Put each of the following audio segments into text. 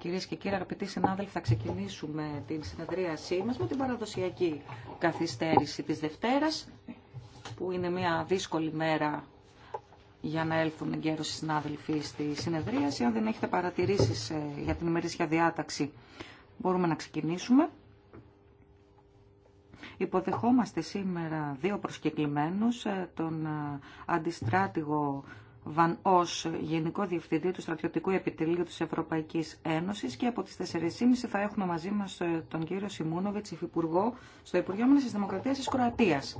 Κυρίε και κύριοι, αγαπητοί συνάδελφοι, θα ξεκινήσουμε την συνεδρίασή μα με την παραδοσιακή καθυστέρηση τη Δευτέρα, που είναι μια δύσκολη μέρα για να έλθουν εγκαίρω οι συνάδελφοι στη συνεδρίαση. Αν δεν έχετε παρατηρήσει ε, για την ημερήσια διάταξη, μπορούμε να ξεκινήσουμε. Υποδεχόμαστε σήμερα δύο προσκεκλημένους, ε, τον ε, αντιστράτηγο Βαν Ως, Γενικό Διευθυντή του Στρατιωτικού Επιτελείου της Ευρωπαϊκής Ένωσης και από τις 4.30 θα έχουμε μαζί μας ε, τον κύριο Σιμούνοβιτς, Υφυπουργό, στο Υπουργείο Μήνας της Δημοκρατίας της Κροατίας.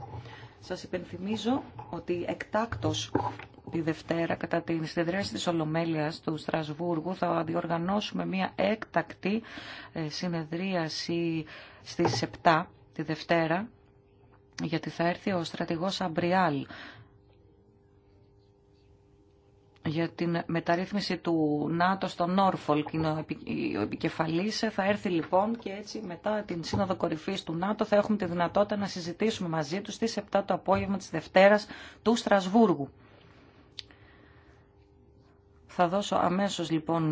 Σας υπενθυμίζω ότι εκτάκτος τη Δευτέρα κατά την συνεδρίαση της Ολομέλειας του Στρασβούργου θα διοργανώσουμε μια έκτακτη ε, συνεδρίαση στις 7 τη Δευτέρα γιατί θα έρθει ο στρατηγός Αμπριάλ για την μεταρρύθμιση του ΝΑΤΟ στο Νόρφολκ, είναι ο επικεφαλής. Θα έρθει λοιπόν και έτσι μετά την Σύνοδο Κορυφής του ΝΑΤΟ θα έχουμε τη δυνατότητα να συζητήσουμε μαζί τους στις 7 το απόγευμα της Δευτέρας του Στρασβούργου. Θα δώσω αμέσως λοιπόν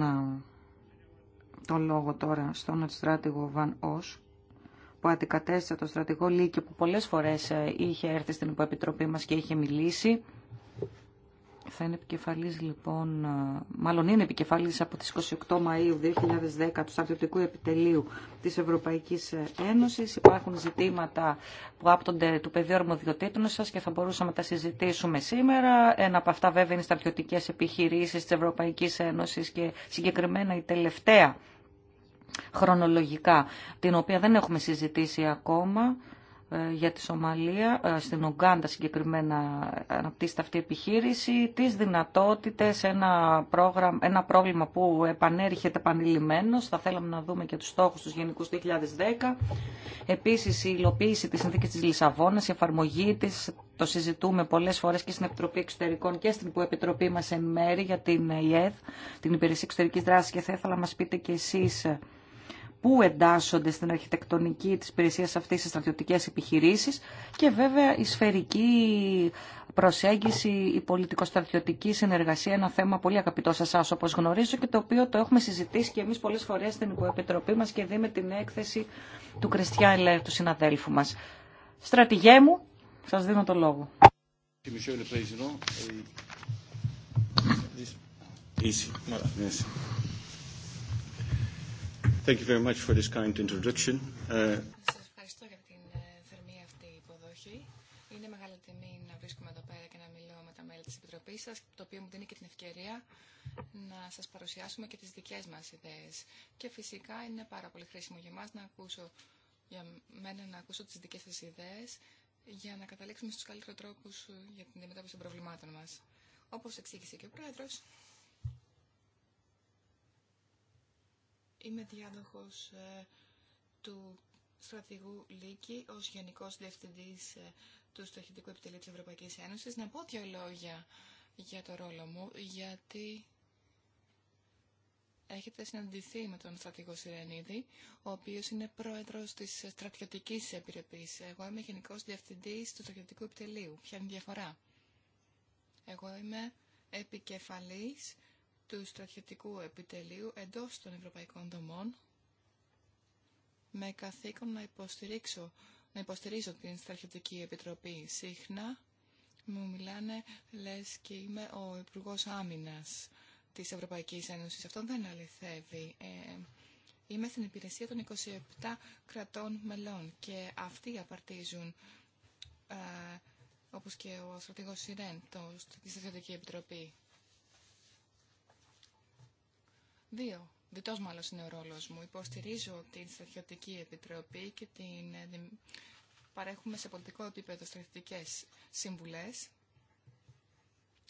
το λόγο τώρα στον στράτηγο Βαν Ως που αντικατέστησε τον στρατηγό Λίκη που πολλές φορές ε, είχε έρθει στην υποεπιτροπή μας και είχε μιλήσει. Θα είναι επικεφαλής λοιπόν, ε, μάλλον είναι επικεφαλής από τις 28 Μαΐου 2010 του Στρατιωτικού Επιτελείου της Ευρωπαϊκής ε, Ένωσης. Υπάρχουν ζητήματα που άπτονται του πεδίου αρμοδιοτήτων σας και θα μπορούσαμε να τα συζητήσουμε σήμερα. Ένα από αυτά βέβαια είναι οι στρατιωτικές επιχειρήσεις της Ευρωπαϊκής Ένωσης και συγκεκριμένα η τελευταία χρονολογικά, την οποία δεν έχουμε συζητήσει ακόμα ε, για τη Σομαλία, ε, στην Ουγκάντα συγκεκριμένα αναπτύσσεται αυτή η επιχείρηση, τις δυνατότητες, ένα, πρόγραμμα, ένα πρόβλημα που επανέρχεται επανειλημμένος, θα θέλαμε να δούμε και τους στόχους τους γενικούς 2010. Επίσης η υλοποίηση της συνθήκης της Λισαβόνας, η εφαρμογή της, το συζητούμε πολλές φορές και στην Επιτροπή Εξωτερικών και στην Επιτροπή μας εν μέρη για την ΕΕΔ, την Υπηρεσία Εξωτερικής Δράσης και θα ήθελα να μας πείτε και εσείς πού εντάσσονται στην αρχιτεκτονική της υπηρεσία αυτής οι στρατιωτικές επιχειρήσεις και βέβαια η σφαιρική προσέγγιση, η πολιτικο-στρατιωτική συνεργασία, ένα θέμα πολύ αγαπητό σε εσά όπως γνωρίζω και το οποίο το έχουμε συζητήσει και εμείς πολλές φορές στην Υποεπιτροπή μας και δει με την έκθεση του Κριστιαν Λέρ, του συναδέλφου μας. Στρατηγέ μου, σας δίνω το λόγο. Thank you very much for this kind introduction. Uh, σας ευχαριστώ για την ε, θερμή αυτή υποδοχή. Είναι μεγάλη τιμή να βρίσκομαι εδώ πέρα και να μιλώ με τα μέλη σας, το οποίο μου δίνει και την ευκαιρία να σας παρουσιάσουμε και τις δικές μας ιδέες. Και φυσικά είναι πάρα πολύ χρήσιμο για μας να ακούσω, για μένα να ακούσω τις δικές σας ιδέες για να καταλήξουμε στους καλύτερους τρόπους ε, για την αντιμετώπιση των προβλημάτων μας. Όπως εξήγησε και ο Πρόεδρος, Είμαι διάδοχος ε, του στρατηγού Λίκη ως Γενικός Διευθυντής ε, του Στοχητικού Επιτελείου της Ευρωπαϊκής Ένωσης. Να πω δύο λόγια για το ρόλο μου, γιατί έχετε συναντηθεί με τον στρατηγό Σιρενίδη, ο οποίος είναι πρόεδρος της στρατιωτικής επιτροπής. Εγώ είμαι Γενικός Διευθυντής του Στρατιωτικού Επιτελείου. Ποια είναι η διαφορά. Εγώ είμαι επικεφαλής του στρατιωτικού επιτελείου εντός των ευρωπαϊκών δομών με καθήκον να, υποστηρίξω, να υποστηρίζω την Στρατιωτική Επιτροπή. Συχνά μου μιλάνε λες και είμαι ο υπουργό Άμυνα της Ευρωπαϊκής Ένωσης. Αυτό δεν αληθεύει. Ε, είμαι στην υπηρεσία των 27 κρατών μελών και αυτοί απαρτίζουν ε, όπως και ο στρατηγός Σιρέν, το, Στρατιωτική Επιτροπή. Δύο. Διτός μάλλον είναι ο ρόλο μου. Υποστηρίζω την Στρατιωτική Επιτροπή και την... Ε, παρέχουμε σε πολιτικό επίπεδο στρατιωτικές συμβουλές.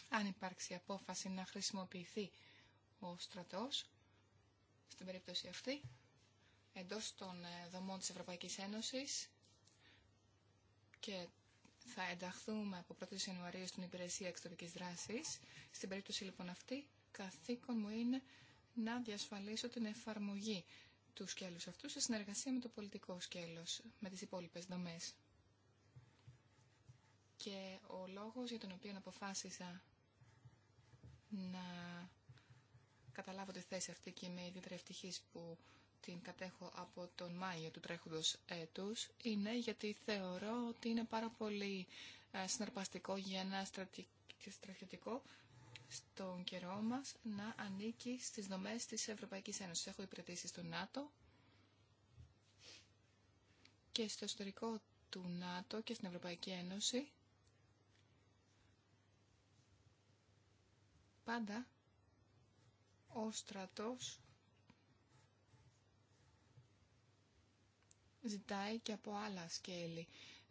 Αν υπάρξει απόφαση να χρησιμοποιηθεί ο στρατός, στην περίπτωση αυτή, εντός των ε, δομών της Ευρωπαϊκής Ένωσης και θα ενταχθούμε από 1η Ιανουαρίου στην Υπηρεσία εξωτερική δράση. Στην περίπτωση λοιπόν αυτή, καθήκον μου είναι να διασφαλίσω την εφαρμογή του σκέλους αυτού σε συνεργασία με το πολιτικό σκέλος, με τις υπόλοιπες δομές. Και ο λόγος για τον οποίο αποφάσισα να καταλάβω τη θέση αυτή και είμαι ιδιαίτερα ευτυχής που την κατέχω από τον Μάιο του τρέχοντος έτους είναι γιατί θεωρώ ότι είναι πάρα πολύ ε, συναρπαστικό για ένα στρατιωτικό στον καιρό μας να ανήκει στις δομές της Ευρωπαϊκής Ένωσης. Έχω υπηρετήσει στο ΝΑΤΟ και στο ιστορικό του ΝΑΤΟ και στην Ευρωπαϊκή Ένωση. Πάντα ο στρατός ζητάει και από άλλα σκέλη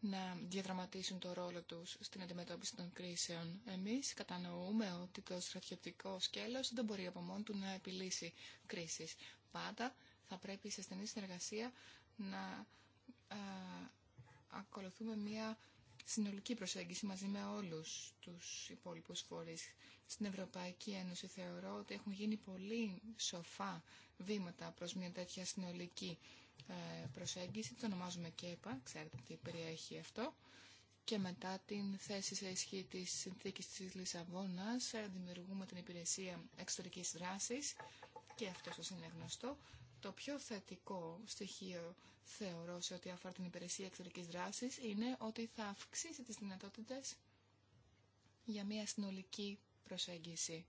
να διαδραματίσουν το ρόλο τους στην αντιμετώπιση των κρίσεων. Εμείς κατανοούμε ότι το στρατιωτικό σκέλος δεν μπορεί από μόνο του να επιλύσει κρίσεις. Πάντα θα πρέπει σε στενή συνεργασία να ακολουθούμε μια συνολική προσέγγιση μαζί με όλους τους υπόλοιπους φορείς. Στην Ευρωπαϊκή Ένωση θεωρώ ότι έχουν γίνει πολύ σοφά βήματα προς μια τέτοια συνολική ε, προσέγγιση, το ονομάζουμε ΚΕΠΑ, ξέρετε τι περιέχει αυτό, και μετά την θέση σε ισχύ της συνθήκης της Λισαβόνας ε, δημιουργούμε την υπηρεσία εξωτερικής δράσης και αυτό σας είναι γνωστό. Το πιο θετικό στοιχείο θεωρώ σε ό,τι αφορά την υπηρεσία εξωτερικής δράσης είναι ότι θα αυξήσει τις δυνατότητες για μια συνολική προσέγγιση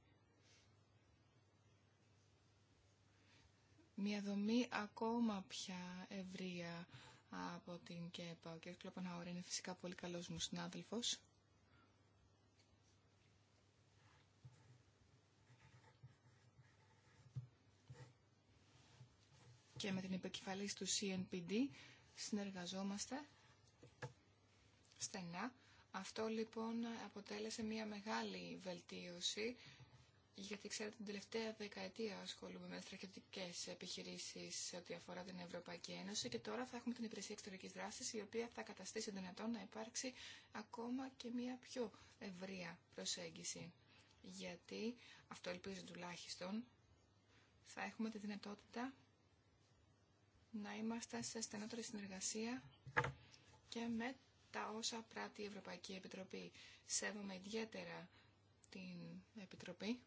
μια δομή ακόμα πια ευρεία από την ΚΕΠΑ. Ο κ. Κλοπανάουρη είναι φυσικά πολύ καλός μου συνάδελφος. Και με την επικεφαλής του CNPD συνεργαζόμαστε στενά. Αυτό λοιπόν αποτέλεσε μια μεγάλη βελτίωση γιατί ξέρετε την τελευταία δεκαετία ασχολούμαι με στρατιωτικές επιχειρήσεις σε ό,τι αφορά την Ευρωπαϊκή Ένωση και τώρα θα έχουμε την υπηρεσία εξωτερική δράση η οποία θα καταστήσει δυνατόν να υπάρξει ακόμα και μια πιο ευρεία προσέγγιση. Γιατί, αυτό ελπίζω τουλάχιστον, θα έχουμε τη δυνατότητα να είμαστε σε στενότερη συνεργασία και με τα όσα πράττει η Ευρωπαϊκή Επιτροπή. Σέβομαι ιδιαίτερα την Επιτροπή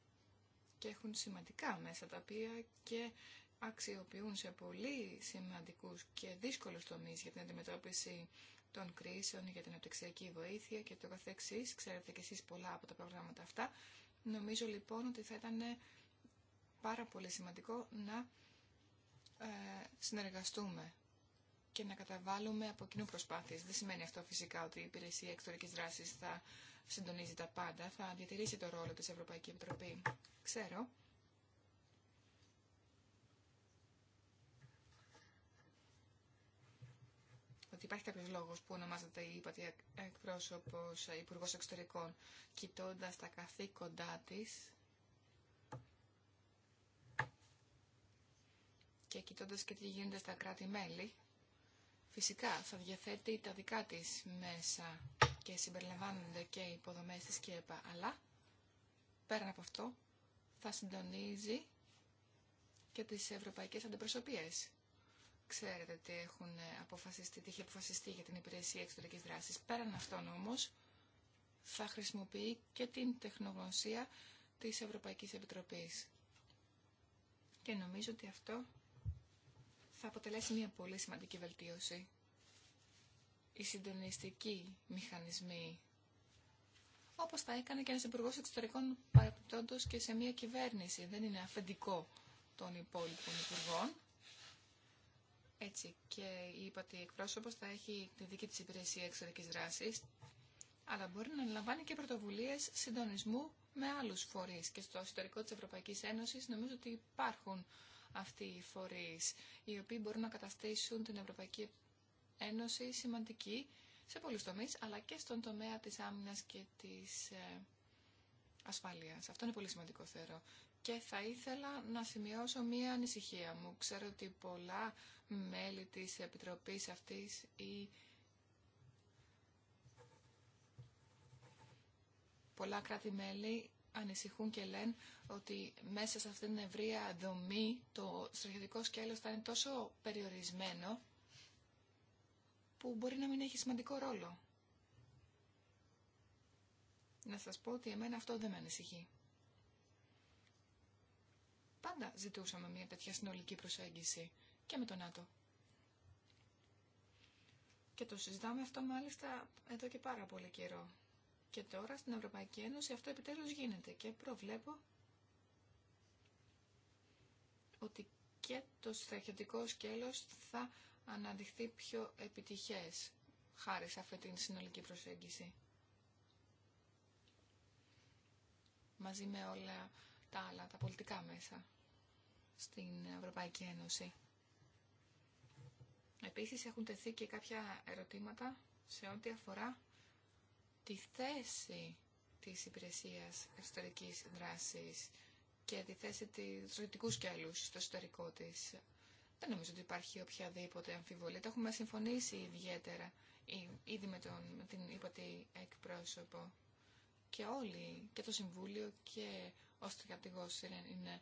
και έχουν σημαντικά μέσα τα οποία και αξιοποιούν σε πολύ σημαντικούς και δύσκολους τομείς για την αντιμετώπιση των κρίσεων, για την απτυξιακή βοήθεια και το καθεξής. Ξέρετε και εσείς πολλά από τα προγράμματα αυτά. Νομίζω λοιπόν ότι θα ήταν πάρα πολύ σημαντικό να ε, συνεργαστούμε και να καταβάλουμε από κοινού προσπάθειες. Δεν σημαίνει αυτό φυσικά ότι η υπηρεσία εξωτερικής δράσης θα συντονίζει τα πάντα, θα διατηρήσει το ρόλο της Ευρωπαϊκή Επιτροπή. Ξέρω. ότι υπάρχει κάποιο λόγο που ονομάζεται η ΥΠΑΤΗ εκπρόσωπο ε, Υπουργό Εξωτερικών, κοιτώντα τα καθήκοντά τη και κοιτώντα και τι γίνεται στα κράτη-μέλη, φυσικά θα διαθέτει τα δικά τη μέσα και συμπεριλαμβάνονται και οι υποδομές της ΚΕΠΑ, αλλά πέραν από αυτό θα συντονίζει και τις ευρωπαϊκές αντιπροσωπείες. Ξέρετε τι έχουν αποφασιστεί, τι έχει αποφασιστεί για την υπηρεσία εξωτερικής δράσης. Πέραν αυτών όμως θα χρησιμοποιεί και την τεχνογνωσία της Ευρωπαϊκής Επιτροπής. Και νομίζω ότι αυτό θα αποτελέσει μια πολύ σημαντική βελτίωση οι συντονιστικοί μηχανισμοί, όπως θα έκανε και ένας υπουργό εξωτερικών παρεπιπτόντος και σε μια κυβέρνηση. Δεν είναι αφεντικό των υπόλοιπων υπουργών. Έτσι και η υπατή εκπρόσωπος θα έχει τη δική της υπηρεσία εξωτερικής δράσης, αλλά μπορεί να λαμβάνει και πρωτοβουλίες συντονισμού με άλλους φορείς. Και στο εσωτερικό της Ευρωπαϊκής Ένωσης νομίζω ότι υπάρχουν αυτοί οι φορείς, οι οποίοι μπορούν να καταστήσουν την Ευρωπαϊκή Ένωση σημαντική σε πολλούς τομείς, αλλά και στον τομέα της άμυνας και της ε, ασφάλειας. Αυτό είναι πολύ σημαντικό θεωρώ. Και θα ήθελα να σημειώσω μία ανησυχία μου. Ξέρω ότι πολλά μέλη της Επιτροπής αυτής ή πολλά κράτη-μέλη ανησυχούν και λένε ότι μέσα σε αυτήν την ευρεία δομή το στρατιωτικό σκέλος θα είναι τόσο περιορισμένο που μπορεί να μην έχει σημαντικό ρόλο. Να σας πω ότι εμένα αυτό δεν με ανησυχεί. Πάντα ζητούσαμε μια τέτοια συνολική προσέγγιση και με τον Άτο. Και το συζητάμε αυτό μάλιστα εδώ και πάρα πολύ καιρό. Και τώρα στην Ευρωπαϊκή Ένωση αυτό επιτέλους γίνεται και προβλέπω ότι και το στρατιωτικό σκέλος θα αναδειχθεί πιο επιτυχές χάρη σε αυτή την συνολική προσέγγιση. Μαζί με όλα τα άλλα, τα πολιτικά μέσα στην Ευρωπαϊκή Ένωση. Επίσης έχουν τεθεί και κάποια ερωτήματα σε ό,τι αφορά τη θέση της υπηρεσίας εσωτερικής δράσης και τη θέση του και σκέλους στο εσωτερικό της δεν νομίζω ότι υπάρχει οποιαδήποτε αμφιβολία. Το έχουμε συμφωνήσει ιδιαίτερα ήδη με, τον, την υπατή εκπρόσωπο. Και όλοι, και το Συμβούλιο και ο στρατηγός είναι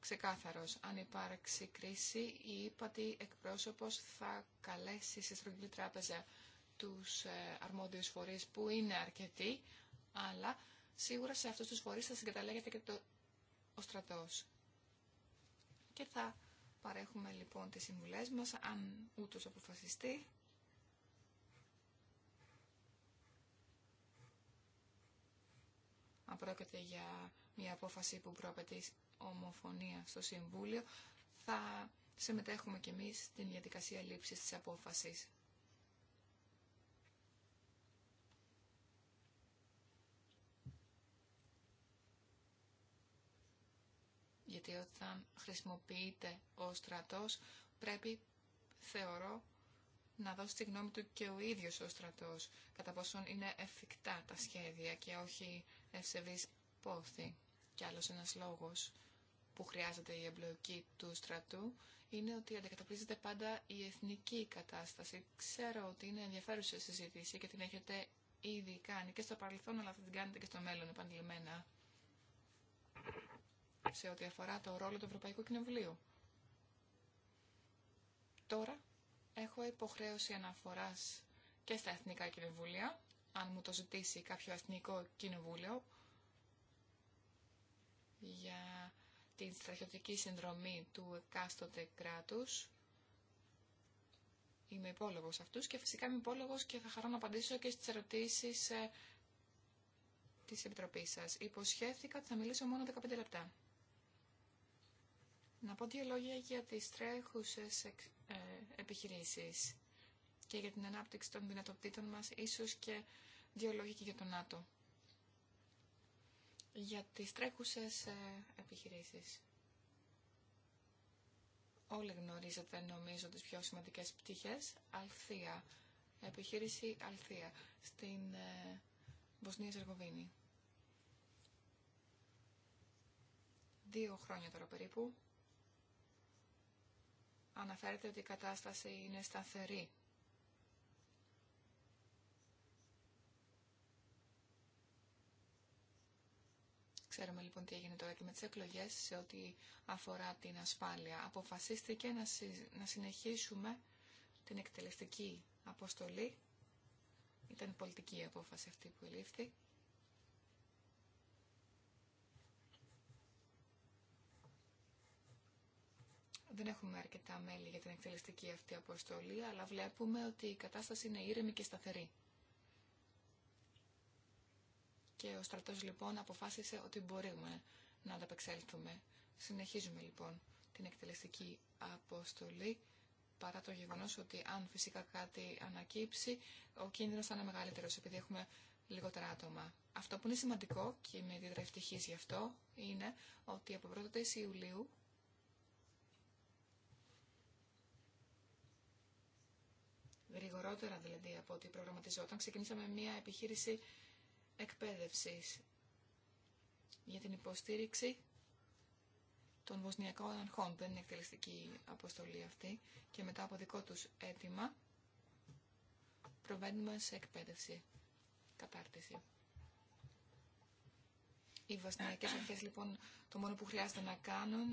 ξεκάθαρος. Αν υπάρξει κρίση, η ύπατη εκπρόσωπος θα καλέσει σε στρογγυλή τράπεζα τους ε, αρμόδιους φορείς που είναι αρκετοί, αλλά σίγουρα σε αυτούς τους φορείς θα συγκαταλέγεται και το, ο στρατός. Και θα Παρέχουμε λοιπόν τις συμβουλές μας, αν ούτως αποφασιστεί. Αν πρόκειται για μια απόφαση που προαπαιτεί ομοφωνία στο Συμβούλιο, θα συμμετέχουμε κι εμείς στην διαδικασία λήψης της απόφασης. γιατί όταν χρησιμοποιείται ο στρατός πρέπει, θεωρώ, να δώσει τη γνώμη του και ο ίδιος ο στρατός, κατά πόσον είναι εφικτά τα σχέδια και όχι ευσεβείς πόθη. Και άλλος ένας λόγος που χρειάζεται η εμπλοκή του στρατού είναι ότι αντικαταπλίζεται πάντα η εθνική κατάσταση. Ξέρω ότι είναι ενδιαφέρουσα συζήτηση και την έχετε ήδη κάνει και στο παρελθόν, αλλά θα την κάνετε και στο μέλλον επανειλημμένα σε ό,τι αφορά το ρόλο του Ευρωπαϊκού Κοινοβουλίου. Τώρα έχω υποχρέωση αναφοράς και στα Εθνικά Κοινοβούλια, αν μου το ζητήσει κάποιο Εθνικό Κοινοβούλιο, για την στρατιωτική συνδρομή του εκάστοτε κράτους. Είμαι υπόλογο αυτούς και φυσικά είμαι υπόλογο και θα χαρώ να απαντήσω και στις ερωτήσεις ε, της τη Επιτροπή Υποσχέθηκα ότι θα μιλήσω μόνο 15 λεπτά. Να πω δύο λόγια για τις τρέχουσες ε, επιχειρήσεις και για την ανάπτυξη των δυνατοτήτων μας, ίσως και δύο λόγια και για τον ΝΑΤΟ. Για τις τρέχουσες ε, επιχειρήσεις. Όλοι γνωρίζετε, νομίζω, τις πιο σημαντικές πτυχές. Αλθεία. Επιχείρηση Αλθεία στην ε, Βοσνία Ζεργοβίνη. Δύο χρόνια τώρα περίπου αναφέρεται ότι η κατάσταση είναι σταθερή. Ξέρουμε λοιπόν τι έγινε τώρα και με τις εκλογές σε ό,τι αφορά την ασφάλεια. Αποφασίστηκε να, να συνεχίσουμε την εκτελεστική αποστολή. Ήταν πολιτική η απόφαση αυτή που λήφθη. δεν έχουμε αρκετά μέλη για την εκτελεστική αυτή αποστολή, αλλά βλέπουμε ότι η κατάσταση είναι ήρεμη και σταθερή. Και ο στρατός λοιπόν αποφάσισε ότι μπορούμε να ανταπεξέλθουμε. Συνεχίζουμε λοιπόν την εκτελεστική αποστολή, παρά το γεγονός ότι αν φυσικά κάτι ανακύψει, ο κίνδυνος θα είναι μεγαλύτερος, επειδή έχουμε λιγότερα άτομα. Αυτό που είναι σημαντικό, και είμαι ιδιαίτερα ευτυχής γι' αυτό, είναι ότι από 1η Ιουλίου γρηγορότερα δηλαδή από ό,τι προγραμματιζόταν, ξεκινήσαμε μια επιχείρηση εκπαίδευσης για την υποστήριξη των βοσνιακών αρχών. Δεν είναι εκτελεστική αποστολή αυτή. Και μετά από δικό τους αίτημα προβαίνουμε σε εκπαίδευση, κατάρτιση. Οι βοσνιακές αρχές λοιπόν το μόνο που χρειάζεται να κάνουν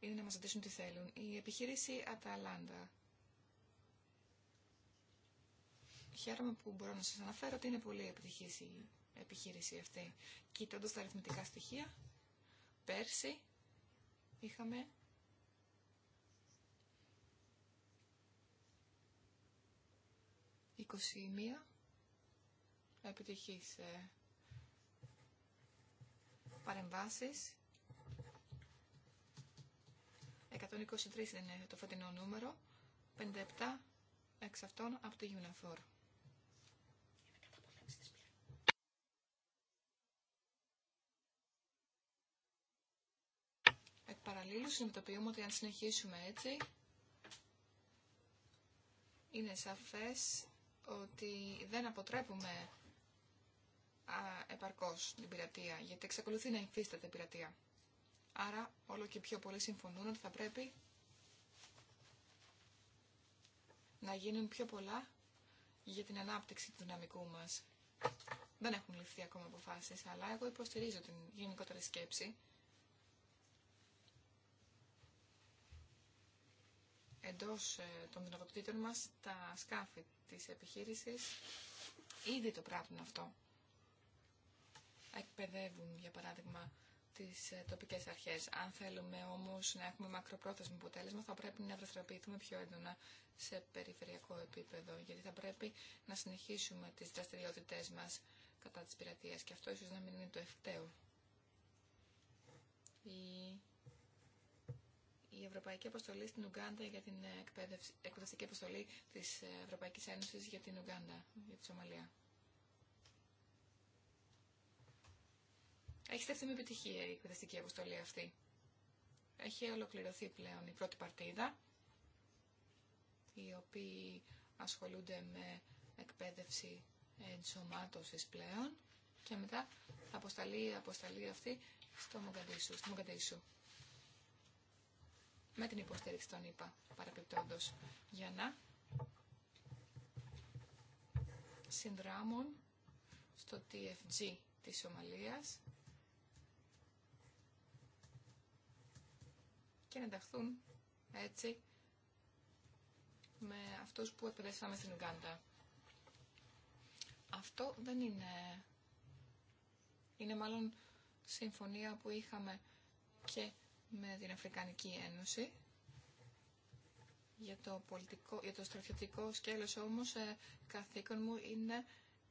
είναι να μας ζητήσουν τι θέλουν. Η επιχείρηση Αταλάντα χαίρομαι που μπορώ να σας αναφέρω ότι είναι πολύ επιτυχής η επιχείρηση αυτή. Κοιτώντας τα αριθμητικά στοιχεία, πέρσι είχαμε ...21 επιτυχής ε, παρεμβάσεις. 123 είναι το φετινό νούμερο, 57 εξ αυτών από τη UNAFOR. αλλήλου, συνειδητοποιούμε ότι αν συνεχίσουμε έτσι, είναι σαφές ότι δεν αποτρέπουμε α, επαρκώς την πειρατεία, γιατί εξακολουθεί να υφίσταται η πειρατεία. Άρα όλο και πιο πολλοί συμφωνούν ότι θα πρέπει να γίνουν πιο πολλά για την ανάπτυξη του δυναμικού μας. Δεν έχουν ληφθεί ακόμα αποφάσεις, αλλά εγώ υποστηρίζω την γενικότερη σκέψη εντός ε, των δυνατοτήτων μας τα σκάφη της επιχείρησης ήδη το πράττουν αυτό. Εκπαιδεύουν, για παράδειγμα, τις ε, τοπικές αρχές. Αν θέλουμε όμως να έχουμε μακροπρόθεσμο αποτέλεσμα, θα πρέπει να δραστηριοποιηθούμε πιο έντονα σε περιφερειακό επίπεδο, γιατί θα πρέπει να συνεχίσουμε τις δραστηριότητές μας κατά της πειρατείας και αυτό ίσως να μην είναι το ευκταίο η Ευρωπαϊκή Αποστολή στην Ουγγάντα για την ε, εκπαιδευτική αποστολή της ε, Ευρωπαϊκής Ένωσης για την Ουγγάντα, για τη Σομαλία. Έχει στεφθεί με επιτυχία η εκπαιδευτική αποστολή αυτή. Έχει ολοκληρωθεί πλέον η πρώτη παρτίδα, οι οποίοι ασχολούνται με εκπαίδευση ενσωμάτωσης πλέον και μετά θα αποσταλεί η αποσταλή αυτή στο στο Μογκαντήσου με την υποστήριξη των ΙΠΑ, παραπληκτόντως για να συνδράμουν στο TFG της Σομαλίας και να ενταχθούν έτσι με αυτούς που εκπαιδεύσαμε στην Ουγκάντα. Αυτό δεν είναι... Είναι μάλλον συμφωνία που είχαμε και με την Αφρικανική Ένωση. Για το, πολιτικό, για το στρατιωτικό σκέλος όμως ε, καθήκον μου είναι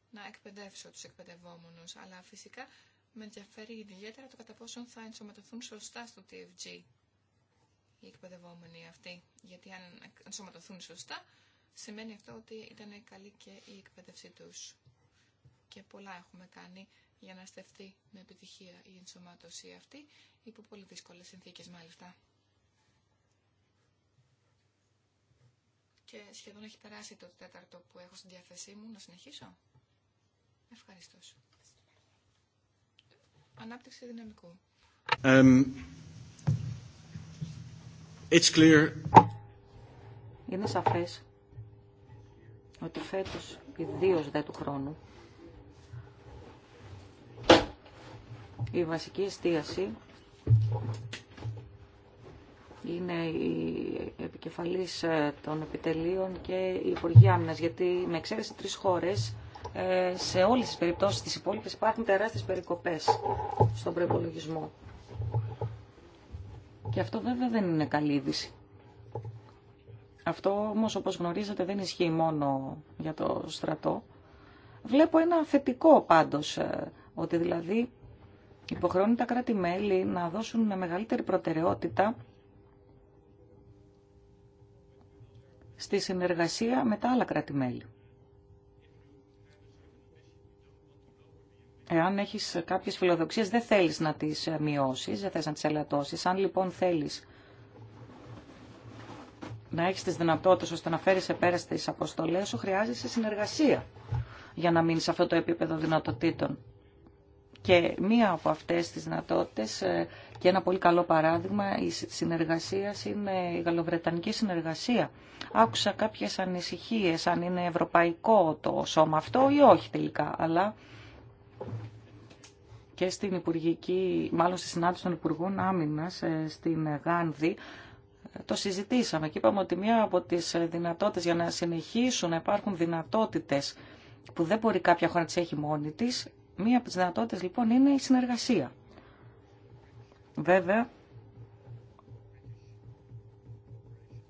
να εκπαιδεύσω τους εκπαιδευόμενους. Αλλά φυσικά με ενδιαφέρει ιδιαίτερα το κατά πόσο θα ενσωματωθούν σωστά στο TFG οι εκπαιδευόμενοι αυτοί. Γιατί αν ενσωματωθούν σωστά, σημαίνει αυτό ότι ήταν καλή και η εκπαίδευση τους. Και πολλά έχουμε κάνει για να στεφτεί με επιτυχία η ενσωμάτωση αυτή, υπό πολύ δύσκολε συνθήκες μάλιστα. Και σχεδόν έχει περάσει το τέταρτο που έχω στην διάθεσή μου. Να συνεχίσω. Ευχαριστώ. Ανάπτυξη δυναμικού. Um, it's clear. Είναι σαφές ότι φέτος, ιδίως δε του χρόνου, Η βασική εστίαση είναι η επικεφαλής ε, των επιτελείων και η Υπουργή Άμυνας, γιατί με εξαίρεση τρεις χώρες, ε, σε όλες τις περιπτώσεις της υπόλοιπης υπάρχουν τεράστιες περικοπές στον προπολογισμό. Και αυτό βέβαια δεν είναι καλή είδηση. Αυτό όμως όπως γνωρίζετε δεν ισχύει μόνο για το στρατό. Βλέπω ένα θετικό πάντως, ε, ότι δηλαδή υποχρεώνει τα κράτη-μέλη να δώσουν με μεγαλύτερη προτεραιότητα στη συνεργασία με τα άλλα κράτη-μέλη. Εάν έχεις κάποιες φιλοδοξίες δεν θέλεις να τις μειώσεις, δεν θες να τις ελαττώσεις. Αν λοιπόν θέλεις να έχεις τις δυνατότητες ώστε να φέρεις επέρα στις αποστολές σου, χρειάζεσαι συνεργασία για να μείνεις σε αυτό το επίπεδο δυνατοτήτων. Και μία από αυτές τις δυνατότητε ε, και ένα πολύ καλό παράδειγμα η συνεργασία είναι η γαλλοβρετανική συνεργασία. Άκουσα κάποιες ανησυχίες αν είναι ευρωπαϊκό το σώμα αυτό ή όχι τελικά, αλλά και στην υπουργική, μάλλον στη συνάντηση των Υπουργών Άμυνα ε, στην Γάνδη, ε, το συζητήσαμε και είπαμε ότι μία από τις δυνατότητες για να συνεχίσουν να υπάρχουν δυνατότητες που δεν μπορεί κάποια χώρα να τις έχει μόνη της, Μία από τις δυνατότητες λοιπόν είναι η συνεργασία. Βέβαια,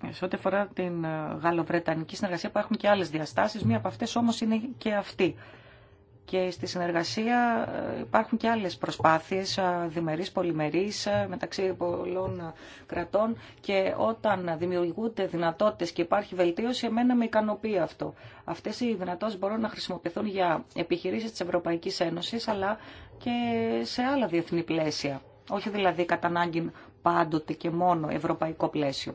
σε ό,τι αφορά την ε, γαλλοβρετανική συνεργασία υπάρχουν και άλλες διαστάσεις, μία από αυτές όμως είναι και αυτή και στη συνεργασία ε, υπάρχουν και άλλες προσπάθειες ε, διμερείς, πολυμερείς ε, μεταξύ πολλών κρατών και όταν δημιουργούνται δυνατότητες και υπάρχει βελτίωση, εμένα με ικανοποιεί αυτό. Αυτές οι δυνατότητες μπορούν να χρησιμοποιηθούν για επιχειρήσεις της Ευρωπαϊκής Ένωσης αλλά και σε άλλα διεθνή πλαίσια. Όχι δηλαδή κατά ανάγκη πάντοτε και μόνο ευρωπαϊκό πλαίσιο.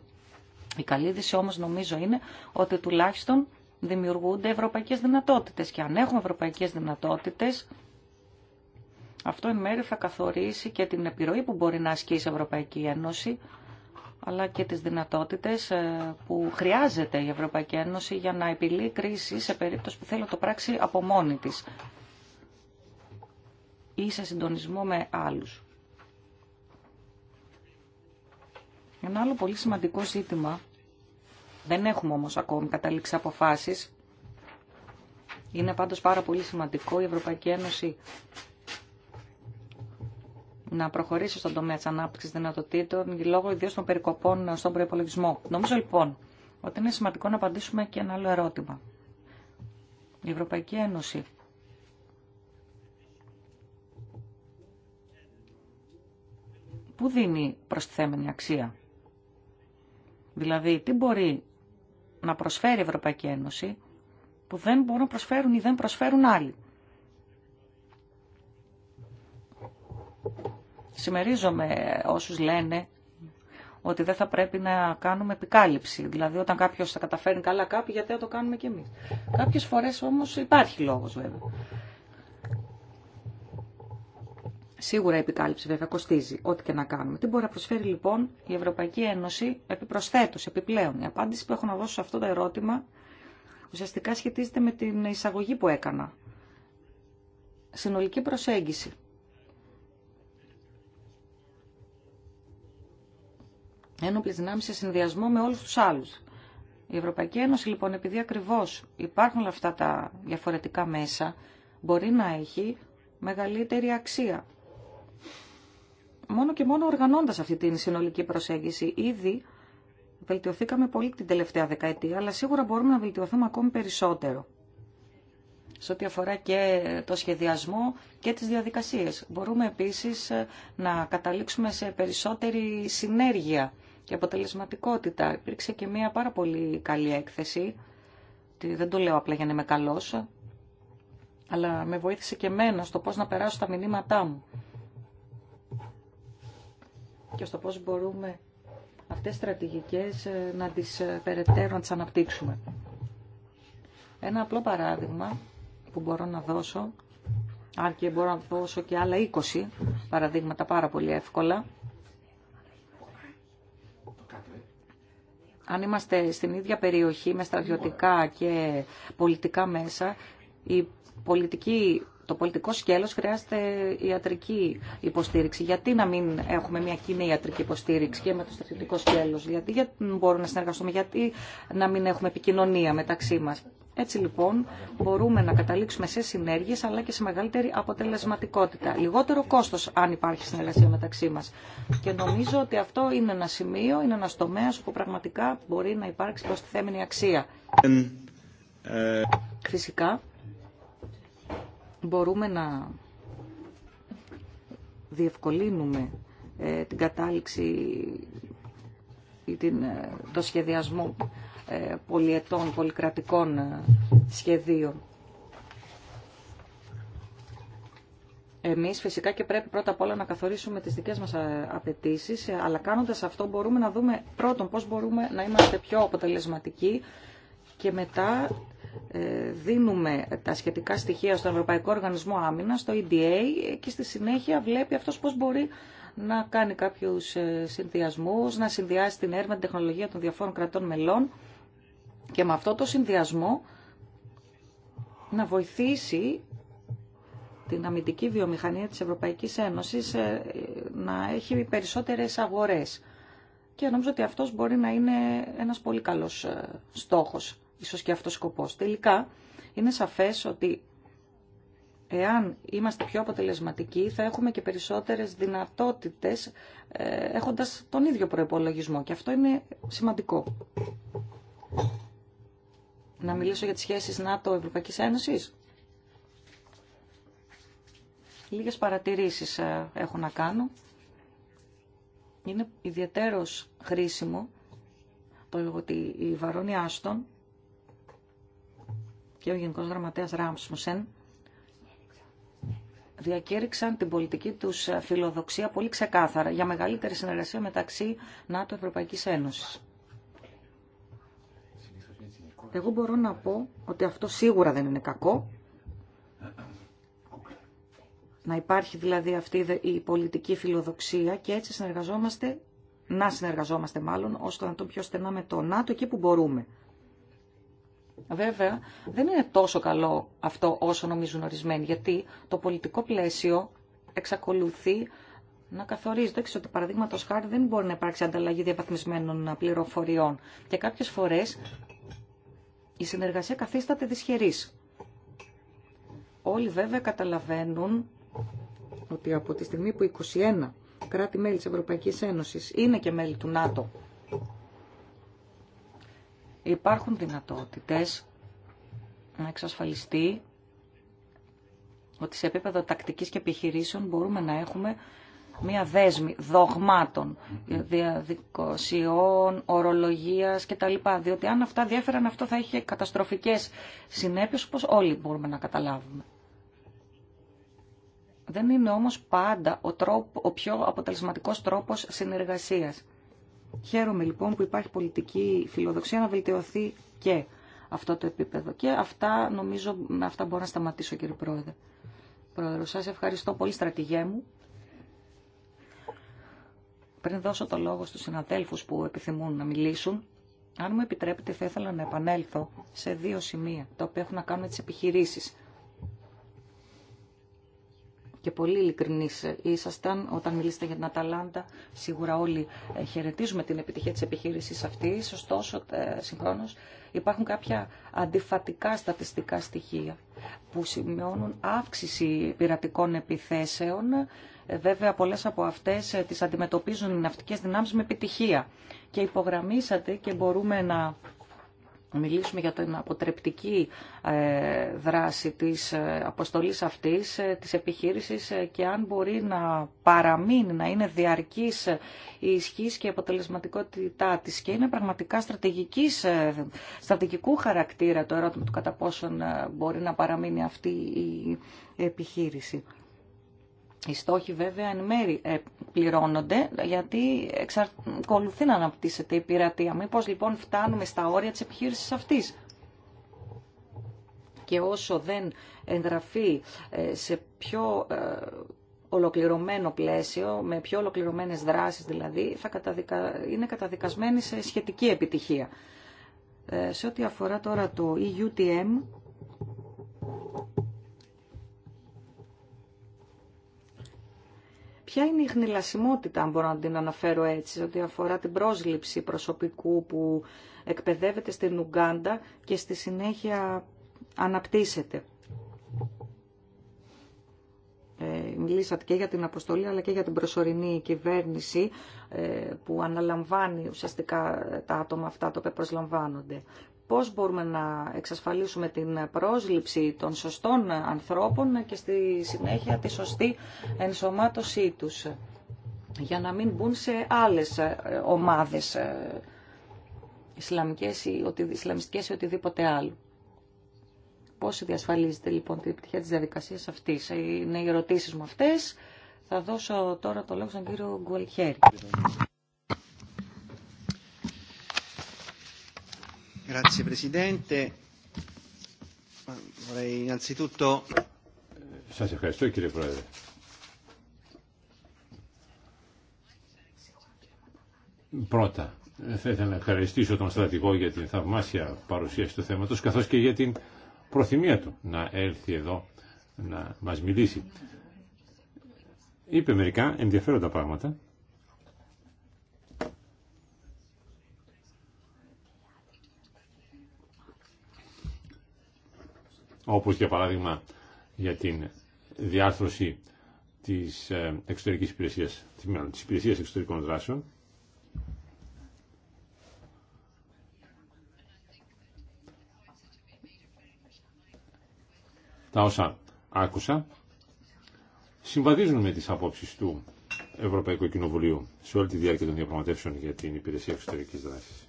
Η καλή είδηση όμως νομίζω είναι ότι τουλάχιστον δημιουργούνται ευρωπαϊκές δυνατότητες. Και αν έχουμε ευρωπαϊκές δυνατότητες, αυτό εν μέρει θα καθορίσει και την επιρροή που μπορεί να ασκήσει η Ευρωπαϊκή Ένωση, αλλά και τις δυνατότητες ε, που χρειάζεται η Ευρωπαϊκή Ένωση για να επιλύει κρίση σε περίπτωση που θέλει το πράξει από μόνη της ή σε συντονισμό με άλλους. Ένα άλλο πολύ σημαντικό ζήτημα δεν έχουμε όμως ακόμη καταλήξει αποφάσεις. Είναι πάντως πάρα πολύ σημαντικό η Ευρωπαϊκή Ένωση να προχωρήσει στον τομέα της ανάπτυξης δυνατοτήτων λόγω ιδίω των περικοπών στον προϋπολογισμό. Νομίζω λοιπόν ότι είναι σημαντικό να απαντήσουμε και ένα άλλο ερώτημα. Η Ευρωπαϊκή Ένωση πού δίνει προστιθέμενη αξία. Δηλαδή, τι μπορεί να προσφέρει η Ευρωπαϊκή Ένωση που δεν μπορούν να προσφέρουν ή δεν προσφέρουν άλλοι. Συμμερίζομαι όσους λένε ότι δεν θα πρέπει να κάνουμε επικάλυψη. Δηλαδή όταν κάποιος θα καταφέρει καλά κάποιοι, γιατί θα το κάνουμε κι εμείς. Κάποιες φορές όμως υπάρχει λόγος βέβαια. Σίγουρα η επικάλυψη βέβαια κοστίζει, ό,τι και να κάνουμε. Τι μπορεί να προσφέρει λοιπόν η Ευρωπαϊκή Ένωση επιπροσθέτω, επιπλέον. Η απάντηση που έχω να δώσω σε αυτό το ερώτημα ουσιαστικά σχετίζεται με την εισαγωγή που έκανα. Συνολική προσέγγιση. Ένοπλε δυνάμεις σε συνδυασμό με όλους τους άλλους. Η Ευρωπαϊκή Ένωση λοιπόν επειδή ακριβώ υπάρχουν όλα αυτά τα διαφορετικά μέσα μπορεί να έχει μεγαλύτερη αξία μόνο και μόνο οργανώντας αυτή την συνολική προσέγγιση. Ήδη βελτιωθήκαμε πολύ την τελευταία δεκαετία, αλλά σίγουρα μπορούμε να βελτιωθούμε ακόμη περισσότερο. Σε ό,τι αφορά και το σχεδιασμό και τις διαδικασίες. Μπορούμε επίσης ε, να καταλήξουμε σε περισσότερη συνέργεια και αποτελεσματικότητα. Υπήρξε και μια πάρα πολύ καλή έκθεση. Δεν το λέω απλά για να είμαι καλός, αλλά με βοήθησε και εμένα στο πώς να περάσω τα μηνύματά μου και στο πώς μπορούμε αυτές τις στρατηγικές ε, να τις ε, περαιτέρω, να τις αναπτύξουμε. Ένα απλό παράδειγμα που μπορώ να δώσω, αν και μπορώ να δώσω και άλλα 20 παραδείγματα πάρα πολύ εύκολα, αν είμαστε στην ίδια περιοχή με στρατιωτικά και πολιτικά μέσα, η πολιτική το πολιτικό σκέλος χρειάζεται ιατρική υποστήριξη. Γιατί να μην έχουμε μια κοινή ιατρική υποστήριξη και με το στρατιωτικό σκέλος. Γιατί, για, μπορούμε να συνεργαστούμε, γιατί να μην έχουμε επικοινωνία μεταξύ μας. Έτσι λοιπόν μπορούμε να καταλήξουμε σε συνέργειες αλλά και σε μεγαλύτερη αποτελεσματικότητα. Λιγότερο κόστος αν υπάρχει συνεργασία μεταξύ μας. Και νομίζω ότι αυτό είναι ένα σημείο, είναι ένας τομέας όπου πραγματικά μπορεί να υπάρξει προστιθέμενη αξία. Ε, ε, Φυσικά μπορούμε να διευκολύνουμε ε, την κατάληξη ή την, ε, το σχεδιασμό ε, πολιετών, πολυκρατικών σχεδίων. Εμείς φυσικά και πρέπει πρώτα απ' όλα να καθορίσουμε τις δικές μας απαιτήσει, αλλά κάνοντας αυτό μπορούμε να δούμε πρώτον πώς μπορούμε να είμαστε πιο αποτελεσματικοί και μετά ε, δίνουμε τα σχετικά στοιχεία στον Ευρωπαϊκό Οργανισμό Άμυνα, στο EDA, και στη συνέχεια βλέπει αυτός πώς μπορεί να κάνει κάποιους ε, συνδυασμούς, να συνδυάσει την έρευνα, την τεχνολογία των διαφόρων κρατών μελών και με αυτό το συνδυασμό να βοηθήσει την αμυντική βιομηχανία της Ευρωπαϊκής Ένωσης ε, να έχει περισσότερες αγορές. Και νομίζω ότι αυτός μπορεί να είναι ένας πολύ καλός στόχος ίσως και αυτός σκοπός. Τελικά, είναι σαφές ότι εάν είμαστε πιο αποτελεσματικοί, θα έχουμε και περισσότερες δυνατότητες ε, έχοντας τον ίδιο προϋπολογισμό. Και αυτό είναι σημαντικό. Να μιλήσω για τις σχέσεις ΝΑΤΟ-Ευρωπαϊκής Ένωσης. Λίγες παρατηρήσεις ε, έχω να κάνω. Είναι ιδιαίτερος χρήσιμο το ότι η Βαρόνια και ο Γενικός Γραμματέας Ράμσμουσεν διακήρυξαν την πολιτική τους φιλοδοξία πολύ ξεκάθαρα για μεγαλύτερη συνεργασία μεταξύ ΝΑΤΟ Ευρωπαϊκής Ένωσης. Εγώ μπορώ να πω ότι αυτό σίγουρα δεν είναι κακό. Να υπάρχει δηλαδή αυτή η πολιτική φιλοδοξία και έτσι συνεργαζόμαστε, να συνεργαζόμαστε μάλλον, ώστε να το πιο στενά με το ΝΑΤΟ εκεί που μπορούμε. Βέβαια, δεν είναι τόσο καλό αυτό όσο νομίζουν ορισμένοι, γιατί το πολιτικό πλαίσιο εξακολουθεί να καθορίζεται. ξέρω ότι παραδείγματο χάρη δεν μπορεί να υπάρξει ανταλλαγή διαβαθμισμένων πληροφοριών. Και κάποιε φορέ η συνεργασία καθίσταται δυσχερή. Όλοι βέβαια καταλαβαίνουν ότι από τη στιγμή που 21 κράτη-μέλη της Ευρωπαϊκής Ένωσης είναι και μέλη του ΝΑΤΟ υπάρχουν δυνατότητες να εξασφαλιστεί ότι σε επίπεδο τακτικής και επιχειρήσεων μπορούμε να έχουμε μία δέσμη δογμάτων, διαδικοσιών, ορολογίας κτλ. Διότι αν αυτά διέφεραν αυτό θα είχε καταστροφικές συνέπειες όπως όλοι μπορούμε να καταλάβουμε. Δεν είναι όμως πάντα ο, τρόπο, ο πιο αποτελεσματικός τρόπος συνεργασίας. Χαίρομαι λοιπόν που υπάρχει πολιτική φιλοδοξία να βελτιωθεί και αυτό το επίπεδο. Και αυτά νομίζω με αυτά μπορώ να σταματήσω κύριε Πρόεδρε. Πρόεδρο, σας ευχαριστώ πολύ στρατηγέ μου. Πριν δώσω το λόγο στους συναδέλφους που επιθυμούν να μιλήσουν, αν μου επιτρέπετε θα ήθελα να επανέλθω σε δύο σημεία, τα οποία έχουν να κάνουν τις επιχειρήσεις και πολύ ειλικρινεί ήσασταν όταν μιλήσατε για την Αταλάντα. Σίγουρα όλοι ε, χαιρετίζουμε την επιτυχία τη επιχείρηση αυτή, ωστόσο ε, συγχρόνως υπάρχουν κάποια αντιφατικά στατιστικά στοιχεία που σημειώνουν αύξηση πειρατικών επιθέσεων. Ε, βέβαια, πολλέ από αυτέ τι αντιμετωπίζουν οι ναυτικέ δυνάμει με επιτυχία. Και υπογραμμίσατε και μπορούμε να μιλήσουμε για την αποτρεπτική ε, δράση της ε, αποστολής αυτής, ε, της επιχείρησης και αν μπορεί να παραμείνει, να είναι διαρκής η ισχύς και η αποτελεσματικότητά της. Και είναι πραγματικά στρατηγικής, στρατηγικού χαρακτήρα το ερώτημα του κατά πόσον μπορεί να παραμείνει αυτή η επιχείρηση. Οι στόχοι βέβαια εν μέρη ε, πληρώνονται γιατί εξακολουθεί να αναπτύσσεται η πειρατεία. Μήπως λοιπόν φτάνουμε στα όρια της επιχείρηση αυτή. Και όσο δεν εγγραφεί ε, σε πιο ε, ολοκληρωμένο πλαίσιο, με πιο ολοκληρωμένες δράσεις δηλαδή, θα είναι καταδικασμένη σε σχετική επιτυχία. Σε ό,τι αφορά τώρα το EUTM, Ποια είναι η χνηλασιμότητα, αν μπορώ να την αναφέρω έτσι, ότι αφορά την πρόσληψη προσωπικού που εκπαιδεύεται στην Ουγκάντα και στη συνέχεια αναπτύσσεται. Ε, μιλήσατε και για την αποστολή αλλά και για την προσωρινή κυβέρνηση ε, που αναλαμβάνει ουσιαστικά τα άτομα αυτά τα οποία προσλαμβάνονται πώς μπορούμε να εξασφαλίσουμε την πρόσληψη των σωστών ανθρώπων και στη συνέχεια τη σωστή ενσωμάτωσή τους για να μην μπουν σε άλλες ε, ομάδες ε, ισλαμικές ή, ισλαμιστικές ή οτιδήποτε άλλο. Πώς διασφαλίζεται λοιπόν την επιτυχία της διαδικασίας αυτής. Ε, είναι οι ερωτήσεις μου αυτές. Θα δώσω τώρα το λόγο στον κύριο Γκουελχέρη. Grazie Presidente. Vorrei innanzitutto... Eh, ευχαριστώ κύριε Πρόεδρε. Πρώτα, θα ήθελα να ευχαριστήσω τον στρατηγό για την θαυμάσια παρουσίαση του θέματος, καθώς και για την προθυμία του να έρθει εδώ να μας μιλήσει. Είπε μερικά ενδιαφέροντα πράγματα, όπως για παράδειγμα για την διάρθρωση της ε, εξωτερικής υπηρεσίας, της υπηρεσίας εξωτερικών δράσεων. Τα όσα άκουσα συμβαδίζουν με τις απόψεις του Ευρωπαϊκού Κοινοβουλίου σε όλη τη διάρκεια των διαπραγματεύσεων για την υπηρεσία εξωτερικής δράσης.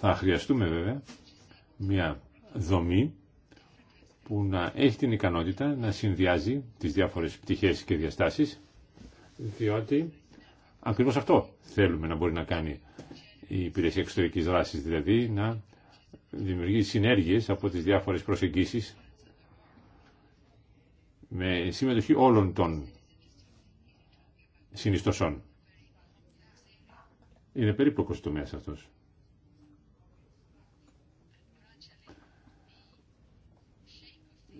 Θα χρειαστούμε βέβαια μια δομή που να έχει την ικανότητα να συνδυάζει τις διάφορες πτυχές και διαστάσεις, διότι ακριβώς αυτό θέλουμε να μπορεί να κάνει η υπηρεσία εξωτερικής δράσης, δηλαδή να δημιουργεί συνέργειες από τις διάφορες προσεγγίσεις με συμμετοχή όλων των συνιστοσών. Είναι περίπλοκος τομέας αυτός.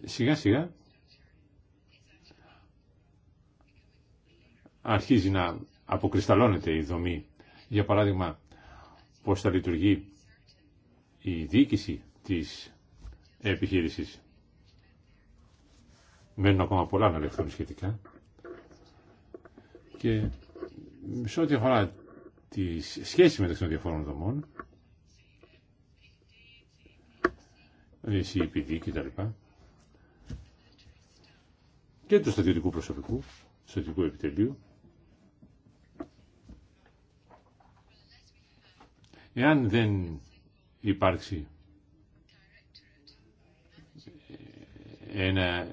σιγά σιγά αρχίζει να αποκρισταλώνεται η δομή. Για παράδειγμα, πώς θα λειτουργεί η διοίκηση της επιχείρησης. Μένουν ακόμα πολλά να λεχθούν σχετικά. Και σε ό,τι αφορά τη σχέση μεταξύ των διαφόρων δομών, η CPD κτλ και του στρατιωτικού προσωπικού, του στρατιωτικού επιτελείου. Εάν δεν υπάρξει ένα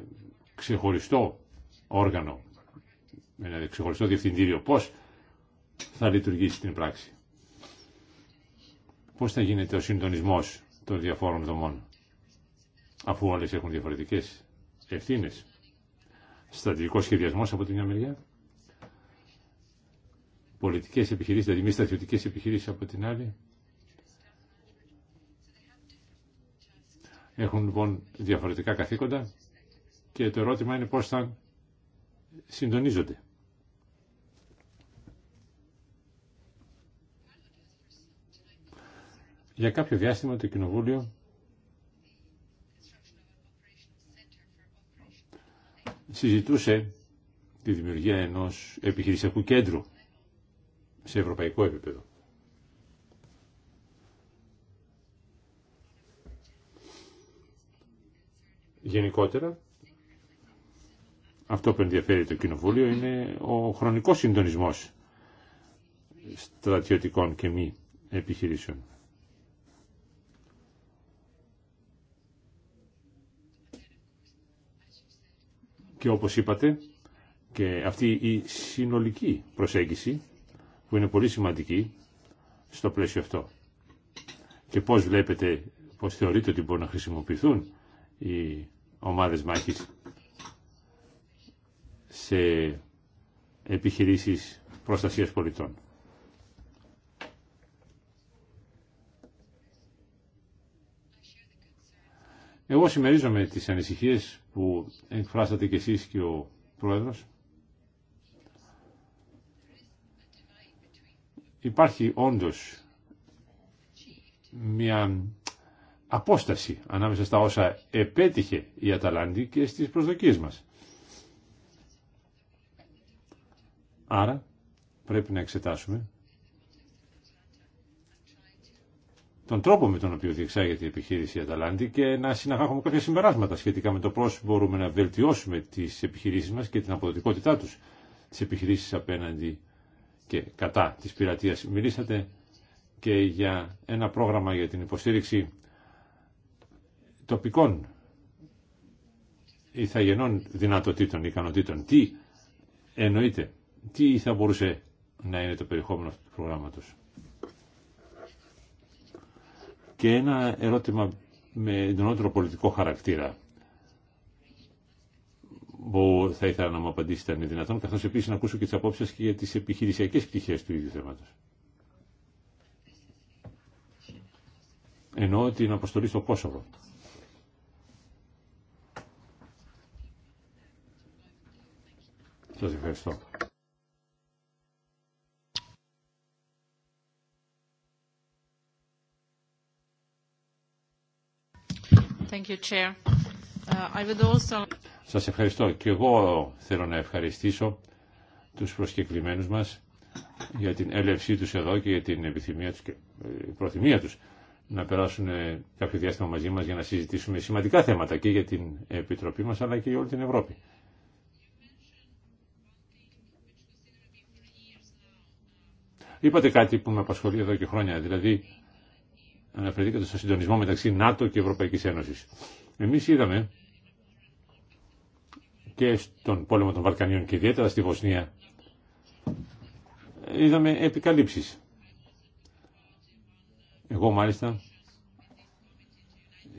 ξεχωριστό όργανο, ένα ξεχωριστό διευθυντήριο, πώς θα λειτουργήσει την πράξη. Πώς θα γίνεται ο συντονισμός των διαφόρων δομών, αφού όλες έχουν διαφορετικές ευθύνες στρατηγικό σχεδιασμό από τη μια μεριά, πολιτικέ επιχειρήσει, δηλαδή μη στρατιωτικέ επιχειρήσει από την άλλη. Έχουν λοιπόν διαφορετικά καθήκοντα και το ερώτημα είναι πώς θα συντονίζονται. Για κάποιο διάστημα το Κοινοβούλιο συζητούσε τη δημιουργία ενός επιχειρησιακού κέντρου σε ευρωπαϊκό επίπεδο. Γενικότερα, αυτό που ενδιαφέρει το Κοινοβούλιο είναι ο χρονικός συντονισμός στρατιωτικών και μη επιχειρήσεων. Και όπως είπατε, και αυτή η συνολική προσέγγιση που είναι πολύ σημαντική στο πλαίσιο αυτό. Και πώς βλέπετε, πώς θεωρείτε ότι μπορούν να χρησιμοποιηθούν οι ομάδες μάχης σε επιχειρήσεις προστασίας πολιτών. Εγώ συμμερίζομαι τις ανησυχίες που εκφράσατε κι εσείς και ο Πρόεδρος. Υπάρχει όντως μια απόσταση ανάμεσα στα όσα επέτυχε η Αταλάντη και στις προσδοκίες μας. Άρα πρέπει να εξετάσουμε τον τρόπο με τον οποίο διεξάγεται η επιχείρηση Αταλάντη και να συναγάγουμε κάποια συμπεράσματα σχετικά με το πώς μπορούμε να βελτιώσουμε τις επιχειρήσεις μας και την αποδοτικότητά του τι επιχειρήσεις απέναντι και κατά τη πειρατεία. Μιλήσατε και για ένα πρόγραμμα για την υποστήριξη τοπικών ηθαγενών δυνατοτήτων, ικανοτήτων. Τι εννοείται, τι θα μπορούσε να είναι το περιεχόμενο αυτού του προγράμματος. Και ένα ερώτημα με εντονότερο πολιτικό χαρακτήρα που θα ήθελα να μου απαντήσετε αν είναι δυνατόν, καθώς επίσης να ακούσω και τις απόψεις και για τις επιχειρησιακές πτυχές του ίδιου θέματος. Εννοώ την αποστολή στο Κόσοβο. Σας ευχαριστώ. Thank uh, Σας ευχαριστώ. Και εγώ θέλω να ευχαριστήσω τους προσκεκλημένους μας για την έλευσή τους εδώ και για την επιθυμία τους και ε, προθυμία τους να περάσουν ε, κάποιο διάστημα μαζί μας για να συζητήσουμε σημαντικά θέματα και για την Επιτροπή μας αλλά και για όλη την Ευρώπη. Είπατε κάτι που με απασχολεί εδώ και χρόνια, δηλαδή αναφερθήκατε στο συντονισμό μεταξύ ΝΑΤΟ και Ευρωπαϊκής Ένωσης. Εμείς είδαμε και στον πόλεμο των Βαλκανίων και ιδιαίτερα στη Βοσνία είδαμε επικαλύψεις. Εγώ μάλιστα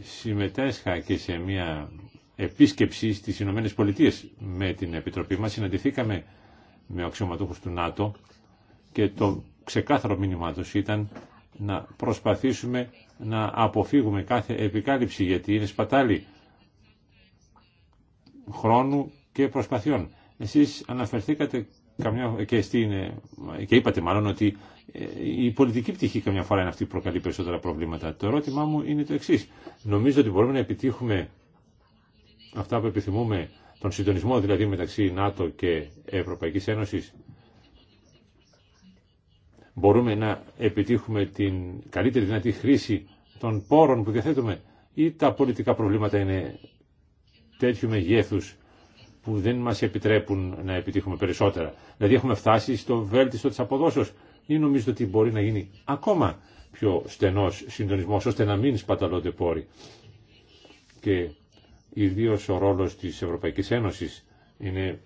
συμμετέσχα και σε μια επίσκεψη στις Ηνωμένες Πολιτείες με την Επιτροπή μας. Συναντηθήκαμε με αξιωματούχους του ΝΑΤΟ και το ξεκάθαρο μήνυμά τους ήταν να προσπαθήσουμε να αποφύγουμε κάθε επικάλυψη γιατί είναι σπατάλη χρόνου και προσπαθειών. Εσείς αναφερθήκατε καμιά, και, στην, και είπατε μάλλον ότι ε, η πολιτική πτυχή καμιά φορά είναι αυτή που προκαλεί περισσότερα προβλήματα. Το ερώτημά μου είναι το εξής. Νομίζω ότι μπορούμε να επιτύχουμε αυτά που επιθυμούμε, τον συντονισμό δηλαδή μεταξύ ΝΑΤΟ και Ευρωπαϊκής Ένωσης Μπορούμε να επιτύχουμε την καλύτερη δυνατή χρήση των πόρων που διαθέτουμε ή τα πολιτικά προβλήματα είναι τέτοιου μεγέθους που δεν μας επιτρέπουν να επιτύχουμε περισσότερα. Δηλαδή έχουμε φτάσει στο βέλτιστο της αποδόσεως ή νομίζετε ότι μπορεί να γίνει ακόμα πιο στενός συντονισμός ώστε να μην σπαταλώνται πόροι. Και ιδίω ο ρόλος της Ευρωπαϊκής Ένωσης είναι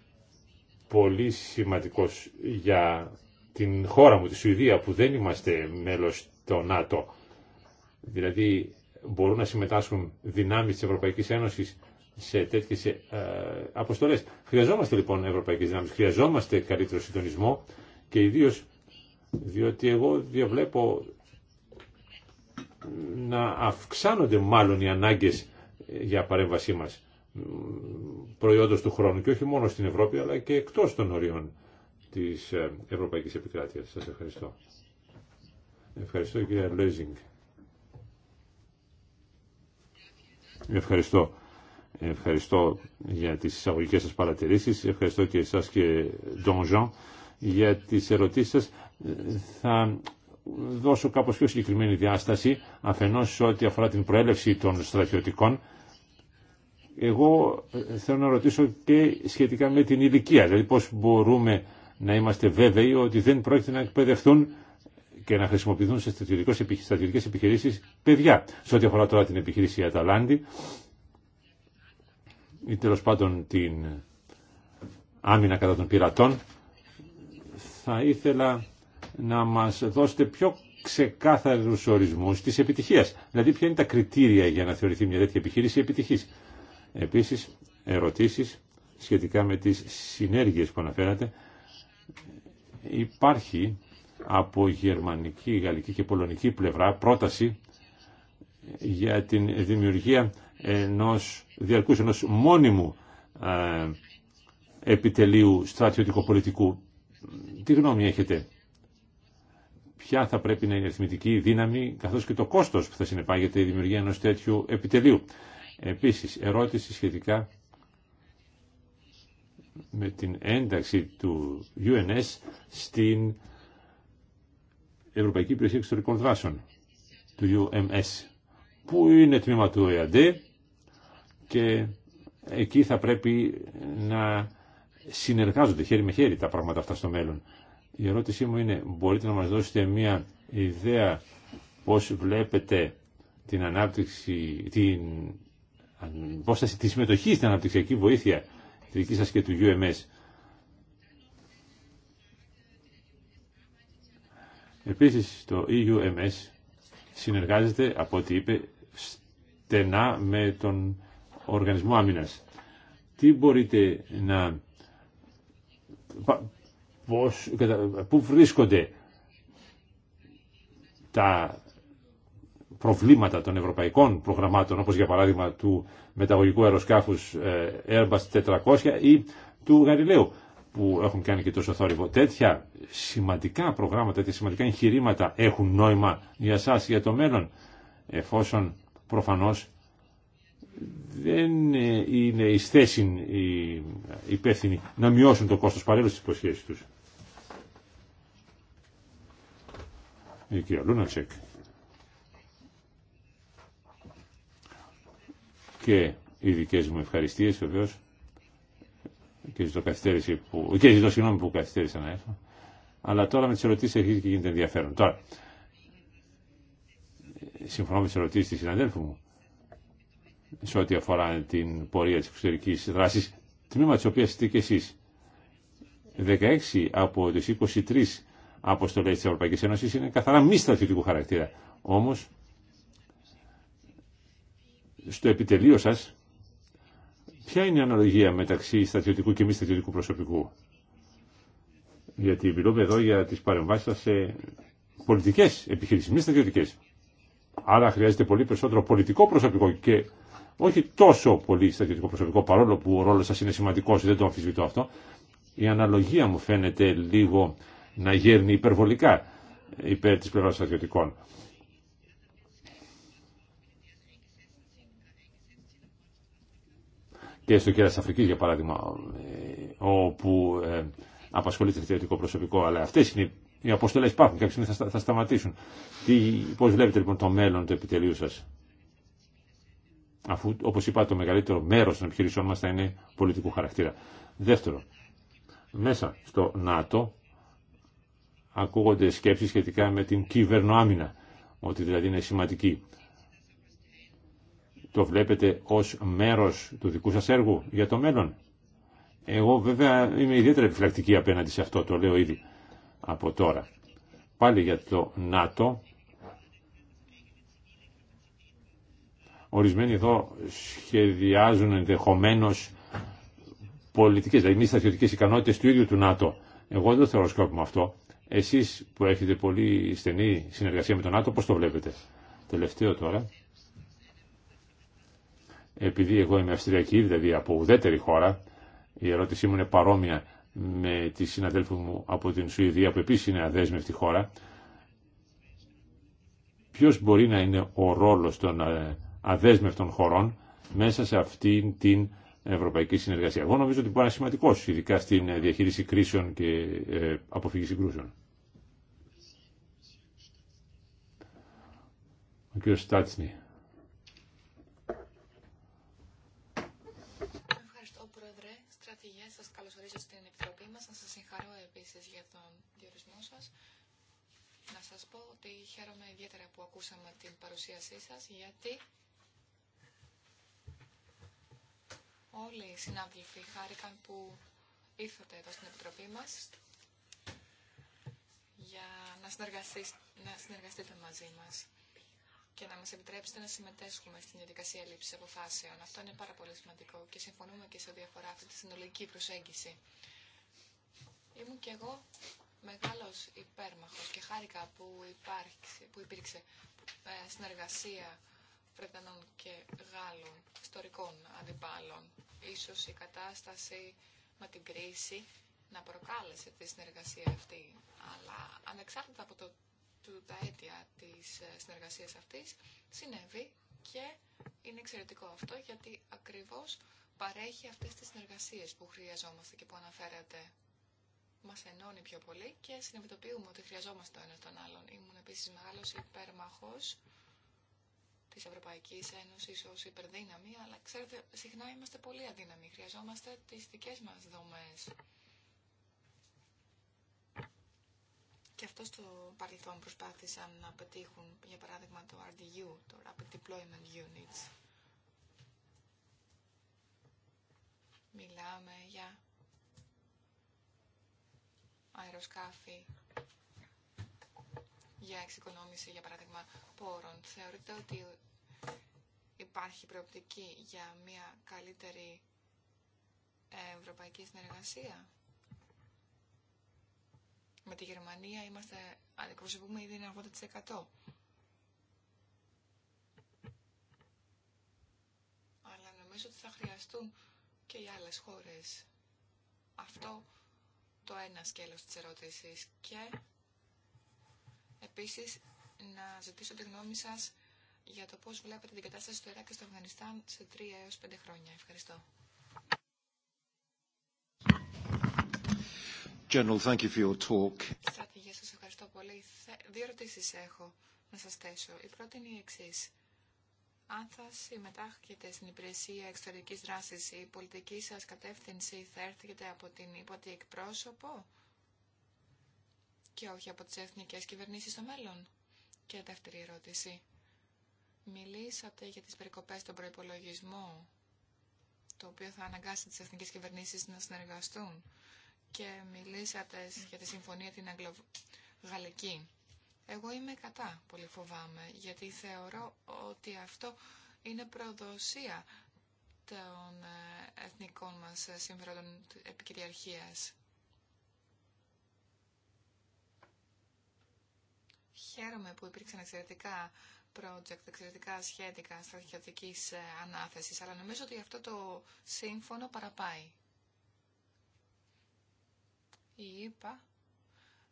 πολύ σημαντικός για την χώρα μου, τη Σουηδία, που δεν είμαστε μέλος του ΝΑΤΟ. Δηλαδή μπορούν να συμμετάσχουν δυνάμεις της Ευρωπαϊκής Ένωσης σε τέτοιες ε, αποστολές. Χρειαζόμαστε λοιπόν ευρωπαϊκές δυνάμεις, χρειαζόμαστε καλύτερο συντονισμό και ιδίως διότι εγώ διαβλέπω να αυξάνονται μάλλον οι ανάγκες για παρέμβασή μας προϊόντος του χρόνου και όχι μόνο στην Ευρώπη αλλά και εκτός των οριών της ε, Ευρωπαϊκής Επικράτειας. Σας ευχαριστώ. Ευχαριστώ κύριε Λέζινγκ. Ευχαριστώ. Ευχαριστώ για τις εισαγωγικέ σας παρατηρήσεις. Ευχαριστώ και εσάς και τον Ζαν για τις ερωτήσεις σας. Θα δώσω κάπως πιο συγκεκριμένη διάσταση αφενός σε ό,τι αφορά την προέλευση των στρατιωτικών. Εγώ θέλω να ρωτήσω και σχετικά με την ηλικία, δηλαδή πώς μπορούμε να είμαστε βέβαιοι ότι δεν πρόκειται να εκπαιδευτούν και να χρησιμοποιηθούν σε στρατιωτικές επιχειρήσεις παιδιά. Σε ό,τι αφορά τώρα την επιχείρηση Αταλάντη ή τέλο πάντων την άμυνα κατά των πειρατών, θα ήθελα να μας δώσετε πιο ξεκάθαρους ορισμούς της επιτυχίας. Δηλαδή ποια είναι τα κριτήρια για να θεωρηθεί μια τέτοια επιχείρηση επιτυχής. Επίσης, ερωτήσεις σχετικά με τις συνέργειες που αναφέρατε Υπάρχει από γερμανική, γαλλική και πολωνική πλευρά πρόταση για την δημιουργία ενός διαρκούς, ενός μόνιμου ε, επιτελείου στρατιωτικοπολιτικού. Τι γνώμη έχετε, ποια θα πρέπει να είναι η αριθμητική δύναμη καθώς και το κόστος που θα συνεπάγεται η δημιουργία ενός τέτοιου επιτελείου. Επίσης, ερώτηση σχετικά με την ένταξη του UNS στην Ευρωπαϊκή Υπηρεσία Εξωτερικών Δράσεων του UMS που είναι τμήμα του ΕΑΔ και εκεί θα πρέπει να συνεργάζονται χέρι με χέρι τα πράγματα αυτά στο μέλλον. Η ερώτησή μου είναι, μπορείτε να μας δώσετε μια ιδέα πώς βλέπετε την ανάπτυξη, την, πώς της τη συμμετοχή στην αναπτυξιακή βοήθεια τη δική σας και του UMS. Επίσης το EUMS συνεργάζεται από ό,τι είπε στενά με τον Οργανισμό Άμυνας. Τι μπορείτε να... Πώς, πού βρίσκονται τα προβλήματα των ευρωπαϊκών προγραμμάτων, όπως για παράδειγμα του μεταγωγικού αεροσκάφους ε, Airbus 400 ή του Γαριλαίου που έχουν κάνει και τόσο θόρυβο. Τέτοια σημαντικά προγράμματα, τέτοια σημαντικά εγχειρήματα έχουν νόημα για σας για το μέλλον, εφόσον προφανώς δεν ε, είναι η θέση οι υπεύθυνοι να μειώσουν το κόστος παρέλωσης της υποσχέσης τους. Η ε, κυρία και οι δικές μου ευχαριστίες βεβαίω και ζητώ, καθυστέρηση που, και ζητώ συγγνώμη που καθυστέρησα να έρθω αλλά τώρα με τις ερωτήσεις αρχίζει και γίνεται ενδιαφέρον τώρα συμφωνώ με τις ερωτήσεις της συναδέλφου μου σε ό,τι αφορά την πορεία της εξωτερικής δράσης τμήμα της οποίας είστε και εσείς 16 από τις 23 αποστολές της Ευρωπαϊκής Ένωσης είναι καθαρά μη στρατιωτικού χαρακτήρα όμως στο επιτελείο σας, ποια είναι η αναλογία μεταξύ στρατιωτικού και μη στρατιωτικού προσωπικού. Γιατί μιλούμε εδώ για τις παρεμβάσεις σε πολιτικές επιχειρήσει, μη στρατιωτικές. Άρα χρειάζεται πολύ περισσότερο πολιτικό προσωπικό και όχι τόσο πολύ στρατιωτικό προσωπικό, παρόλο που ο ρόλος σα είναι σημαντικό, δεν το αμφισβητώ αυτό. Η αναλογία μου φαίνεται λίγο να γέρνει υπερβολικά υπέρ της πλευράς στρατιωτικών. και στο κέρας αφρική για παράδειγμα ε, όπου ε, απασχολείται θεωρητικό προσωπικό αλλά αυτές είναι οι αποστολές υπάρχουν κάποια στιγμή θα, θα σταματήσουν. Πώ πώς βλέπετε λοιπόν το μέλλον του επιτελείου σας αφού όπως είπα το μεγαλύτερο μέρος των επιχειρήσεων μα θα είναι πολιτικού χαρακτήρα. Δεύτερο, μέσα στο ΝΑΤΟ ακούγονται σκέψει σχετικά με την κυβερνοάμυνα, ότι δηλαδή είναι σημαντική το βλέπετε ως μέρος του δικού σας έργου για το μέλλον. Εγώ βέβαια είμαι ιδιαίτερα επιφυλακτική απέναντι σε αυτό, το λέω ήδη από τώρα. Πάλι για το ΝΑΤΟ, ορισμένοι εδώ σχεδιάζουν ενδεχομένως πολιτικές, δηλαδή μη στρατιωτικές ικανότητες του ίδιου του ΝΑΤΟ. Εγώ δεν το θεωρώ σκόπιμο αυτό. Εσείς που έχετε πολύ στενή συνεργασία με τον ΝΑΤΟ, πώς το βλέπετε. Τελευταίο τώρα. Επειδή εγώ είμαι Αυστριακή, δηλαδή από ουδέτερη χώρα, η ερώτησή μου είναι παρόμοια με τη συναδέλφου μου από την Σουηδία, που επίση είναι αδέσμευτη χώρα. Ποιο μπορεί να είναι ο ρόλος των ε, αδέσμευτων χωρών μέσα σε αυτήν την ευρωπαϊκή συνεργασία. Εγώ νομίζω ότι μπορεί να είναι σημαντικό, ειδικά στην ε, διαχείριση κρίσεων και ε, αποφυγή συγκρούσεων. Ο κ. Στάτσνη. πω ότι χαίρομαι ιδιαίτερα που ακούσαμε την παρουσίασή σας, γιατί όλοι οι συνάδελφοι χάρηκαν που ήρθατε εδώ στην Επιτροπή μας για να, να συνεργαστείτε μαζί μας και να μας επιτρέψετε να συμμετέσχουμε στην διαδικασία λήψης αποφάσεων. Αυτό είναι πάρα πολύ σημαντικό και συμφωνούμε και σε διαφορά αυτή τη συνολική προσέγγιση. Ήμουν και εγώ μεγάλος υπέρμαχος και χάρηκα που, υπάρξε, που υπήρξε ε, συνεργασία Βρετανών και Γάλλων, ιστορικών αντιπάλων. Ίσως η κατάσταση με την κρίση να προκάλεσε τη συνεργασία αυτή, αλλά ανεξάρτητα από το, το, τα αίτια της ε, συνεργασίας αυτής, συνέβη και είναι εξαιρετικό αυτό γιατί ακριβώς παρέχει αυτές τις συνεργασίες που χρειαζόμαστε και που αναφέρατε Μα ενώνει πιο πολύ και συνειδητοποιούμε ότι χρειαζόμαστε ο ένα τον άλλον. Ήμουν επίση μεγάλος υπέρμαχος της Ευρωπαϊκής Ένωση ω υπερδύναμη, αλλά ξέρετε, συχνά είμαστε πολύ αδύναμοι. Χρειαζόμαστε τις δικές μας δομέ. Και αυτό στο παρελθόν προσπάθησαν να πετύχουν, για παράδειγμα, το RDU, το Rapid Deployment Units. Μιλάμε για αεροσκάφη για εξοικονόμηση, για παράδειγμα, πόρων. Θεωρείτε ότι υπάρχει προοπτική για μια καλύτερη ευρωπαϊκή συνεργασία. Με τη Γερμανία είμαστε, αντιπροσωπούμε ήδη ένα 80%. Αλλά νομίζω ότι θα χρειαστούν και οι άλλες χώρες. Αυτό το ένα σκέλος της ερώτησης και επίσης να ζητήσω τη γνώμη σας για το πώς βλέπετε την κατάσταση του Ιράκ και στο Αφγανιστάν σε 3 έως 5 χρόνια. Ευχαριστώ. General, thank you for your talk. σας ευχαριστώ πολύ. Δύο ερωτήσεις έχω να σας θέσω. Η πρώτη είναι η εξής αν θα συμμετάχετε στην υπηρεσία εξωτερική δράσης, η πολιτική σας κατεύθυνση θα έρθετε από την υπότη εκπρόσωπο και όχι από τι εθνικέ κυβερνήσει στο μέλλον. Και δεύτερη ερώτηση. Μιλήσατε για τις περικοπέ στον προπολογισμό, το οποίο θα αναγκάσει τις εθνικέ κυβερνήσεις να συνεργαστούν. Και μιλήσατε για τη συμφωνία την Αγγλο-Γαλλική. Εγώ είμαι κατά, πολύ φοβάμαι, γιατί θεωρώ ότι αυτό είναι προδοσία των ε, εθνικών μας ε, συμφερόντων επικυριαρχίας. Χαίρομαι που υπήρξαν εξαιρετικά project, εξαιρετικά σχέδικα στρατιωτικής ε, ανάθεσης, αλλά νομίζω ότι αυτό το σύμφωνο παραπάει. Η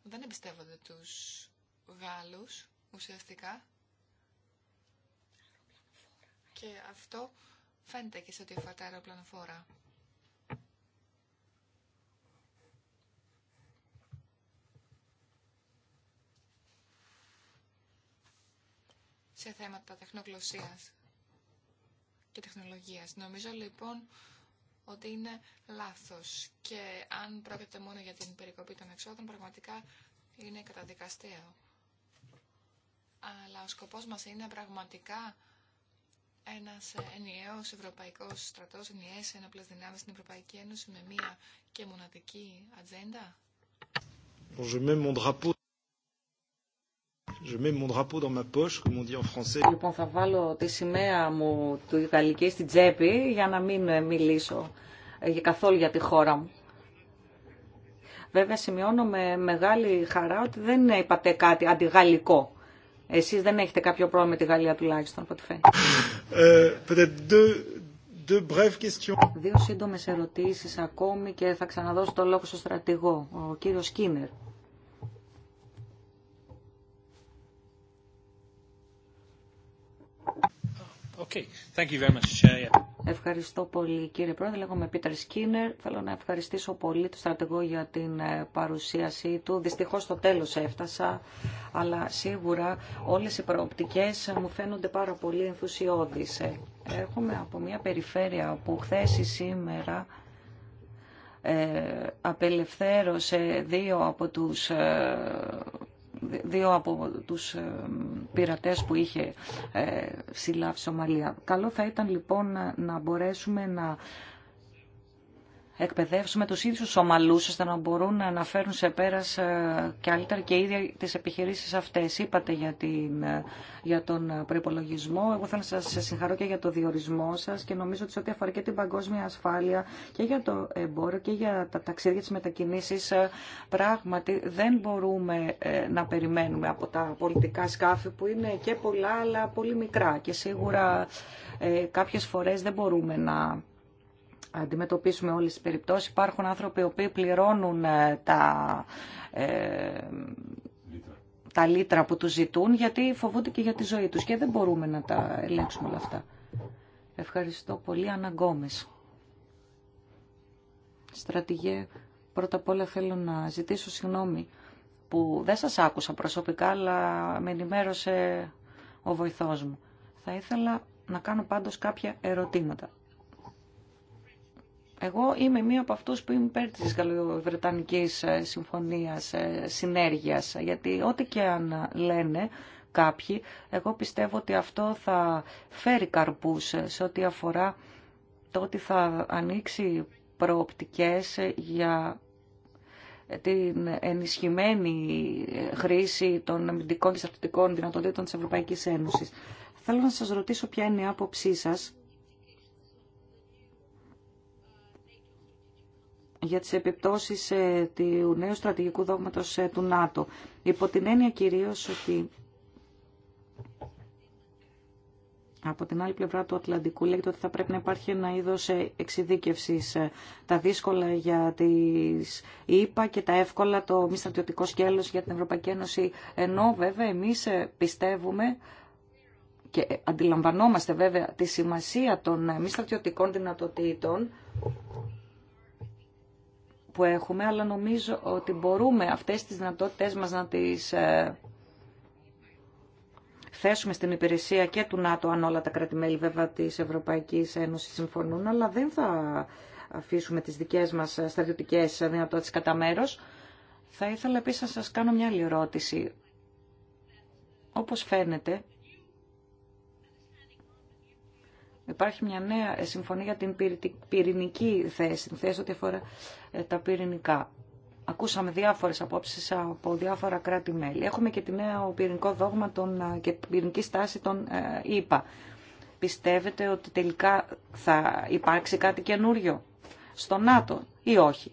δεν εμπιστεύονται τους Γάλλους ουσιαστικά και αυτό φαίνεται και σε ό,τι αφορά τα αεροπλανοφόρα. σε θέματα τεχνογλωσσίας και τεχνολογίας. Νομίζω λοιπόν ότι είναι λάθος και αν πρόκειται μόνο για την περικοπή των εξόδων πραγματικά είναι καταδικαστέο αλλά ο σκοπός μας είναι πραγματικά ένας ενιαίος ευρωπαϊκός στρατός, ενιαίες ενόπλες δυνάμεις στην Ευρωπαϊκή Ένωση με μία και μοναδική ατζέντα. Λοιπόν, θα βάλω τη σημαία μου του Ιταλική στην τσέπη για να μην μιλήσω καθόλου για τη χώρα μου. Βέβαια, σημειώνω με μεγάλη χαρά ότι δεν είπατε κάτι αντιγαλλικό. Εσείς δεν έχετε κάποιο πρόβλημα με τη Γαλλία τουλάχιστον, από ό,τι φαίνεται. Ε, Δύο σύντομες ερωτήσεις ακόμη και θα ξαναδώσω το λόγο στο στρατηγό, ο κύριος Σκίνερ. Okay. Thank you Ευχαριστώ πολύ κύριε Πρόεδρε. Λέγομαι Πίτερ Σκίνερ. Θέλω να ευχαριστήσω πολύ τον στρατηγό για την ε, παρουσίασή του. Δυστυχώς στο τέλος έφτασα, αλλά σίγουρα όλες οι προοπτικές μου φαίνονται πάρα πολύ ενθουσιώδεις. Ε, έρχομαι από μια περιφέρεια που χθε ή σήμερα ε, απελευθέρωσε δύο από τους δύο από τους ε, πειρατές που είχε ε, συλλάβει η Σομαλία. Καλό θα ήταν λοιπόν να μπορέσουμε να εκπαιδεύσουμε τους ίδιους ομαλούς ώστε να μπορούν να αναφέρουν σε πέρας ε, και άλλα και ίδια τις επιχειρήσεις αυτές. Είπατε για, την, ε, για τον προπολογισμό. Εγώ θέλω να σας συγχαρώ και για το διορισμό σας και νομίζω ότι σε ό,τι αφορά και την παγκόσμια ασφάλεια και για το εμπόριο και για τα ταξίδια της μετακινήσεις ε, πράγματι δεν μπορούμε να περιμένουμε από τα πολιτικά σκάφη που είναι και πολλά αλλά πολύ μικρά και σίγουρα κάποιες φορές δεν μπορούμε να αντιμετωπίσουμε όλες τις περιπτώσεις. Υπάρχουν άνθρωποι οι οποίοι πληρώνουν ε, ε, τα, λίτρα που τους ζητούν γιατί φοβούνται και για τη ζωή τους και δεν μπορούμε να τα ελέγξουμε όλα αυτά. Ευχαριστώ πολύ. Αναγκόμες Στρατηγέ, πρώτα απ' όλα θέλω να ζητήσω συγγνώμη που δεν σας άκουσα προσωπικά, αλλά με ενημέρωσε ο βοηθός μου. Θα ήθελα να κάνω πάντως κάποια ερωτήματα. Εγώ είμαι μία από αυτούς που είμαι υπέρ της Γαλλοβρετανικής ε, Συμφωνίας ε, Συνέργειας, γιατί ό,τι και αν λένε κάποιοι, εγώ πιστεύω ότι αυτό θα φέρει καρπούς ε, σε ό,τι αφορά το ότι θα ανοίξει προοπτικές για την ενισχυμένη χρήση των αμυντικών και στρατιωτικών δυνατοτήτων της Ευρωπαϊκής Ένωσης. Θέλω να σας ρωτήσω ποια είναι η άποψή σας για τις επιπτώσεις ε, του νέου στρατηγικού δόγματος ε, του ΝΑΤΟ. Υπό την έννοια κυρίως ότι από την άλλη πλευρά του Ατλαντικού λέγεται ότι θα πρέπει να υπάρχει ένα είδος ε, εξειδίκευσης. Τα δύσκολα για τις ΗΠΑ και τα εύκολα το μη στρατιωτικό σκέλος για την Ευρωπαϊκή Ένωση. Ενώ βέβαια εμείς πιστεύουμε και αντιλαμβανόμαστε βέβαια τη σημασία των μη στρατιωτικών δυνατοτήτων που έχουμε, αλλά νομίζω ότι μπορούμε αυτές τις δυνατότητες μας να τις ε, θέσουμε στην υπηρεσία και του ΝΑΤΟ, αν όλα τα κρατημέλη βέβαια της Ευρωπαϊκής Ένωσης συμφωνούν, αλλά δεν θα αφήσουμε τις δικές μας στρατιωτικές δυνατότητες κατά μέρο. Θα ήθελα επίσης να σας κάνω μια άλλη ερώτηση. Όπως φαίνεται, Υπάρχει μια νέα ε, συμφωνία για την πυρηνική θέση, την θέση ότι αφορά ε, τα πυρηνικά. Ακούσαμε διάφορε απόψει από διάφορα κράτη-μέλη. Έχουμε και τη νέα πυρηνικό δόγμα των, ε, και την πυρηνική στάση των ΙΠΑ Πιστεύετε ότι τελικά θα υπάρξει κάτι καινούριο στο ΝΑΤΟ ή όχι.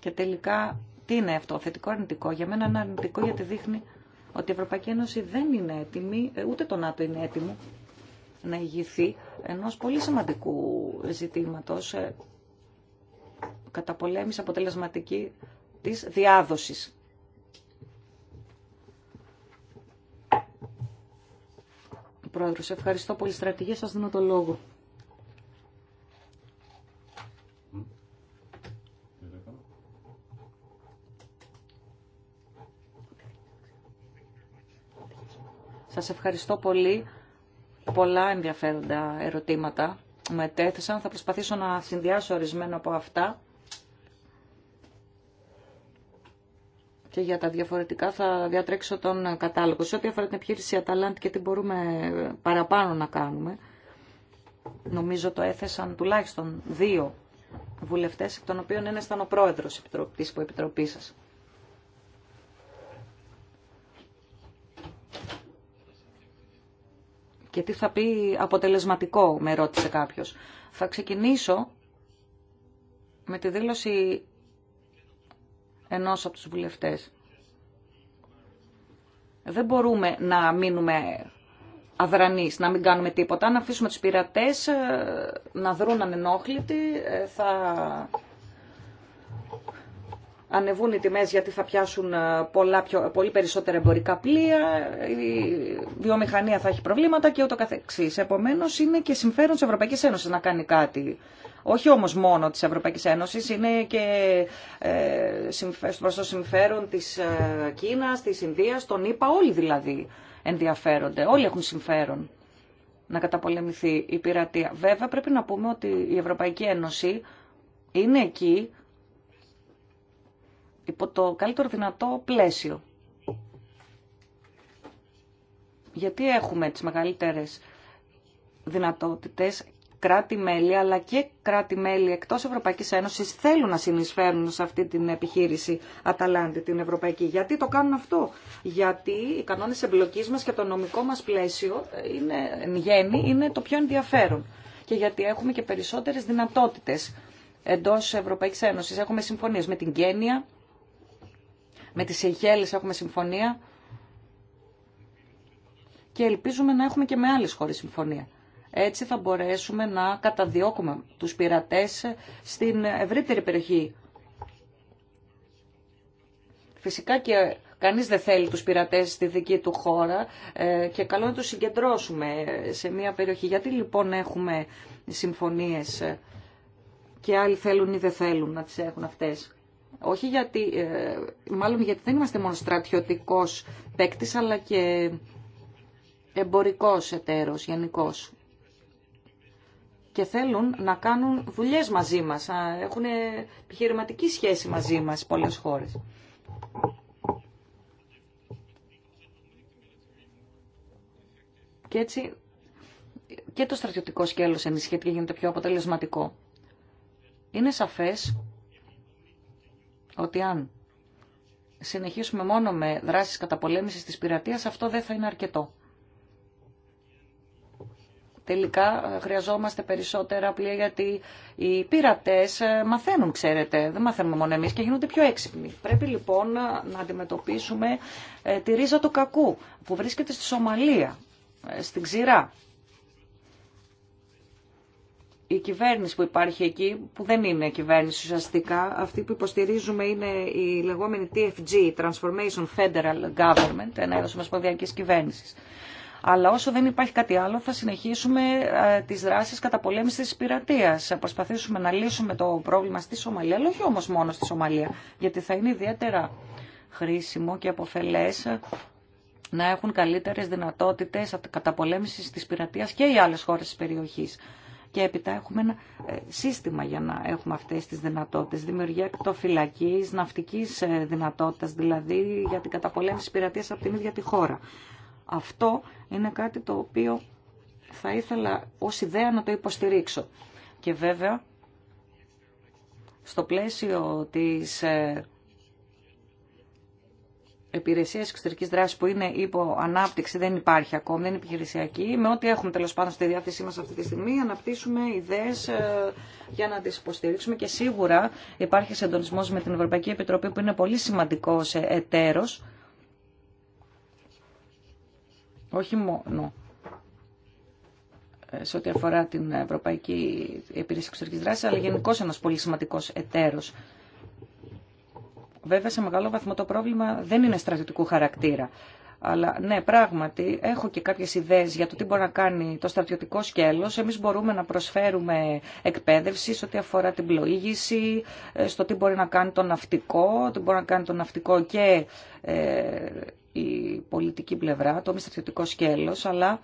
Και τελικά τι είναι αυτό, θετικό αρνητικό. Για μένα είναι αρνητικό γιατί δείχνει ότι η Ευρωπαϊκή Ένωση δεν είναι έτοιμη, ε, ούτε το ΝΑΤΟ είναι έτοιμο να ηγηθεί ενό πολύ σημαντικού ζητήματος ε, πολέμηση αποτελεσματική της διάδοσης. Πρόεδρος, ευχαριστώ πολύ. Στρατηγία σας δίνω το λόγο. Σας ευχαριστώ πολύ. Πολλά ενδιαφέροντα ερωτήματα μετέθεσαν. Θα προσπαθήσω να συνδυάσω ορισμένα από αυτά. Και για τα διαφορετικά θα διατρέξω τον κατάλογο. Σε ό,τι αφορά την επιχείρηση Αταλάντη και τι μπορούμε παραπάνω να κάνουμε, νομίζω το έθεσαν τουλάχιστον δύο βουλευτές, εκ των οποίων ένας ήταν ο πρόεδρος της υποεπιτροπής σας. και τι θα πει αποτελεσματικό, με ρώτησε κάποιος. Θα ξεκινήσω με τη δήλωση ενός από τους βουλευτές. Δεν μπορούμε να μείνουμε αδρανείς, να μην κάνουμε τίποτα. Να αφήσουμε τους πειρατές ε, να δρούν ανενόχλητοι, ε, θα ανεβούν οι τιμές γιατί θα πιάσουν ε, πολλά, πιο, πολύ περισσότερα εμπορικά πλοία, η βιομηχανία θα έχει προβλήματα και ούτω καθεξής. Επομένως είναι και συμφέρον της Ευρωπαϊκής Ένωσης να κάνει κάτι. Όχι όμως μόνο της Ευρωπαϊκής Ένωσης, είναι και ε, το συμφέρον της ε, Κίνας, της Ινδίας, των ΙΠΑ. όλοι δηλαδή ενδιαφέρονται, όλοι έχουν συμφέρον να καταπολεμηθεί η πειρατεία. Βέβαια πρέπει να πούμε ότι η Ευρωπαϊκή Ένωση είναι εκεί υπό το καλύτερο δυνατό πλαίσιο. Γιατί έχουμε τις μεγαλύτερες δυνατότητες κράτη-μέλη, αλλά και κράτη-μέλη εκτός Ευρωπαϊκής Ένωσης θέλουν να συνεισφέρουν σε αυτή την επιχείρηση Αταλάντη, την Ευρωπαϊκή. Γιατί το κάνουν αυτό. Γιατί οι κανόνες εμπλοκής μας και το νομικό μας πλαίσιο είναι, γέννη, είναι το πιο ενδιαφέρον. Και γιατί έχουμε και περισσότερες δυνατότητες εντός Ευρωπαϊκής Ένωσης. Έχουμε συμφωνίες με την Κένια, με τις Αιγέλες έχουμε συμφωνία και ελπίζουμε να έχουμε και με άλλες χώρες συμφωνία. Έτσι θα μπορέσουμε να καταδιώκουμε τους πειρατές στην ευρύτερη περιοχή. Φυσικά και κανείς δεν θέλει τους πειρατές στη δική του χώρα ε, και καλό να τους συγκεντρώσουμε σε μια περιοχή. Γιατί λοιπόν έχουμε συμφωνίες και άλλοι θέλουν ή δεν θέλουν να τις έχουν αυτές. Όχι γιατί, ε, μάλλον γιατί δεν είμαστε μόνο στρατιωτικός παίκτη, αλλά και εμπορικός εταίρος γενικώ. Και θέλουν να κάνουν δουλειές μαζί μας, έχουν επιχειρηματική σχέση μαζί μας πολλές χώρες. Και έτσι και το στρατιωτικό σκέλος ενισχύεται και γίνεται πιο αποτελεσματικό. Είναι σαφές ότι αν συνεχίσουμε μόνο με δράσεις καταπολέμησης της πειρατείας, αυτό δεν θα είναι αρκετό. Τελικά ε, χρειαζόμαστε περισσότερα πλοία γιατί οι πειρατέ ε, μαθαίνουν, ξέρετε. Δεν μαθαίνουμε μόνο εμείς και γίνονται πιο έξυπνοι. Πρέπει λοιπόν ε, να αντιμετωπίσουμε τη ρίζα του κακού που βρίσκεται στη Σομαλία, στην ξηρά η κυβέρνηση που υπάρχει εκεί, που δεν είναι κυβέρνηση ουσιαστικά, αυτή που υποστηρίζουμε είναι η λεγόμενη TFG, Transformation Federal Government, ένα έδος ομοσπονδιακής κυβέρνησης. Αλλά όσο δεν υπάρχει κάτι άλλο θα συνεχίσουμε ε, τις δράσεις πολέμηση της πειρατείας. Θα προσπαθήσουμε να λύσουμε το πρόβλημα στη Σομαλία, αλλά όχι όμως μόνο στη Σομαλία, γιατί θα είναι ιδιαίτερα χρήσιμο και αποφελές ε, να έχουν καλύτερες δυνατότητες καταπολέμησης της πειρατείας και οι άλλες χώρες της περιοχής και έπειτα έχουμε ένα ε, σύστημα για να έχουμε αυτές τις δυνατότητες. Δημιουργία εκτοφυλακής, ναυτικής ε, δυνατότητας, δηλαδή για την καταπολέμηση πειρατείας από την ίδια τη χώρα. Αυτό είναι κάτι το οποίο θα ήθελα ως ιδέα να το υποστηρίξω. Και βέβαια, στο πλαίσιο της ε, υπηρεσίες εξωτερικής δράσης που είναι υπό ανάπτυξη δεν υπάρχει ακόμη, δεν είναι επιχειρησιακή. Με ό,τι έχουμε τέλος πάντων στη διάθεσή μας αυτή τη στιγμή αναπτύσσουμε ιδέες ε, για να τις υποστηρίξουμε και σίγουρα υπάρχει συντονισμός με την Ευρωπαϊκή Επιτροπή που είναι πολύ σημαντικός εταίρος. Όχι μόνο ε, σε ό,τι αφορά την Ευρωπαϊκή Υπηρεσία Εξωτερικής Δράσης, αλλά γενικώ ένας πολύ σημαντικός εταίρος Βέβαια σε μεγάλο βαθμό το πρόβλημα δεν είναι στρατιωτικού χαρακτήρα. Αλλά ναι, πράγματι έχω και κάποιες ιδέες για το τι μπορεί να κάνει το στρατιωτικό σκέλος. Εμείς μπορούμε να προσφέρουμε εκπαίδευση σε ό,τι αφορά την πλοήγηση, ε, στο τι μπορεί να κάνει το ναυτικό, τι μπορεί να κάνει το ναυτικό και ε, η πολιτική πλευρά, το μη στρατιωτικό σκέλος, αλλά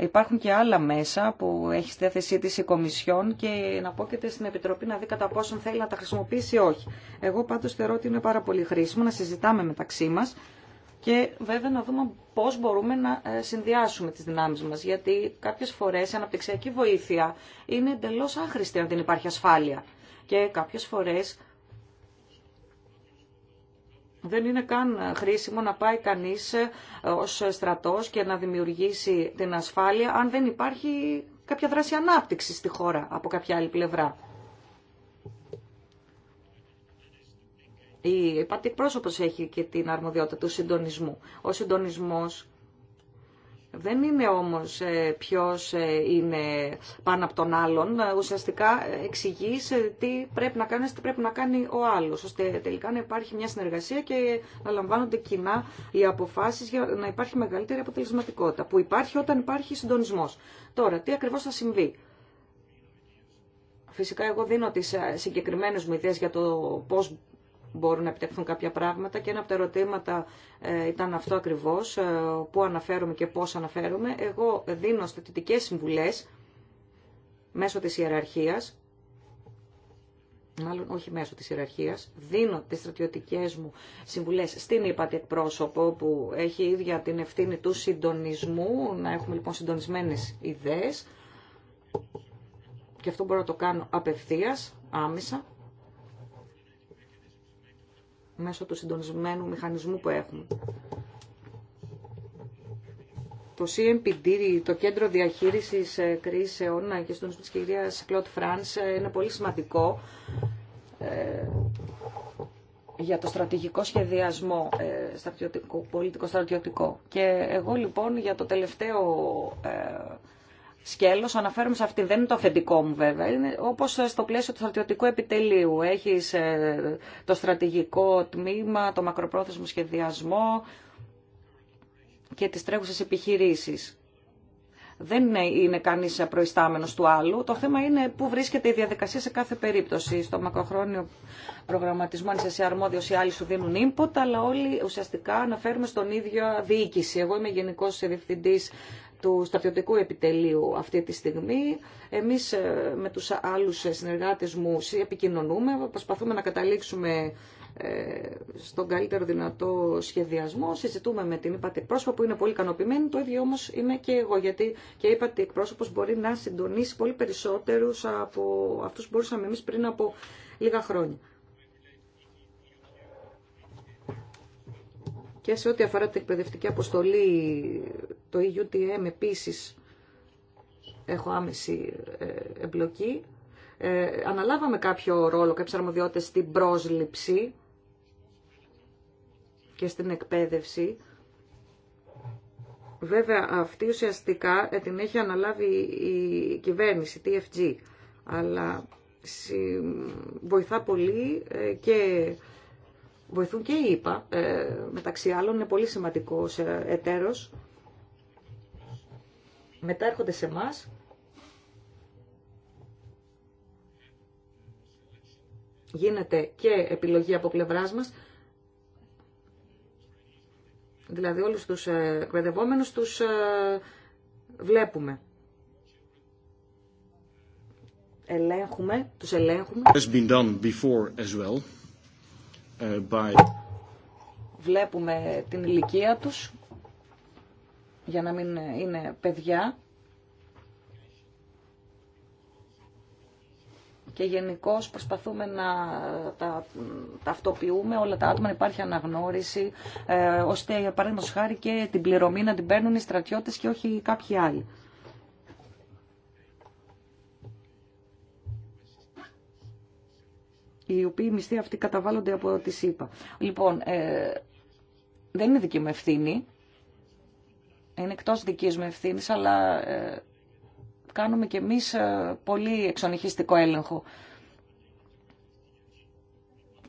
Υπάρχουν και άλλα μέσα που έχει στη διάθεσή τη η Κομισιόν και να και στην Επιτροπή να δει κατά πόσον θέλει να τα χρησιμοποιήσει ή όχι. Εγώ πάντως θεωρώ ότι είναι πάρα πολύ χρήσιμο να συζητάμε μεταξύ μα και βέβαια να δούμε πώς μπορούμε να ε, συνδυάσουμε τις δυνάμεις μας. Γιατί κάποιες φορές η αναπτυξιακή βοήθεια είναι εντελώ άχρηστη αν δεν υπάρχει ασφάλεια. Και κάποιες φορές δεν είναι καν χρήσιμο να πάει κανείς ε, ως στρατός και να δημιουργήσει την ασφάλεια αν δεν υπάρχει κάποια δράση ανάπτυξη στη χώρα από κάποια άλλη πλευρά. Η πατή πρόσωπος έχει και την αρμοδιότητα του συντονισμού. Ο συντονισμός δεν είναι όμως ε, ποιος ε, είναι πάνω από τον άλλον. Ε, ουσιαστικά εξηγείς τι πρέπει να κάνεις, τι πρέπει να κάνει ο άλλος, ώστε τελικά να υπάρχει μια συνεργασία και να λαμβάνονται κοινά οι αποφάσεις για να υπάρχει μεγαλύτερη αποτελεσματικότητα, που υπάρχει όταν υπάρχει συντονισμός. Τώρα, τι ακριβώς θα συμβεί. Φυσικά εγώ δίνω τις συγκεκριμένες μου ιδέες για το πώς μπορούν να επιτευχθούν κάποια πράγματα και ένα από τα ερωτήματα ε, ήταν αυτό ακριβώς, ε, πού αναφέρομαι και πώς αναφέρομαι. Εγώ δίνω στατητικές συμβουλές μέσω της ιεραρχίας, μάλλον όχι μέσω της ιεραρχίας, δίνω τις στρατιωτικές μου συμβουλές στην ΥΠΑΤΗ εκπρόσωπο που έχει ίδια την ευθύνη του συντονισμού, να έχουμε λοιπόν συντονισμένες ιδέες και αυτό μπορώ να το κάνω απευθείας, άμεσα, μέσω του συντονισμένου μηχανισμού που έχουμε. Το CMPD, το Κέντρο Διαχείρισης ε, Κρίσεων ε, και στον της κυρίας Κλωτ Φρανς ε, είναι πολύ σημαντικό για το στρατηγικό σχεδιασμό στρατιωτικό, πολιτικο-στρατιωτικό. Και εγώ λοιπόν για το τελευταίο σκέλος αναφέρομαι σε αυτή. Δεν είναι το αφεντικό μου βέβαια. Είναι όπως στο πλαίσιο του στρατιωτικού επιτελείου. Έχεις ε, το στρατηγικό τμήμα, το μακροπρόθεσμο σχεδιασμό και τις τρέχουσες επιχειρήσεις. Δεν είναι, είναι κανείς προϊστάμενος του άλλου. Το θέμα είναι πού βρίσκεται η διαδικασία σε κάθε περίπτωση. Στο μακροχρόνιο προγραμματισμό, αν είσαι σε αρμόδιος ή άλλοι σου δίνουν input, αλλά όλοι ουσιαστικά αναφέρουμε στον ίδιο διοίκηση. Εγώ είμαι γενικός διευθυντής του στρατιωτικού επιτελείου αυτή τη στιγμή. Εμείς ε, με τους άλλους συνεργάτες μου επικοινωνούμε, προσπαθούμε να καταλήξουμε ε, στον καλύτερο δυνατό σχεδιασμό. Συζητούμε με την είπατε πρόσωπο που είναι πολύ ικανοποιημένη. Το ίδιο όμως είμαι και εγώ γιατί και είπατε εκπρόσωπο μπορεί να συντονίσει πολύ περισσότερους από αυτούς που μπορούσαμε εμείς πριν από λίγα χρόνια. Και σε ό,τι αφορά την εκπαιδευτική αποστολή, το EUTM επίσης έχω άμεση ε, εμπλοκή. Ε, αναλάβαμε κάποιο ρόλο, κάποιες αρμοδιότητες στην πρόσληψη και στην εκπαίδευση. Βέβαια αυτή ουσιαστικά ε, την έχει αναλάβει η κυβέρνηση, TFG, αλλά βοηθά πολύ ε, και Βοηθούν και οι ΙΠΑ, ε, μεταξύ άλλων, είναι πολύ σημαντικός ε, εταίρος. Μετά έρχονται σε εμά. Γίνεται και επιλογή από πλευράς μας. Δηλαδή όλους τους ε, εκπαιδευόμενους τους βλέπουμε. Ελέγχουμε, τους ελέγχουμε. as well. Ε, Βλέπουμε την ηλικία τους για να μην είναι παιδιά και γενικώ προσπαθούμε να τα ταυτοποιούμε όλα τα άτομα, να υπάρχει αναγνώριση, ε, ώστε για παράδειγμα χάρη και την πληρωμή να την παίρνουν οι στρατιώτες και όχι κάποιοι άλλοι. οι οποίοι μισθοί αυτοί καταβάλλονται από τη ΣΥΠΑ. Λοιπόν, ε, δεν είναι δική μου ευθύνη. Είναι εκτός δική μου ευθύνη, αλλά ε, κάνουμε κι εμεί ε, πολύ εξονυχιστικό έλεγχο.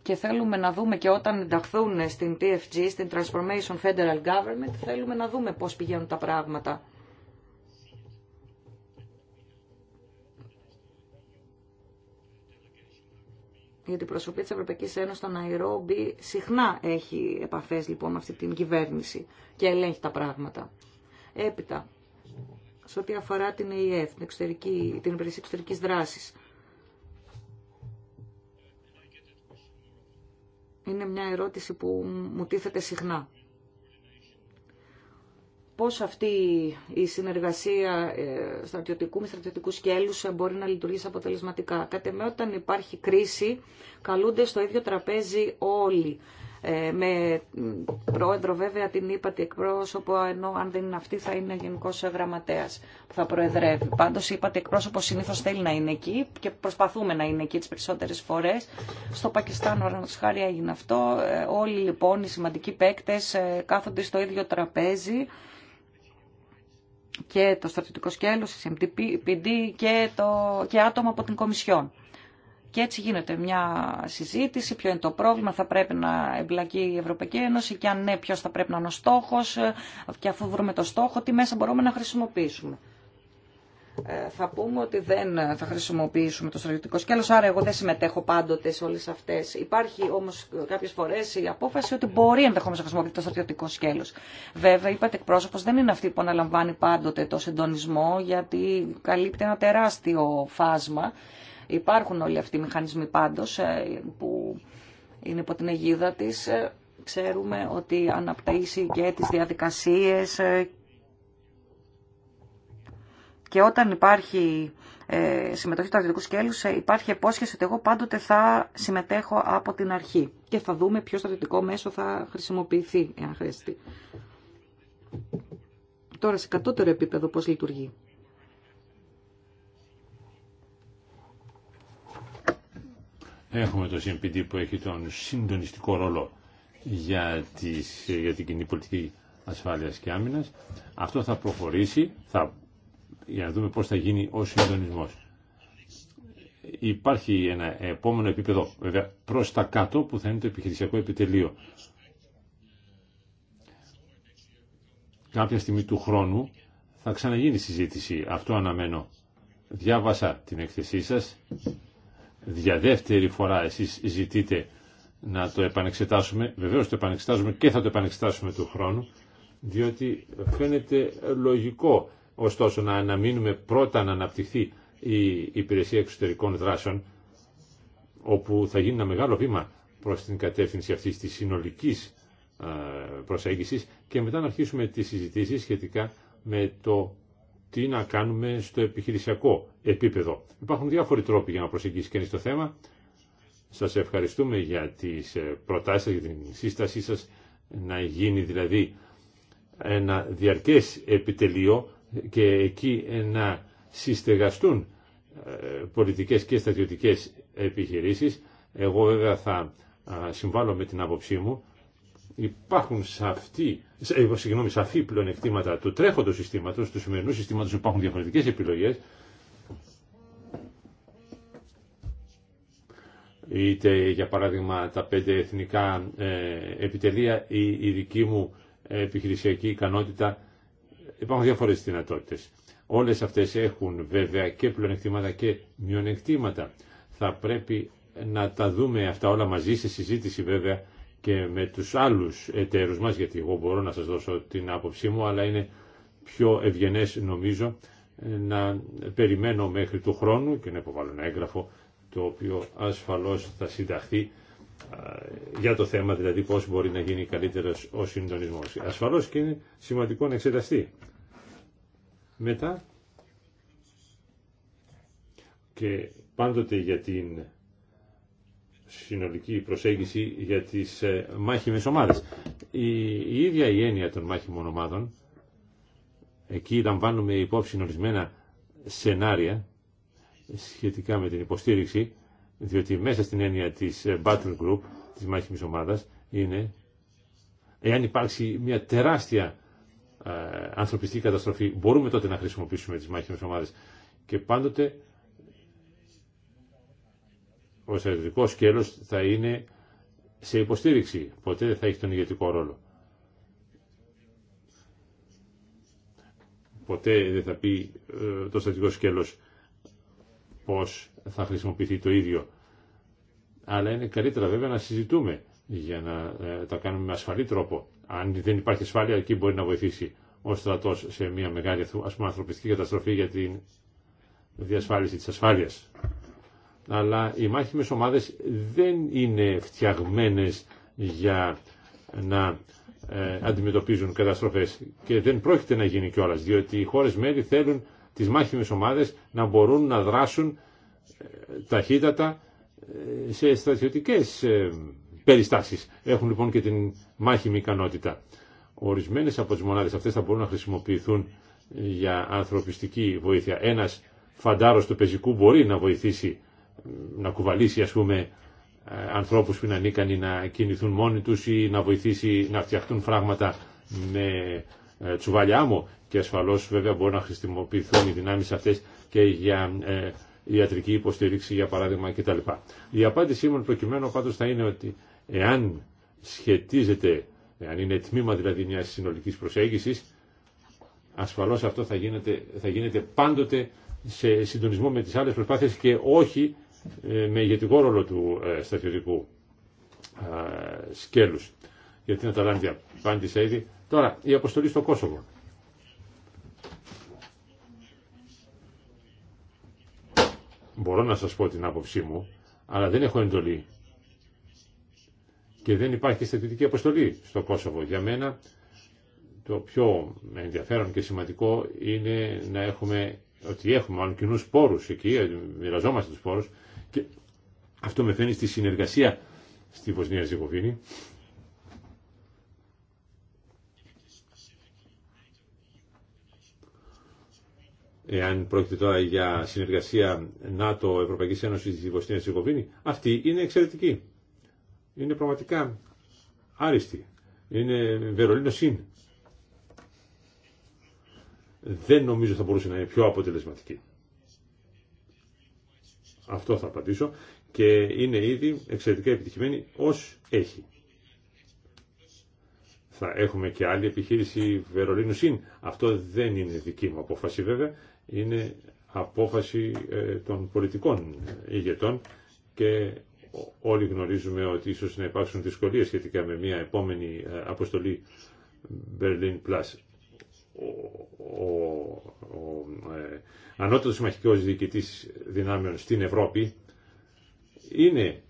Και θέλουμε να δούμε και όταν ενταχθούν στην TFG, στην Transformation Federal Government, θέλουμε να δούμε πώς πηγαίνουν τα πράγματα. η αντιπροσωπή της Ευρωπαϊκής Ένωσης στο Ναϊρόμπι συχνά έχει επαφές λοιπόν με αυτή την κυβέρνηση και ελέγχει τα πράγματα. Έπειτα, σε ό,τι αφορά την ΕΕΦ, την, εξωτερική, την υπηρεσία εξωτερικής δράσης, είναι μια ερώτηση που μου τίθεται συχνά πώς αυτή η συνεργασία ε, στρατιωτικού με στρατιωτικού σκέλους ε, μπορεί να λειτουργήσει αποτελεσματικά. Κατ' με όταν υπάρχει κρίση καλούνται στο ίδιο τραπέζι όλοι. Ε, με πρόεδρο βέβαια την είπατε εκπρόσωπο, ενώ αν δεν είναι αυτή θα είναι γενικό γραμματέα που θα προεδρεύει. Πάντω είπατε εκπρόσωπο συνήθω θέλει να είναι εκεί και προσπαθούμε να είναι εκεί τι περισσότερε φορέ. Στο Πακιστάν, παραδείγματο χάρη, έγινε αυτό. Όλοι λοιπόν οι σημαντικοί παίκτε κάθονται στο ίδιο τραπέζι και το στρατιωτικό σκέλος, η SMTPD και, το, και άτομα από την Κομισιόν. Και έτσι γίνεται μια συζήτηση, ποιο είναι το πρόβλημα, θα πρέπει να εμπλακεί η Ευρωπαϊκή Ένωση και αν ναι, ποιο θα πρέπει να είναι ο στόχο, και αφού βρούμε το στόχο, τι μέσα μπορούμε να χρησιμοποιήσουμε. Ε, θα πούμε ότι δεν θα χρησιμοποιήσουμε το στρατιωτικό σκέλος, άρα εγώ δεν συμμετέχω πάντοτε σε όλες αυτές. Υπάρχει όμως κάποιες φορές η απόφαση ότι μπορεί ενδεχόμενος να χρησιμοποιείται το στρατιωτικό σκέλος. Βέβαια, είπατε εκπρόσωπος δεν είναι αυτή που αναλαμβάνει πάντοτε το συντονισμό, γιατί καλύπτει ένα τεράστιο φάσμα. Υπάρχουν όλοι αυτοί οι μηχανισμοί πάντως ε, που είναι υπό την αιγίδα της ε, ξέρουμε ότι αναπτύσσει και τις διαδικασίες και όταν υπάρχει ε, συμμετοχή του αγροτικού σκέλου, ε, υπάρχει υπόσχεση ότι εγώ πάντοτε θα συμμετέχω από την αρχή. Και θα δούμε ποιο στρατιωτικό μέσο θα χρησιμοποιηθεί, εάν χρειαστεί. Τώρα, σε κατώτερο επίπεδο, πώς λειτουργεί. Έχουμε το CMPD που έχει τον συντονιστικό ρόλο για, τις, για την κοινή πολιτική ασφάλειας και άμυνας. Αυτό θα προχωρήσει, θα για να δούμε πώς θα γίνει ο συντονισμός. Υπάρχει ένα επόμενο επίπεδο, βέβαια, προς τα κάτω που θα είναι το επιχειρησιακό επιτελείο. Κάποια στιγμή του χρόνου θα ξαναγίνει συζήτηση. Αυτό αναμένω. Διάβασα την εκθεσή σας. Για δεύτερη φορά εσείς ζητείτε να το επανεξετάσουμε. Βεβαίως το επανεξετάζουμε και θα το επανεξετάσουμε του χρόνου, διότι φαίνεται λογικό Ωστόσο να αναμείνουμε πρώτα να αναπτυχθεί η υπηρεσία εξωτερικών δράσεων όπου θα γίνει ένα μεγάλο βήμα προς την κατεύθυνση αυτής της συνολικής ε, προσέγγισης και μετά να αρχίσουμε τις συζητήσεις σχετικά με το τι να κάνουμε στο επιχειρησιακό επίπεδο. Υπάρχουν διάφοροι τρόποι για να προσεγγίσει κανείς το θέμα. Σας ευχαριστούμε για τις ε, προτάσεις σας, για την σύστασή σας να γίνει δηλαδή ένα διαρκές επιτελείο και εκεί να συστεγαστούν ε, πολιτικές και στρατιωτικές επιχειρήσεις. Εγώ βέβαια θα συμβάλλω με την άποψή μου. Υπάρχουν σαφή, ε, συγγνώμη, σαφή πλεονεκτήματα του τρέχοντος συστήματος, του σημερινού συστήματος, υπάρχουν διαφορετικές επιλογές. Είτε για παράδειγμα τα πέντε εθνικά ε, επιτελεία ή η δική μου επιχειρησιακή ικανότητα Υπάρχουν διάφορε δυνατότητε. Όλε αυτέ έχουν βέβαια και πλεονεκτήματα και μειονεκτήματα. Θα πρέπει να τα δούμε αυτά όλα μαζί σε συζήτηση βέβαια και με του άλλου εταίρου μα γιατί εγώ μπορώ να σα δώσω την άποψή μου, αλλά είναι πιο ευγενέ νομίζω να περιμένω μέχρι του χρόνου και να υποβάλω ένα έγγραφο το οποίο ασφαλώς θα συνταχθεί ε, για το θέμα δηλαδή πώς μπορεί να γίνει καλύτερος ο συντονισμός. Ασφαλώς και είναι σημαντικό να εξεταστεί. Μετά και πάντοτε για την συνολική προσέγγιση για τις ε, μάχημες ομάδες. Η, η ίδια η έννοια των μάχημων ομάδων, εκεί λαμβάνουμε υπόψη ορισμένα σενάρια σχετικά με την υποστήριξη, διότι μέσα στην έννοια της ε, battle group, της μάχημης ομάδας, είναι εάν υπάρξει μια τεράστια ε, ανθρωπιστική καταστροφή, μπορούμε τότε να χρησιμοποιήσουμε τις μάχημες ομάδες. Και πάντοτε ο στρατιωτικό σκέλος θα είναι σε υποστήριξη, ποτέ δεν θα έχει τον ηγετικό ρόλο. Ποτέ δεν θα πει ε, το στρατιωτικό σκέλος πώς θα χρησιμοποιηθεί το ίδιο. Αλλά είναι καλύτερα βέβαια να συζητούμε για να ε, τα κάνουμε με ασφαλή τρόπο αν δεν υπάρχει ασφάλεια, εκεί μπορεί να βοηθήσει ο στρατό σε μια μεγάλη ας πούμε, ανθρωπιστική καταστροφή για την διασφάλιση τη ασφάλεια. Αλλά οι μάχημε ομάδε δεν είναι φτιαγμένε για να ε, αντιμετωπίζουν καταστροφέ και δεν πρόκειται να γίνει κιόλα, διότι οι χώρε μέλη θέλουν τι μάχημε ομάδε να μπορούν να δράσουν ε, ταχύτατα ε, σε στρατιωτικές περιστάσεις. Έχουν λοιπόν και την μάχημη ικανότητα. Ορισμένες από τις μονάδες αυτές θα μπορούν να χρησιμοποιηθούν για ανθρωπιστική βοήθεια. Ένας φαντάρος του πεζικού μπορεί να βοηθήσει να κουβαλήσει ας πούμε ε, ανθρώπους που είναι ανίκανοι να κινηθούν μόνοι τους ή να βοηθήσει να φτιαχτούν φράγματα με ε, τσουβάλια άμμο και ασφαλώς βέβαια μπορούν να χρησιμοποιηθούν οι δυνάμεις αυτές και για ε, ιατρική υποστήριξη για παράδειγμα κτλ. Η απάντησή μου προκειμένου πάντως θα είναι ότι εάν σχετίζεται, εάν είναι τμήμα δηλαδή μιας συνολικής προσέγγισης, ασφαλώς αυτό θα γίνεται, θα γίνεται πάντοτε σε συντονισμό με τις άλλες προσπάθειες και όχι ε, με ηγετικό ρόλο του ε, σταθερικού ε, σκέλους. Γιατί να τα λάβει απάντησα ήδη. Τώρα, η αποστολή στο Κόσοβο. Μπορώ να σας πω την άποψή μου, αλλά δεν έχω εντολή και δεν υπάρχει στρατιωτική αποστολή στο Κόσοβο. Για μένα το πιο ενδιαφέρον και σημαντικό είναι να έχουμε, ότι έχουμε αν κοινού πόρου εκεί, μοιραζόμαστε τους πόρου, και αυτό με φαίνει στη συνεργασία στη Βοσνία Ζεγοβίνη. Εάν πρόκειται τώρα για συνεργασία Ευρωπαϊκή στη Βοσνία Ζεγοβίνη, αυτή είναι εξαιρετική είναι πραγματικά άριστη. Είναι Βερολίνο συν. Δεν νομίζω θα μπορούσε να είναι πιο αποτελεσματική. Αυτό θα απαντήσω και είναι ήδη εξαιρετικά επιτυχημένη ως έχει. Θα έχουμε και άλλη επιχείρηση Βερολίνου συν. Αυτό δεν είναι δική μου απόφαση βέβαια. Είναι απόφαση ε, των πολιτικών ηγετών και όλοι γνωρίζουμε ότι ίσως να υπάρξουν δυσκολίες σχετικά με μια επόμενη ε, αποστολή Berlin Plus. Ο, ο, ε, ανώτατος συμμαχικός διοικητής δυνάμεων στην Ευρώπη είναι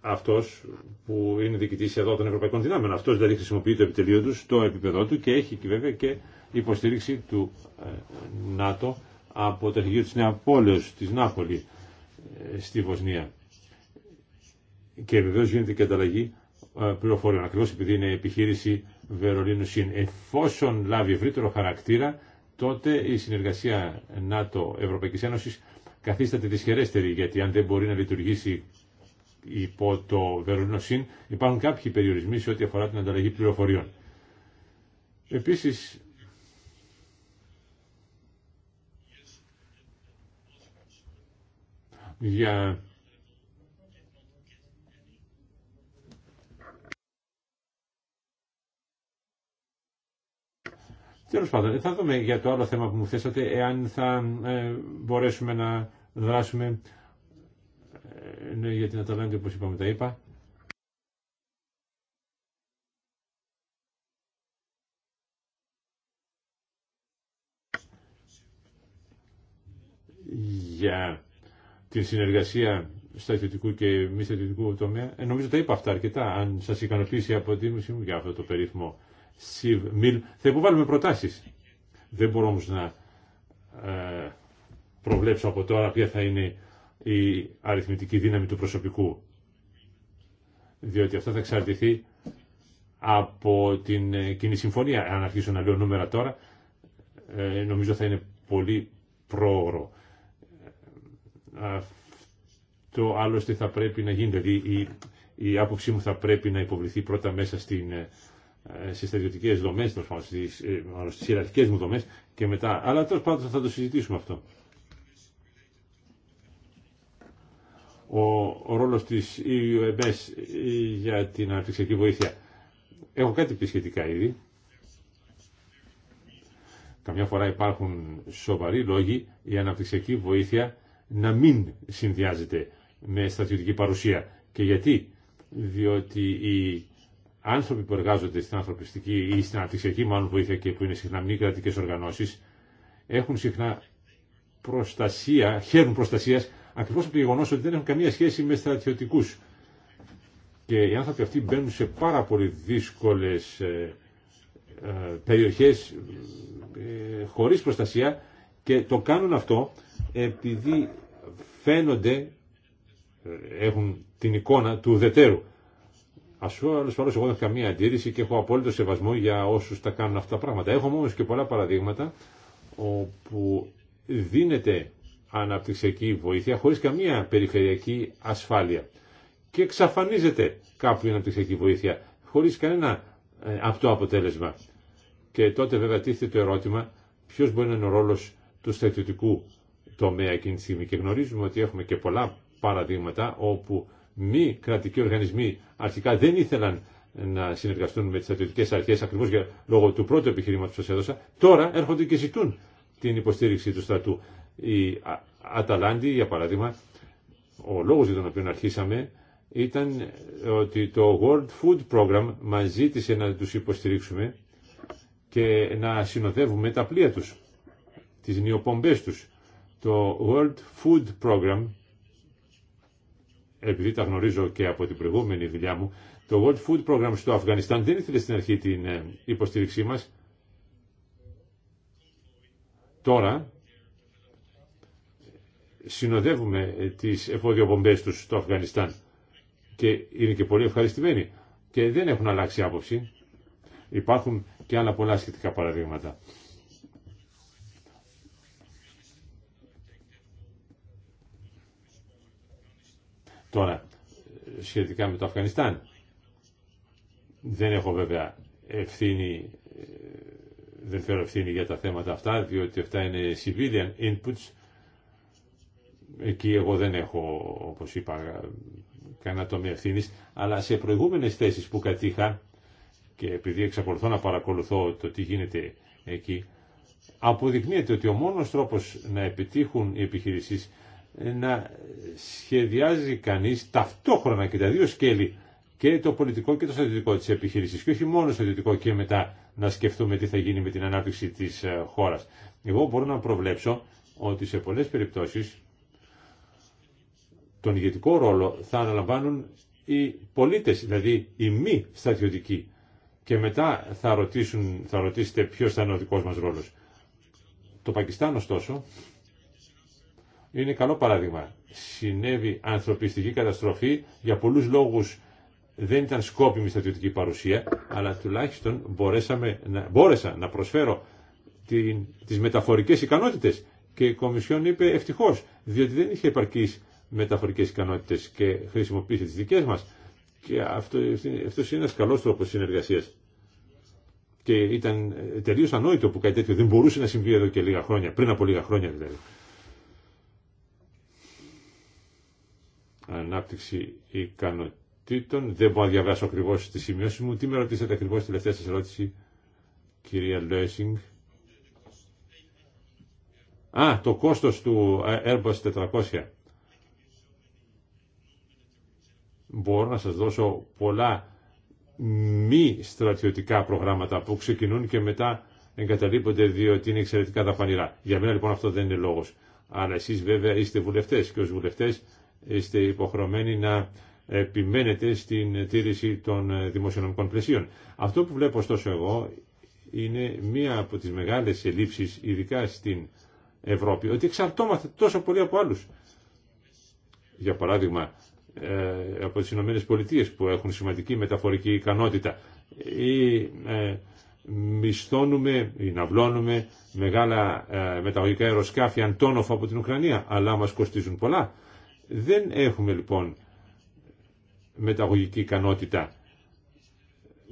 αυτός που είναι διοικητής εδώ των Ευρωπαϊκών Δυνάμεων. Αυτός δηλαδή χρησιμοποιεί το επιτελείο του στο επίπεδό του και έχει και βέβαια και υποστήριξη του ε, ΝΑΤΟ από το αρχηγείο της Νέα Πόλεως, της Νάπολη ε, στη Βοσνία και βεβαίω γίνεται και ανταλλαγή ε, πληροφοριών. Ακριβώ επειδή είναι επιχείρηση Βερολίνου ΣΥΝ. Εφόσον λάβει ευρύτερο χαρακτήρα, τότε η συνεργασία ΝΑΤΟ-Ευρωπαϊκή Ένωση καθίσταται δυσχερέστερη, γιατί αν δεν μπορεί να λειτουργήσει υπό το Βερολίνο ΣΥΝ, υπάρχουν κάποιοι περιορισμοί σε ό,τι αφορά την ανταλλαγή πληροφοριών. Επίση. για Τέλο πάντων, θα δούμε για το άλλο θέμα που μου θέσατε, εάν θα ε, μπορέσουμε να δράσουμε ε, ναι, για την Αταλάντη, όπω είπαμε, τα είπα. Για την συνεργασία στα ιδιωτικού και μη στρατιωτικού τομέα. Ε, νομίζω τα είπα αυτά αρκετά, αν σας ικανοποιήσει η αποτίμηση μου για αυτό το περίφημο Σιβ Μιλ, θα υποβάλουμε προτάσεις. Δεν μπορώ όμως να ε, προβλέψω από τώρα ποια θα είναι η αριθμητική δύναμη του προσωπικού. Διότι αυτό θα εξαρτηθεί από την ε, κοινή συμφωνία. Αν αρχίσω να λέω νούμερα τώρα, ε, νομίζω θα είναι πολύ πρόωρο. Αυτό άλλωστε θα πρέπει να γίνει. Δηλαδή η, η άποψή μου θα πρέπει να υποβληθεί πρώτα μέσα στην ε, στι στρατιωτικέ δομέ, στι ε, ιεραρχικέ μου δομέ και μετά. Αλλά τέλο πάντων θα το συζητήσουμε αυτό. Ο, ο ρόλος της EUMS για την αναπτυξιακή βοήθεια. Έχω κάτι πει σχετικά ήδη. Καμιά φορά υπάρχουν σοβαροί λόγοι η αναπτυξιακή βοήθεια να μην συνδυάζεται με στρατιωτική παρουσία. Και γιατί, διότι η άνθρωποι που εργάζονται στην ανθρωπιστική ή στην αναπτυξιακή μάλλον βοήθεια και που είναι συχνά μη κρατικέ οργανώσεις έχουν συχνά προστασία, χαίρουν προστασία, ακριβώ από το γεγονό ότι δεν έχουν καμία σχέση με στρατιωτικού. Και οι άνθρωποι αυτοί μπαίνουν σε πάρα πολύ δύσκολε ε, ε, περιοχές ε, χωρίς προστασία και το κάνουν αυτό επειδή φαίνονται, ε, έχουν την εικόνα του ουδετέρου ασφαλώς εγώ δεν έχω καμία αντίρρηση και έχω απόλυτο σεβασμό για όσου τα κάνουν αυτά τα πράγματα. Έχουμε όμω και πολλά παραδείγματα όπου δίνεται αναπτυξιακή βοήθεια χωρί καμία περιφερειακή ασφάλεια και εξαφανίζεται κάπου η αναπτυξιακή βοήθεια χωρί κανένα ε, αυτό αποτέλεσμα. Και τότε βέβαια τίθεται το ερώτημα ποιο μπορεί να είναι ο ρόλο του στρατιωτικού τομέα εκείνη τη στιγμή. Και γνωρίζουμε ότι έχουμε και πολλά παραδείγματα όπου μη κρατικοί οργανισμοί αρχικά δεν ήθελαν να συνεργαστούν με τι στρατιωτικέ αρχέ ακριβώ λόγω του πρώτου επιχειρήματο που σα έδωσα, τώρα έρχονται και ζητούν την υποστήριξη του στρατού. Η Αταλάντη, για παράδειγμα, ο λόγο για τον οποίο αρχίσαμε ήταν ότι το World Food Program μα ζήτησε να του υποστηρίξουμε και να συνοδεύουμε τα πλοία του, τι νιοπομπές του. Το World Food Program επειδή τα γνωρίζω και από την προηγούμενη δουλειά μου, το World Food Program στο Αφγανιστάν δεν ήθελε στην αρχή την ε, υποστήριξή μας. Τώρα συνοδεύουμε ε, τις εφόδιο τους στο Αφγανιστάν και είναι και πολύ ευχαριστημένοι και δεν έχουν αλλάξει άποψη. Υπάρχουν και άλλα πολλά σχετικά παραδείγματα. Τώρα, σχετικά με το Αφγανιστάν, δεν έχω βέβαια ευθύνη, ε, δεν φέρω ευθύνη για τα θέματα αυτά, διότι αυτά είναι civilian inputs. Εκεί εγώ δεν έχω, όπως είπα, κανένα τομή ευθύνη, αλλά σε προηγούμενες θέσεις που κατήχα και επειδή εξακολουθώ να παρακολουθώ το τι γίνεται εκεί, αποδεικνύεται ότι ο μόνος τρόπος να επιτύχουν οι επιχειρήσεις να σχεδιάζει κανείς ταυτόχρονα και τα δύο σκέλη και το πολιτικό και το στρατιωτικό της επιχείρησης και όχι μόνο στρατιωτικό και μετά να σκεφτούμε τι θα γίνει με την ανάπτυξη της ε, χώρας. Εγώ μπορώ να προβλέψω ότι σε πολλές περιπτώσεις τον ηγετικό ρόλο θα αναλαμβάνουν οι πολίτες, δηλαδή οι μη στρατιωτικοί και μετά θα, ρωτήσουν, θα ρωτήσετε ποιος θα είναι ο δικός μας ρόλος. Το Πακιστάν ωστόσο είναι καλό παράδειγμα. Συνέβη ανθρωπιστική καταστροφή, για πολλούς λόγους δεν ήταν σκόπιμη στρατιωτική παρουσία, αλλά τουλάχιστον μπορέσαμε να, μπόρεσα να προσφέρω την, τις μεταφορικές ικανότητες. Και η Κομισιόν είπε ευτυχώς, διότι δεν είχε επαρκείς μεταφορικές ικανότητες και χρησιμοποίησε τις δικές μας. Και αυτό, αυτός είναι ένας καλός τρόπος συνεργασίας. Και ήταν τελείως ανόητο που κάτι τέτοιο δεν μπορούσε να συμβεί εδώ και λίγα χρόνια, πριν από λίγα χρόνια δηλαδή. ανάπτυξη ικανοτήτων. Δεν μπορώ να διαβάσω ακριβώ τη σημειώση μου. Τι με ρωτήσατε ακριβώ τελευταία σα ερώτηση, κυρία Λέσινγκ. Α, το κόστος του Airbus 400. Μπορώ να σας δώσω πολλά μη στρατιωτικά προγράμματα που ξεκινούν και μετά εγκαταλείπονται διότι είναι εξαιρετικά δαπανηρά. Για μένα λοιπόν αυτό δεν είναι λόγος. Αλλά εσείς βέβαια είστε βουλευτές και ως βουλευτές είστε υποχρεωμένοι να επιμένετε στην τήρηση των δημοσιονομικών πλαισίων. Αυτό που βλέπω ωστόσο εγώ είναι μία από τις μεγάλες ελλείψεις, ειδικά στην Ευρώπη, ότι εξαρτώμαστε τόσο πολύ από άλλους. Για παράδειγμα, ε, από τις Ηνωμένες Πολιτείες που έχουν σημαντική μεταφορική ικανότητα ή ε, μισθώνουμε ή ναυλώνουμε μεγάλα ε, μεταγωγικά αεροσκάφη αντόνοφα από την Ουκρανία, αλλά μας κοστίζουν πολλά. Δεν έχουμε λοιπόν μεταγωγική ικανότητα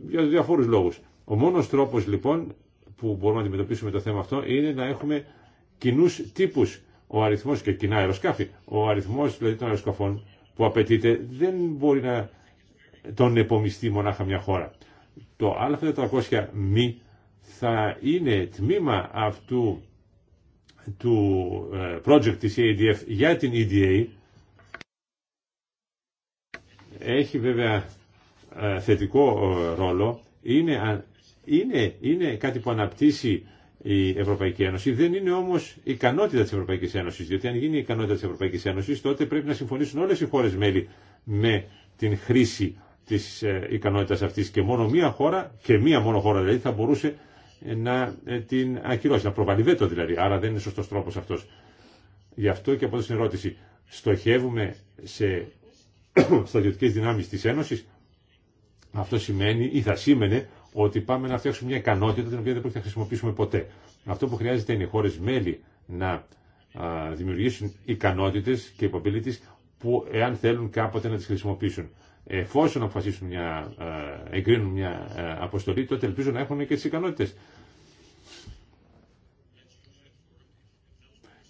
για διαφόρους λόγους. Ο μόνος τρόπος λοιπόν που μπορούμε να αντιμετωπίσουμε το θέμα αυτό είναι να έχουμε κοινού τύπους ο αριθμός και κοινά αεροσκάφη. Ο αριθμός δηλαδή των αεροσκαφών που απαιτείται δεν μπορεί να τον επομιστεί μονάχα μια χώρα. Το α400 μη θα είναι τμήμα αυτού του ε, project της ADF για την EDA έχει βέβαια ε, θετικό ρόλο, είναι, είναι, είναι κάτι που αναπτύσσει η Ευρωπαϊκή Ένωση, δεν είναι όμως ικανότητα τη Ευρωπαϊκή Ένωση. διότι αν γίνει η ικανότητα τη Ευρωπαϊκή Ένωση, τότε πρέπει να συμφωνήσουν όλε οι χώρε μέλη με την χρήση της ε, ικανότητα αυτή. και μόνο μία χώρα, και μία μόνο χώρα δηλαδή, θα μπορούσε ε, να την ακυρώσει, να προβάλλει βέτο δηλαδή. Άρα δεν είναι σωστό τρόπο αυτό. Γι' αυτό και από την ερώτηση, στοχεύουμε σε στρατιωτικές δυνάμεις της Ένωσης, αυτό σημαίνει ή θα σήμαινε ότι πάμε να φτιάξουμε μια ικανότητα την οποία δεν πρόκειται να χρησιμοποιήσουμε ποτέ. Αυτό που χρειάζεται είναι οι χώρε μέλη να δημιουργήσουν ικανότητε και υποπελίτε που εάν θέλουν κάποτε να τι χρησιμοποιήσουν. Εφόσον αποφασίσουν μια, εγκρίνουν μια αποστολή, τότε ελπίζω να έχουν και τι ικανότητε.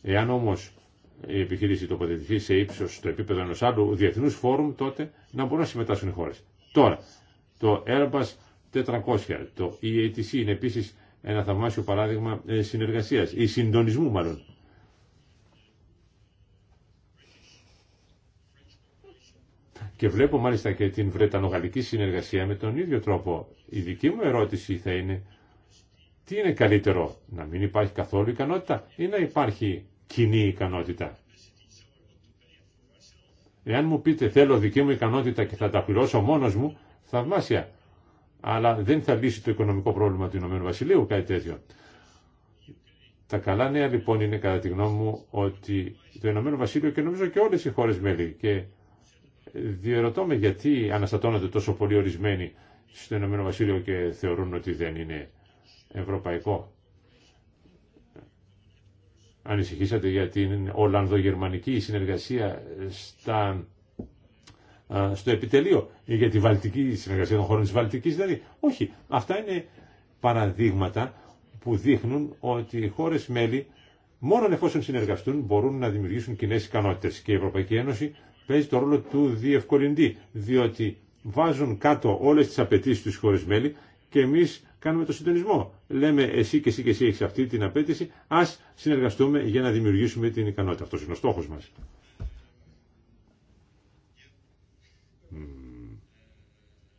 Εάν όμως η επιχείρηση τοποθετηθεί σε ύψο στο επίπεδο ενό άλλου διεθνού φόρουμ, τότε να μπορούν να συμμετάσχουν οι χώρε. Τώρα, το Airbus 400, το EATC είναι επίση ένα θαυμάσιο παράδειγμα ε, συνεργασία ή συντονισμού μάλλον. Και βλέπω μάλιστα και την Βρετανογαλλική συνεργασία με τον ίδιο τρόπο. Η δική μου ερώτηση θα είναι τι είναι καλύτερο, να μην υπάρχει καθόλου ικανότητα ή να υπάρχει κοινή ικανότητα. Εάν μου πείτε θέλω δική μου ικανότητα και θα τα πληρώσω μόνος μου, θαυμάσια. Αλλά δεν θα λύσει το οικονομικό πρόβλημα του Ηνωμένου Βασιλείου κάτι τέτοιο. Τα καλά νέα λοιπόν είναι κατά τη γνώμη μου ότι το Ηνωμένο Βασίλειο και νομίζω και όλες οι χώρες μέλη και διερωτώ με γιατί αναστατώνονται τόσο πολύ ορισμένοι στο Ηνωμένο Βασίλειο και θεωρούν ότι δεν είναι ευρωπαϊκό. Ανησυχήσατε για την Ολλανδογερμανική συνεργασία στα, στο επιτελείο ή για τη βαλτική συνεργασία των χωρών της Βαλτικής. Δηλαδή, όχι. Αυτά είναι παραδείγματα που δείχνουν ότι οι χώρες μέλη μόνο εφόσον συνεργαστούν μπορούν να δημιουργήσουν κοινέ ικανότητε και η Ευρωπαϊκή Ένωση παίζει το ρόλο του διευκολυντή διότι βάζουν κάτω όλες τις απαιτήσεις τους χώρες μέλη και εμείς κάνουμε το συντονισμό. Λέμε εσύ και εσύ και εσύ έχει αυτή την απέτηση, α συνεργαστούμε για να δημιουργήσουμε την ικανότητα. Αυτό είναι ο στόχο μας.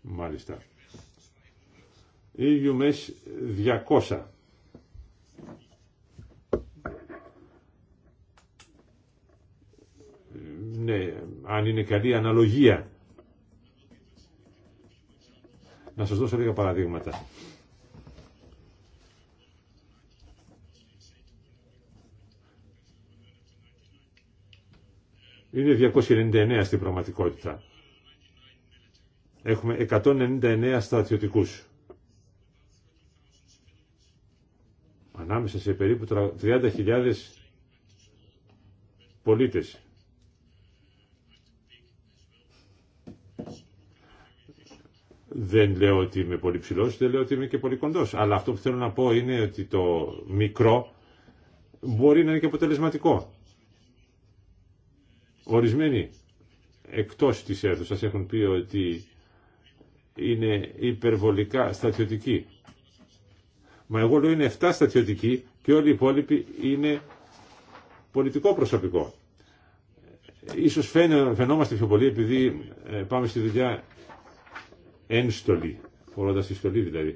Μάλιστα. Ίδιο μες 200. Ναι, αν είναι καλή αναλογία. Να σας δώσω λίγα παραδείγματα. είναι 299 στην πραγματικότητα. Έχουμε 199 στρατιωτικούς. Ανάμεσα σε περίπου 30.000 πολίτες. Δεν λέω ότι είμαι πολύ ψηλός, δεν λέω ότι είμαι και πολύ κοντός. Αλλά αυτό που θέλω να πω είναι ότι το μικρό μπορεί να είναι και αποτελεσματικό. Ορισμένοι εκτός της αίθουσας σας έχουν πει ότι είναι υπερβολικά στατιωτικοί. Μα εγώ λέω είναι 7 στατιωτικοί και όλοι οι υπόλοιποι είναι πολιτικό προσωπικό. Ίσως φαινόμαστε πιο πολύ επειδή ε, πάμε στη δουλειά ένστολη, φορώντας τη στολή δηλαδή.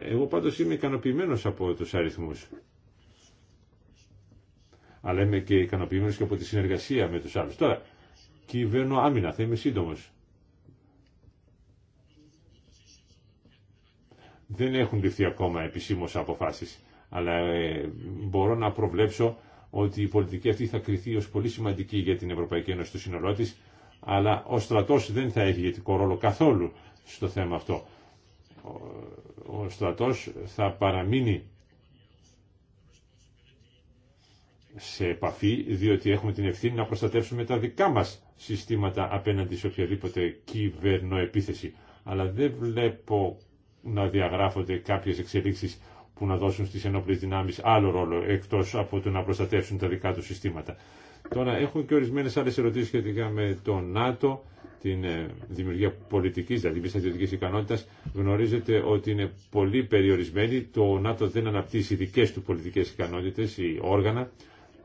Εγώ πάντως είμαι ικανοποιημένος από τους αριθμούς αλλά είμαι και ικανοποιημένο και από τη συνεργασία με του άλλου. Τώρα, κυβέρνω άμυνα, θα είμαι σύντομο. Δεν έχουν ληφθεί ακόμα επισήμως αποφάσει. αλλά ε, μπορώ να προβλέψω ότι η πολιτική αυτή θα κριθεί ω πολύ σημαντική για την Ευρωπαϊκή Ένωση στο σύνολό τη. αλλά ο στρατό δεν θα έχει ηγετικό ρόλο καθόλου στο θέμα αυτό. Ο στρατός θα παραμείνει σε επαφή, διότι έχουμε την ευθύνη να προστατεύσουμε τα δικά μας συστήματα απέναντι σε οποιαδήποτε κυβερνοεπίθεση. Αλλά δεν βλέπω να διαγράφονται κάποιες εξελίξεις που να δώσουν στις ενόπλες δυνάμεις άλλο ρόλο, εκτός από το να προστατεύσουν τα δικά τους συστήματα. Τώρα έχω και ορισμένες άλλες ερωτήσεις σχετικά με το ΝΑΤΟ, την ε, δημιουργία πολιτικής, δηλαδή μη στρατιωτικής ικανότητας. Γνωρίζετε ότι είναι πολύ περιορισμένη. Το ΝΑΤΟ δεν αναπτύσσει δικές του πολιτικές ικανότητες ή όργανα.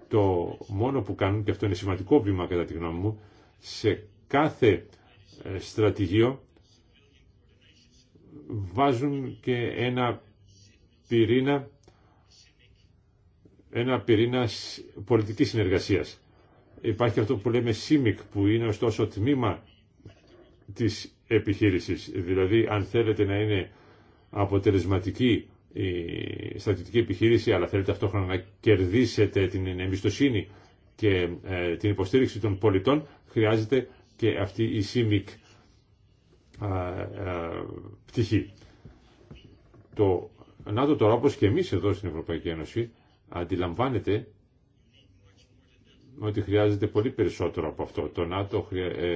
Το μόνο που κάνουν, και αυτό είναι σημαντικό βήμα κατά τη γνώμη μου, σε κάθε ε, στρατηγείο βάζουν και ένα πυρήνα ένα πυρήνα πολιτικής συνεργασίας. Υπάρχει αυτό που λέμε σύμικ που είναι ωστόσο τμήμα της επιχείρησης. Δηλαδή αν θέλετε να είναι αποτελεσματική η στρατιωτική επιχείρηση, αλλά θέλετε ταυτόχρονα να κερδίσετε την εμπιστοσύνη και ε, την υποστήριξη των πολιτών, χρειάζεται και αυτή η ΣΥΜΙΚ ε, ε, πτυχή. Το ΝΑΤΟ τώρα, όπως και εμείς εδώ στην Ευρωπαϊκή Ένωση, αντιλαμβάνεται ότι χρειάζεται πολύ περισσότερο από αυτό. Το ΝΑΤΟ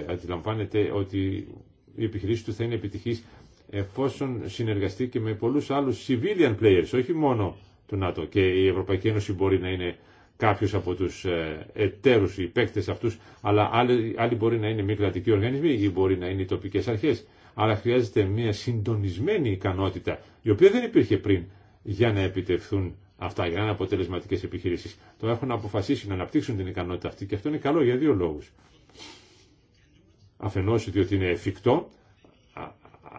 αντιλαμβάνεται ότι η επιχειρήση του θα είναι επιτυχής εφόσον συνεργαστεί και με πολλούς άλλους civilian players, όχι μόνο του ΝΑΤΟ. Και η Ευρωπαϊκή Ένωση μπορεί να είναι κάποιος από τους ε, εταίρους, η παίκτες αυτούς, αλλά άλλοι, άλλοι μπορεί να είναι μη κρατικοί οργανισμοί ή μπορεί να είναι οι τοπικές αρχές. Άρα χρειάζεται μια συντονισμένη ικανότητα, η οποία δεν υπήρχε πριν, για να επιτευχθούν αυτά, για να είναι αποτελεσματικέ επιχειρήσει. Το έχουν αποφασίσει να αναπτύξουν την ικανότητα αυτή και αυτό είναι καλό για δύο λόγου. Αφενό, διότι είναι εφικτό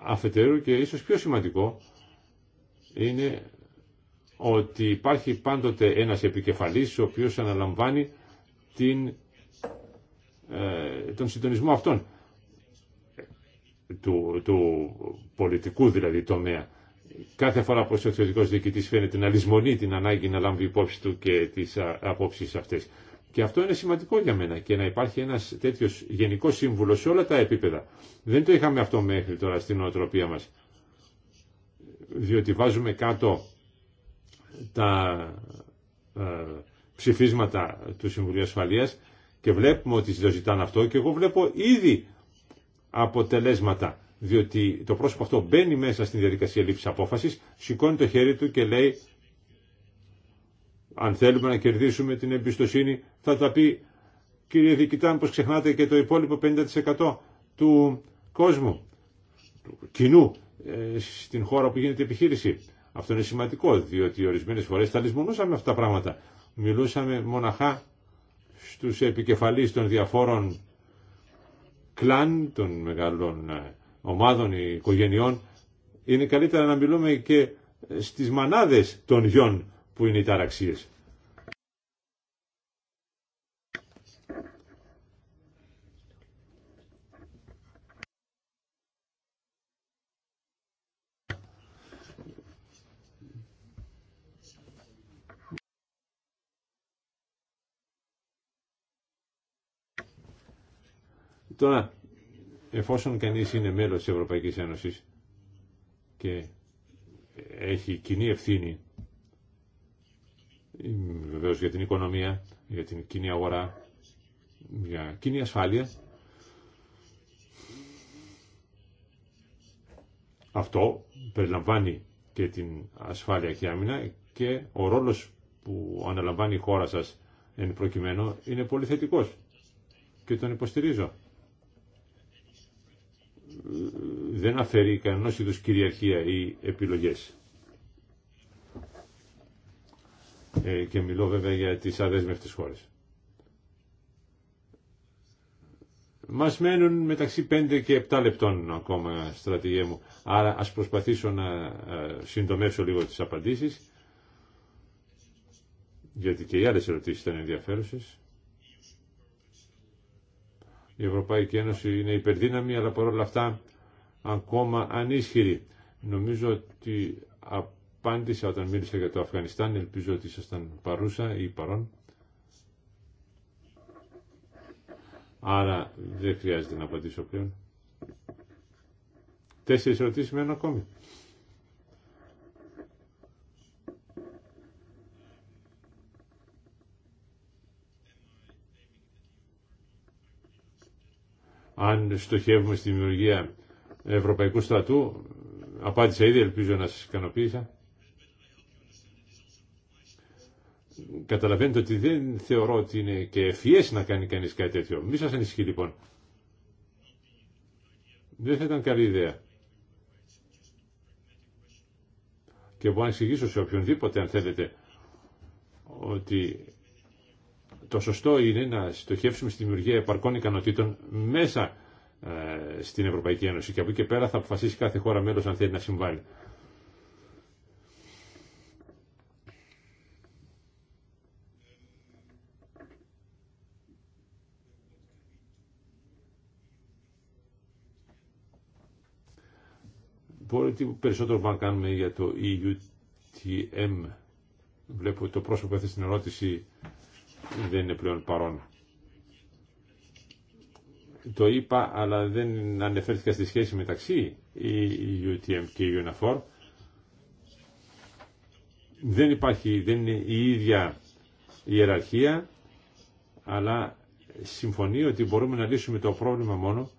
Αφετέρου και ίσως πιο σημαντικό είναι ότι υπάρχει πάντοτε ένας επικεφαλής ο οποίος αναλαμβάνει την, ε, τον συντονισμό αυτών του, του πολιτικού δηλαδή τομέα. Κάθε φορά που ο στρατιωτικός διοικητής φαίνεται να λησμονεί την ανάγκη να λάμβει υπόψη του και τις ε, απόψεις αυτές. Και αυτό είναι σημαντικό για μένα και να υπάρχει ένας τέτοιο γενικός σύμβουλο σε όλα τα επίπεδα. Δεν το είχαμε αυτό μέχρι τώρα στην οτροπία μας. Διότι βάζουμε κάτω τα ε, ψηφίσματα του Συμβουλίου Ασφαλείας και βλέπουμε ότι το ζητάνε αυτό και εγώ βλέπω ήδη αποτελέσματα διότι το πρόσωπο αυτό μπαίνει μέσα στην διαδικασία λήψη απόφαση, σηκώνει το χέρι του και λέει αν θέλουμε να κερδίσουμε την εμπιστοσύνη, θα τα πει κύριε Δικητάν, πως ξεχνάτε και το υπόλοιπο 50% του κόσμου, του κοινού, ε, στην χώρα που γίνεται επιχείρηση. Αυτό είναι σημαντικό, διότι ορισμένες φορές τα λησμονούσαμε αυτά τα πράγματα. Μιλούσαμε μοναχά στους επικεφαλείς των διαφόρων κλάν, των μεγάλων ε, ομάδων ή οικογενειών. Είναι καλύτερα να μιλούμε και στις μανάδες των γιών που είναι οι ταραξίες. Τώρα, εφόσον κανείς είναι μέλος της Ευρωπαϊκής Ένωσης και έχει κοινή ευθύνη βεβαίως για την οικονομία, για την κοινή αγορά, για κοινή ασφάλεια. Αυτό περιλαμβάνει και την ασφάλεια και άμυνα και ο ρόλος που αναλαμβάνει η χώρα σας εν προκειμένου είναι πολύ θετικός και τον υποστηρίζω. Δεν αφαιρεί κανένας είδους κυριαρχία ή επιλογές. Ε, και μιλώ βέβαια για τις αδέσμευτες χώρες. Μας μένουν μεταξύ 5 και 7 λεπτών ακόμα στρατηγέ μου, άρα ας προσπαθήσω να ε, συντομεύσω λίγο τις απαντήσεις, γιατί και οι άλλες ερωτήσεις ήταν ενδιαφέρουσες. Η Ευρωπαϊκή Ένωση είναι υπερδύναμη, αλλά παρόλα αυτά ακόμα ανίσχυρη. Νομίζω ότι από απάντησα όταν μίλησα για το Αφγανιστάν, ελπίζω ότι ήσασταν παρούσα ή παρόν. Άρα δεν χρειάζεται να απαντήσω πλέον. Τέσσερις ερωτήσεις μένουν ακόμη. Αν στοχεύουμε στη δημιουργία Ευρωπαϊκού Στρατού, απάντησα ήδη, ελπίζω να σας ικανοποίησα. καταλαβαίνετε ότι δεν θεωρώ ότι είναι και ευφυές να κάνει κανείς κάτι τέτοιο. Μη σας ανησυχεί λοιπόν. Δεν θα ήταν καλή ιδέα. Και μπορώ να εξηγήσω σε οποιονδήποτε αν θέλετε ότι το σωστό είναι να στοχεύσουμε στη δημιουργία επαρκών ικανοτήτων μέσα ε, στην Ευρωπαϊκή Ένωση και από εκεί και πέρα θα αποφασίσει κάθε χώρα μέλος αν θέλει να συμβάλλει. τι περισσότερο μπορούμε να κάνουμε για το EUTM. Βλέπω το πρόσωπο που έθεσε την ερώτηση δεν είναι πλέον παρόν. Το είπα, αλλά δεν ανεφέρθηκα στη σχέση μεταξύ EUTM και EUNAFOR. Δεν υπάρχει, δεν είναι η ίδια ιεραρχία, αλλά συμφωνεί ότι μπορούμε να λύσουμε το πρόβλημα μόνο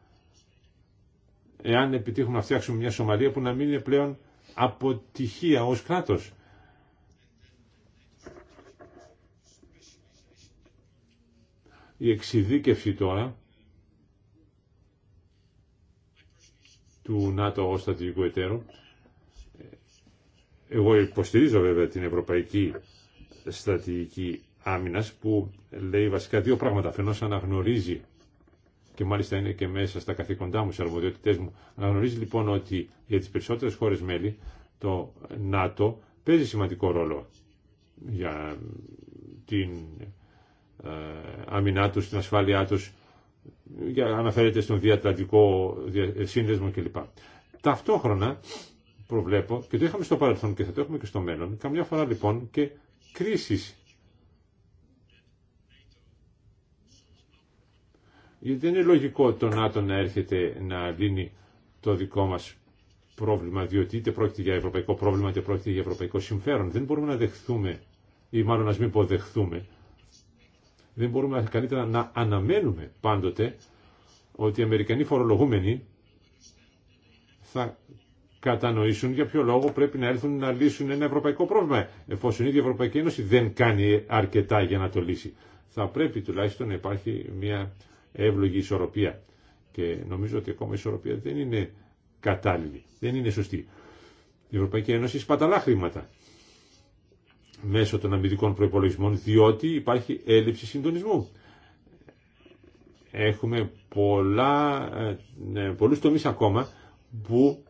εάν επιτύχουμε να φτιάξουμε μια Σομαλία που να μην είναι πλέον αποτυχία ως κράτος. Η εξειδίκευση τώρα του ΝΑΤΟ ως στρατηγικού εταίρου εγώ υποστηρίζω βέβαια την Ευρωπαϊκή Στρατηγική Άμυνας που λέει βασικά δύο πράγματα. Αφενός αναγνωρίζει και μάλιστα είναι και μέσα στα καθήκοντά μου, στι αρμοδιότητέ μου. Αναγνωρίζει λοιπόν ότι για τι περισσότερε χώρε μέλη το ΝΑΤΟ παίζει σημαντικό ρόλο για την ε, αμυνά του, την ασφάλειά του, αναφέρεται στον διατλαντικό σύνδεσμο κλπ. Ταυτόχρονα προβλέπω, και το είχαμε στο παρελθόν και θα το έχουμε και στο μέλλον, καμιά φορά λοιπόν και κρίσεις Γιατί δεν είναι λογικό το ΝΑΤΟ να έρχεται να λύνει το δικό μα πρόβλημα, διότι είτε πρόκειται για ευρωπαϊκό πρόβλημα, είτε πρόκειται για ευρωπαϊκό συμφέρον. Δεν μπορούμε να δεχθούμε, ή μάλλον να μην υποδεχθούμε, δεν μπορούμε καλύτερα να αναμένουμε πάντοτε ότι οι Αμερικανοί φορολογούμενοι θα κατανοήσουν για ποιο λόγο πρέπει να έρθουν να λύσουν ένα ευρωπαϊκό πρόβλημα, εφόσον η ίδια η Ευρωπαϊκή Ένωση δεν κάνει αρκετά για να το λύσει. Θα πρέπει τουλάχιστον να υπάρχει μια εύλογη ισορροπία. Και νομίζω ότι ακόμα η ισορροπία δεν είναι κατάλληλη, δεν είναι σωστή. Η Ευρωπαϊκή Ένωση σπαταλά χρήματα μέσω των αμυντικών προπολογισμών, διότι υπάρχει έλλειψη συντονισμού. Έχουμε πολλά, ε, ε, πολλούς τομείς ακόμα που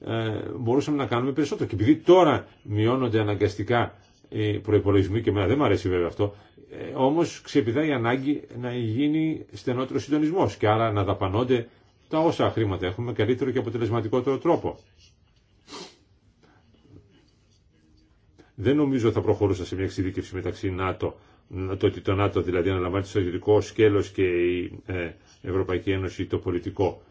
ε, μπορούσαμε να κάνουμε περισσότερο. Και επειδή τώρα μειώνονται αναγκαστικά οι προπολογισμοί, και εμένα δεν μου αρέσει βέβαια αυτό, ε, Όμω, ξεπηδάει η ανάγκη να γίνει στενότερο συντονισμός και άρα να δαπανώνται τα όσα χρήματα έχουμε καλύτερο και αποτελεσματικότερο τρόπο. Δεν νομίζω θα προχωρούσα σε μια εξειδίκευση μεταξύ ΝΑΤΟ, το ότι το ΝΑΤΟ δηλαδή αναλαμβάνει το στρατιωτικό σκέλος και η ε, Ευρωπαϊκή Ένωση το πολιτικό.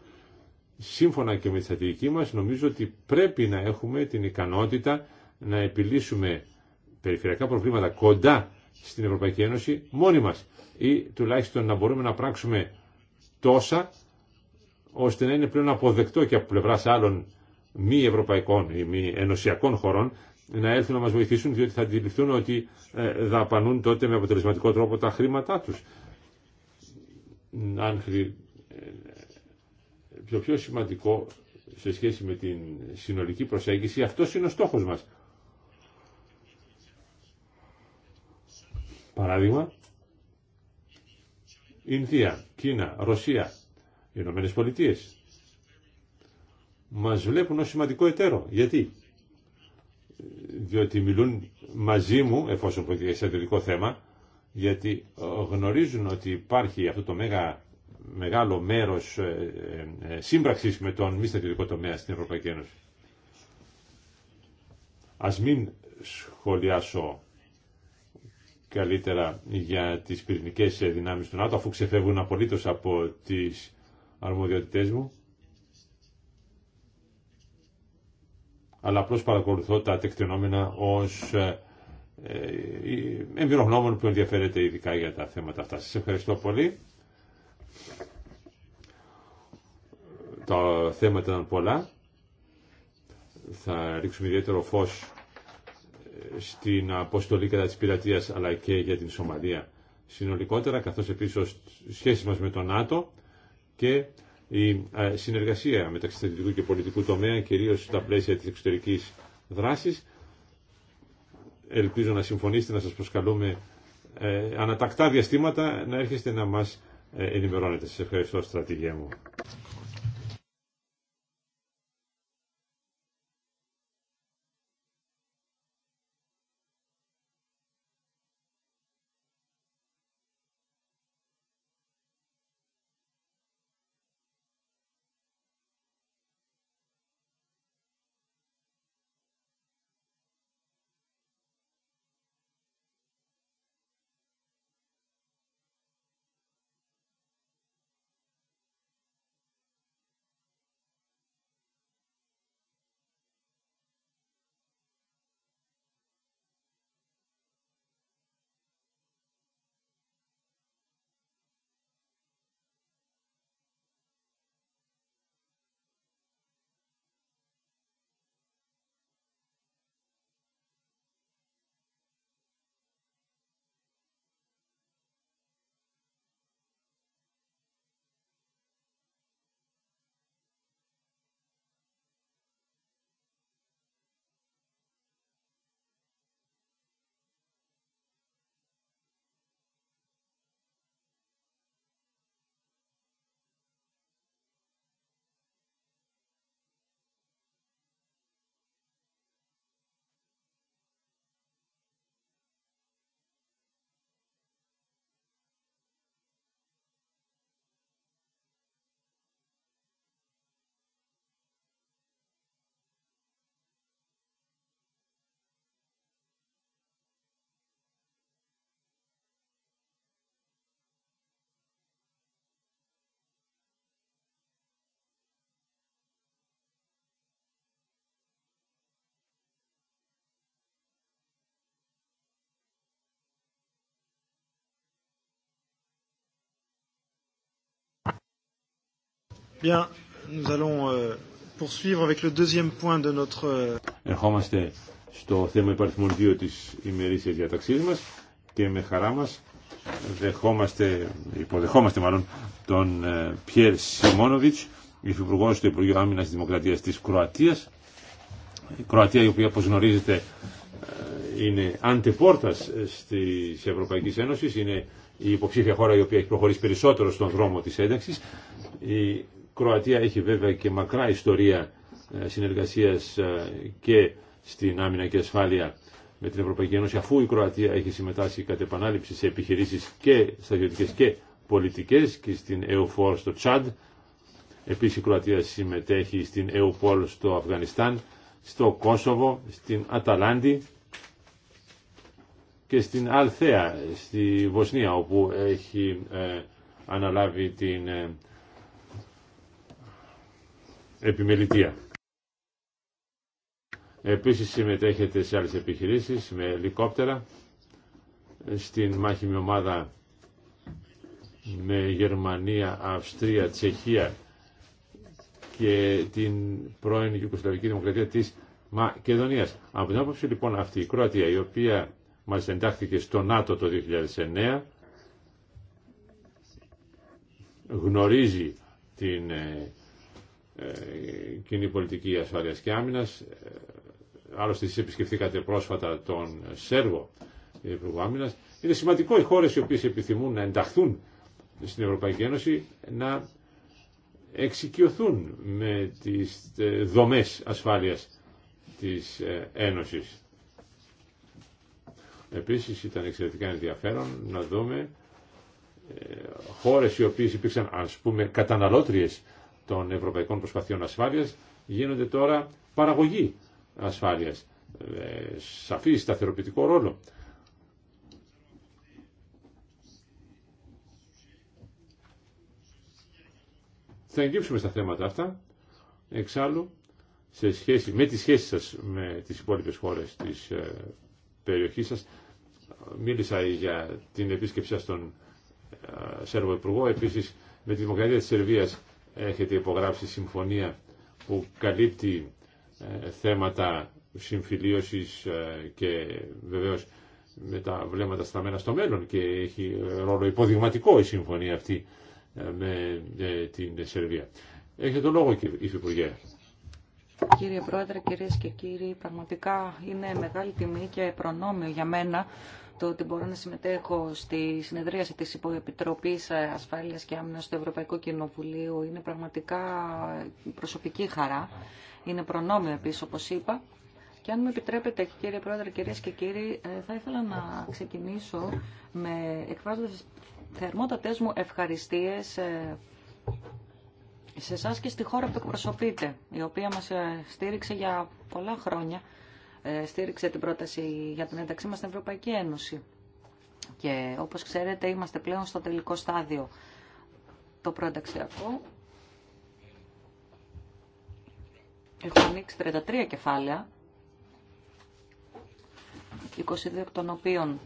Σύμφωνα και με τη στρατηγική μα, νομίζω ότι πρέπει να έχουμε την ικανότητα να επιλύσουμε περιφερειακά προβλήματα κοντά στην Ευρωπαϊκή Ένωση μόνοι μας ή τουλάχιστον να μπορούμε να πράξουμε τόσα ώστε να είναι πλέον αποδεκτό και από πλευρά άλλων μη ευρωπαϊκών ή μη ενωσιακών χωρών να έρθουν να μας βοηθήσουν διότι θα αντιληφθούν ότι ε, δαπανούν τότε με αποτελεσματικό τρόπο τα χρήματά τους. Αν ε, ε, πιο πιο σημαντικό σε σχέση με την συνολική προσέγγιση, αυτός είναι ο στόχος μας. Παράδειγμα, Ινδία, Κίνα, Ρωσία, Ηνωμένε Πολιτείε. Μας βλέπουν ως σημαντικό εταίρο. Γιατί? Διότι μιλούν μαζί μου, εφόσον πρόκειται για στρατιωτικό θέμα, γιατί ε, γνωρίζουν ότι υπάρχει αυτό το μέγα, μεγάλο μέρος ε, ε, ε, σύμπραξης με τον μη στρατιωτικό τομέα στην Ευρωπαϊκή Ένωση. Ας μην σχολιάσω καλύτερα για τις πυρηνικές δυνάμεις του ΝΑΤΟ αφού ξεφεύγουν απολύτως από τις αρμοδιότητές μου. Αλλά απλώς παρακολουθώ τα τεκτενόμενα ως ε, ε, εμπειρογνώμων που ενδιαφέρεται ειδικά για τα θέματα αυτά. Σας ευχαριστώ πολύ. Τα θέματα ήταν πολλά. Θα ρίξουμε ιδιαίτερο φως στην αποστολή κατά της πειρατείας αλλά και για την Σομαλία συνολικότερα καθώς επίσης σχέση μας με τον ΝΑΤΟ και η ε, συνεργασία μεταξύ στρατηγικού και πολιτικού τομέα κυρίως στα πλαίσια της εξωτερικής δράσης ελπίζω να συμφωνήσετε να σας προσκαλούμε ε, ανατακτά διαστήματα να έρχεστε να μας ε, ενημερώνετε. Σας ευχαριστώ στρατηγέ μου. Bien, nous allons euh, poursuivre avec le deuxième point de notre... Euh, Ερχόμαστε στο θέμα υπαριθμών 2 της ημερήσιας διαταξής μας και με χαρά μας δεχόμαστε, υποδεχόμαστε μάλλον τον ε, Πιέρ Σιμόνοβιτς, υφυπουργός του Υπουργείου Άμυνας της Δημοκρατίας της Κροατίας. Η Κροατία η οποία όπως γνωρίζετε ε, είναι αντεπόρτας της Ευρωπαϊκής Ένωσης, είναι η υποψήφια χώρα η οποία έχει προχωρήσει περισσότερο στον δρόμο της ένταξης. Η Κροατία έχει βέβαια και μακρά ιστορία ε, συνεργασίας ε, και στην άμυνα και ασφάλεια με την Ευρωπαϊκή Ένωση, αφού η Κροατία έχει συμμετάσχει κατ' επανάληψη σε επιχειρήσεις και στρατιωτικές και πολιτικές και στην EUFOR στο Τσάντ. Επίσης η Κροατία συμμετέχει στην ΕΟΠΟΛ στο Αφγανιστάν, στο Κόσοβο, στην Αταλάντη και στην Αλθέα, στη Βοσνία, όπου έχει ε, αναλάβει την επιμελητία. Επίσης συμμετέχετε σε άλλες επιχειρήσεις με ελικόπτερα στην μάχημη ομάδα με Γερμανία, Αυστρία, Τσεχία και την πρώην Ιουκοσλαβική Δημοκρατία της Μακεδονίας. Από την άποψη λοιπόν αυτή η Κροατία η οποία μας εντάχθηκε στο ΝΑΤΟ το 2009 γνωρίζει την ε, ε, κοινή πολιτική ασφαλείας και άμυνας. Ε, άλλωστε εσεί επισκεφθήκατε πρόσφατα τον Σέρβο Υπουργό Άμυνα. Είναι σημαντικό οι χώρες οι οποίε επιθυμούν να ενταχθούν στην Ευρωπαϊκή Ένωση να εξοικειωθούν με τις ε, δομές ασφάλειας της Ένωσης. Επίσης ήταν εξαιρετικά ενδιαφέρον να δούμε χώρες οι οποίες υπήρξαν ας πούμε καταναλώτριες των ευρωπαϊκών προσπαθειών ασφάλειας γίνονται τώρα παραγωγή ασφάλειας. Ε, σαφή σταθεροποιητικό ρόλο. Θα εγγύψουμε στα θέματα αυτά. Εξάλλου, σε σχέση με τις σχέσεις σας με τις υπόλοιπες χώρες της ε, περιοχής σας, μίλησα για την επίσκεψη σας στον ε, Σέρβο Υπουργό, επίσης με τη Δημοκρατία της Σερβίας έχετε υπογράψει συμφωνία που καλύπτει ε, θέματα συμφιλίωσης ε, και βεβαίως με τα βλέμματα σταμένα στο μέλλον και έχει ρόλο υποδειγματικό η συμφωνία αυτή ε, με την Σερβία. Έχετε το λόγο κύριε Υφυπουργέ. Κύριε Πρόεδρε, κυρίες και κύριοι, πραγματικά είναι μεγάλη τιμή και προνόμιο για μένα το ότι μπορώ να συμμετέχω στη συνεδρίαση της Υποεπιτροπής Ασφάλειας και Άμυνας του Ευρωπαϊκού Κοινοβουλίου είναι πραγματικά προσωπική χαρά. Είναι προνόμιο επίσης, όπως είπα. Και αν μου επιτρέπετε, κύριε Πρόεδρε, κυρίες και κύριοι, ε, θα ήθελα να ξεκινήσω με εκφράζοντας θερμότατες μου ευχαριστίες ε, σε εσά και στη χώρα που εκπροσωπείτε, η οποία μας ε, στήριξε για πολλά χρόνια ε, στήριξε την πρόταση για την ένταξή μας στην Ευρωπαϊκή Ένωση. Και όπως ξέρετε είμαστε πλέον στο τελικό στάδιο το προενταξιακό. Έχω ανοίξει 33 κεφάλαια, 22 εκ των οποίων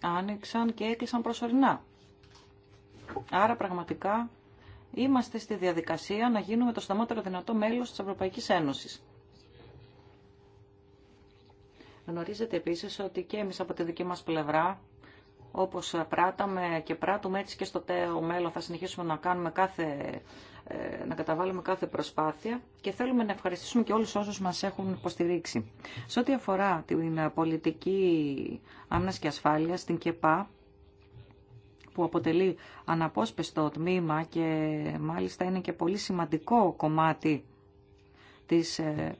άνοιξαν και έκλεισαν προσωρινά. Άρα πραγματικά είμαστε στη διαδικασία να γίνουμε το σταμότερο δυνατό μέλος της Ευρωπαϊκής Ένωσης. Γνωρίζετε επίσης ότι και εμείς από τη δική μας πλευρά, όπως πράταμε και πράττουμε έτσι και στο τέο μέλλον θα συνεχίσουμε να κάνουμε κάθε ε, να καταβάλουμε κάθε προσπάθεια και θέλουμε να ευχαριστήσουμε και όλους όσους μας έχουν υποστηρίξει. Σε ό,τι αφορά την πολιτική άμυνας και ασφάλειας, την ΚΕΠΑ, που αποτελεί αναπόσπεστο τμήμα και μάλιστα είναι και πολύ σημαντικό κομμάτι της ε,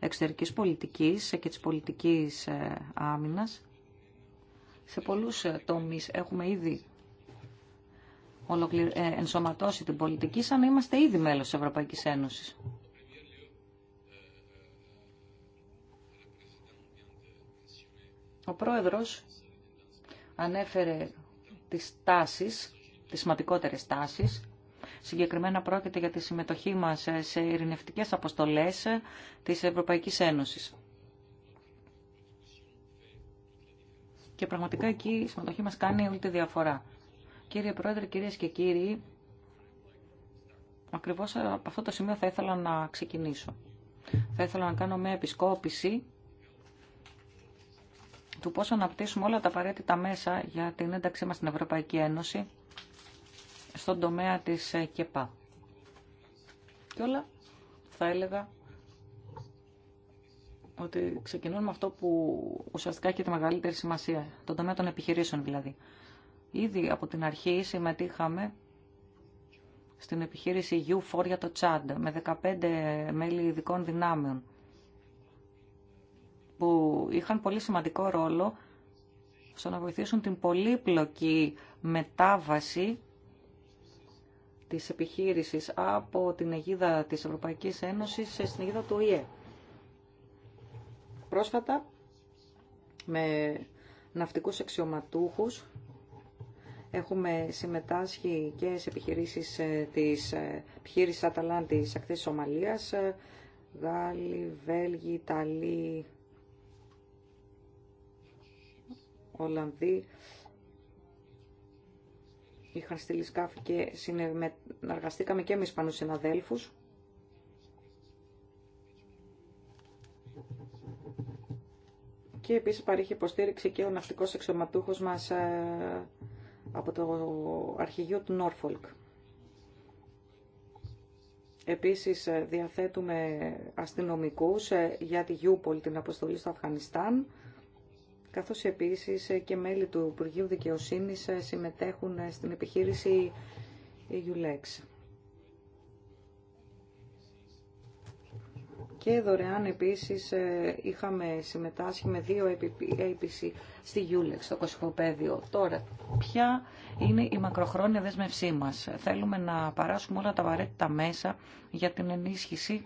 εξωτερικής πολιτικής και της πολιτικής ε, άμυνας. Σε πολλούς ε, τομείς έχουμε ήδη ε, ενσωματώσει την πολιτική σαν να είμαστε ήδη μέλος της Ευρωπαϊκής Ένωσης. Ο πρόεδρος ανέφερε τις τάσεις, τις σημαντικότερες τάσεις Συγκεκριμένα πρόκειται για τη συμμετοχή μας σε ειρηνευτικές αποστολές της Ευρωπαϊκής Ένωσης. Και πραγματικά εκεί η συμμετοχή μας κάνει όλη τη διαφορά. Κύριε Πρόεδρε, κυρίες και κύριοι, ακριβώς από αυτό το σημείο θα ήθελα να ξεκινήσω. Θα ήθελα να κάνω μια επισκόπηση του πώς αναπτύσσουμε όλα τα απαραίτητα μέσα για την ένταξή μας στην Ευρωπαϊκή Ένωση στον τομέα της ε, ΚΕΠΑ. Και όλα θα έλεγα ότι ξεκινούν με αυτό που ουσιαστικά έχει τη μεγαλύτερη σημασία, τον τομέα των επιχειρήσεων δηλαδή. Ήδη από την αρχή συμμετείχαμε στην επιχείρηση U4 για το Τσάντ με 15 μέλη ειδικών δυνάμεων που είχαν πολύ σημαντικό ρόλο στο να βοηθήσουν την πολύπλοκη μετάβαση Τη επιχείρηση από την αιγίδα της Ευρωπαϊκής Ένωσης στην αιγίδα του ΟΗΕ. Πρόσφατα, με ναυτικούς αξιωματούχου έχουμε συμμετάσχει και σε επιχειρήσεις ε, της ε, επιχείρησης της ακτής Σομαλίας, ε, Γάλλοι, Βέλγοι, Ιταλοί, Ολλανδοί, είχαν στείλει σκάφη και συνεργαστήκαμε και με Ισπανούς συναδέλφους. Και επίσης παρήχε υποστήριξη και ο ναυτικός εξωματούχος μας ε, από το αρχηγείο του Νόρφολκ. Επίσης ε, διαθέτουμε αστυνομικούς ε, για τη Γιούπολ την αποστολή στο Αφγανιστάν καθώς επίσης και μέλη του Υπουργείου Δικαιοσύνης συμμετέχουν στην επιχείρηση Ιουλέξ. Και δωρεάν επίσης ε, είχαμε συμμετάσχει με δύο APC στη Ιούλεξ στο Κωσυφοπαίδιο. Τώρα, ποια είναι η μακροχρόνια δέσμευσή μας. Θέλουμε να παράσουμε όλα τα απαραίτητα μέσα για την ενίσχυση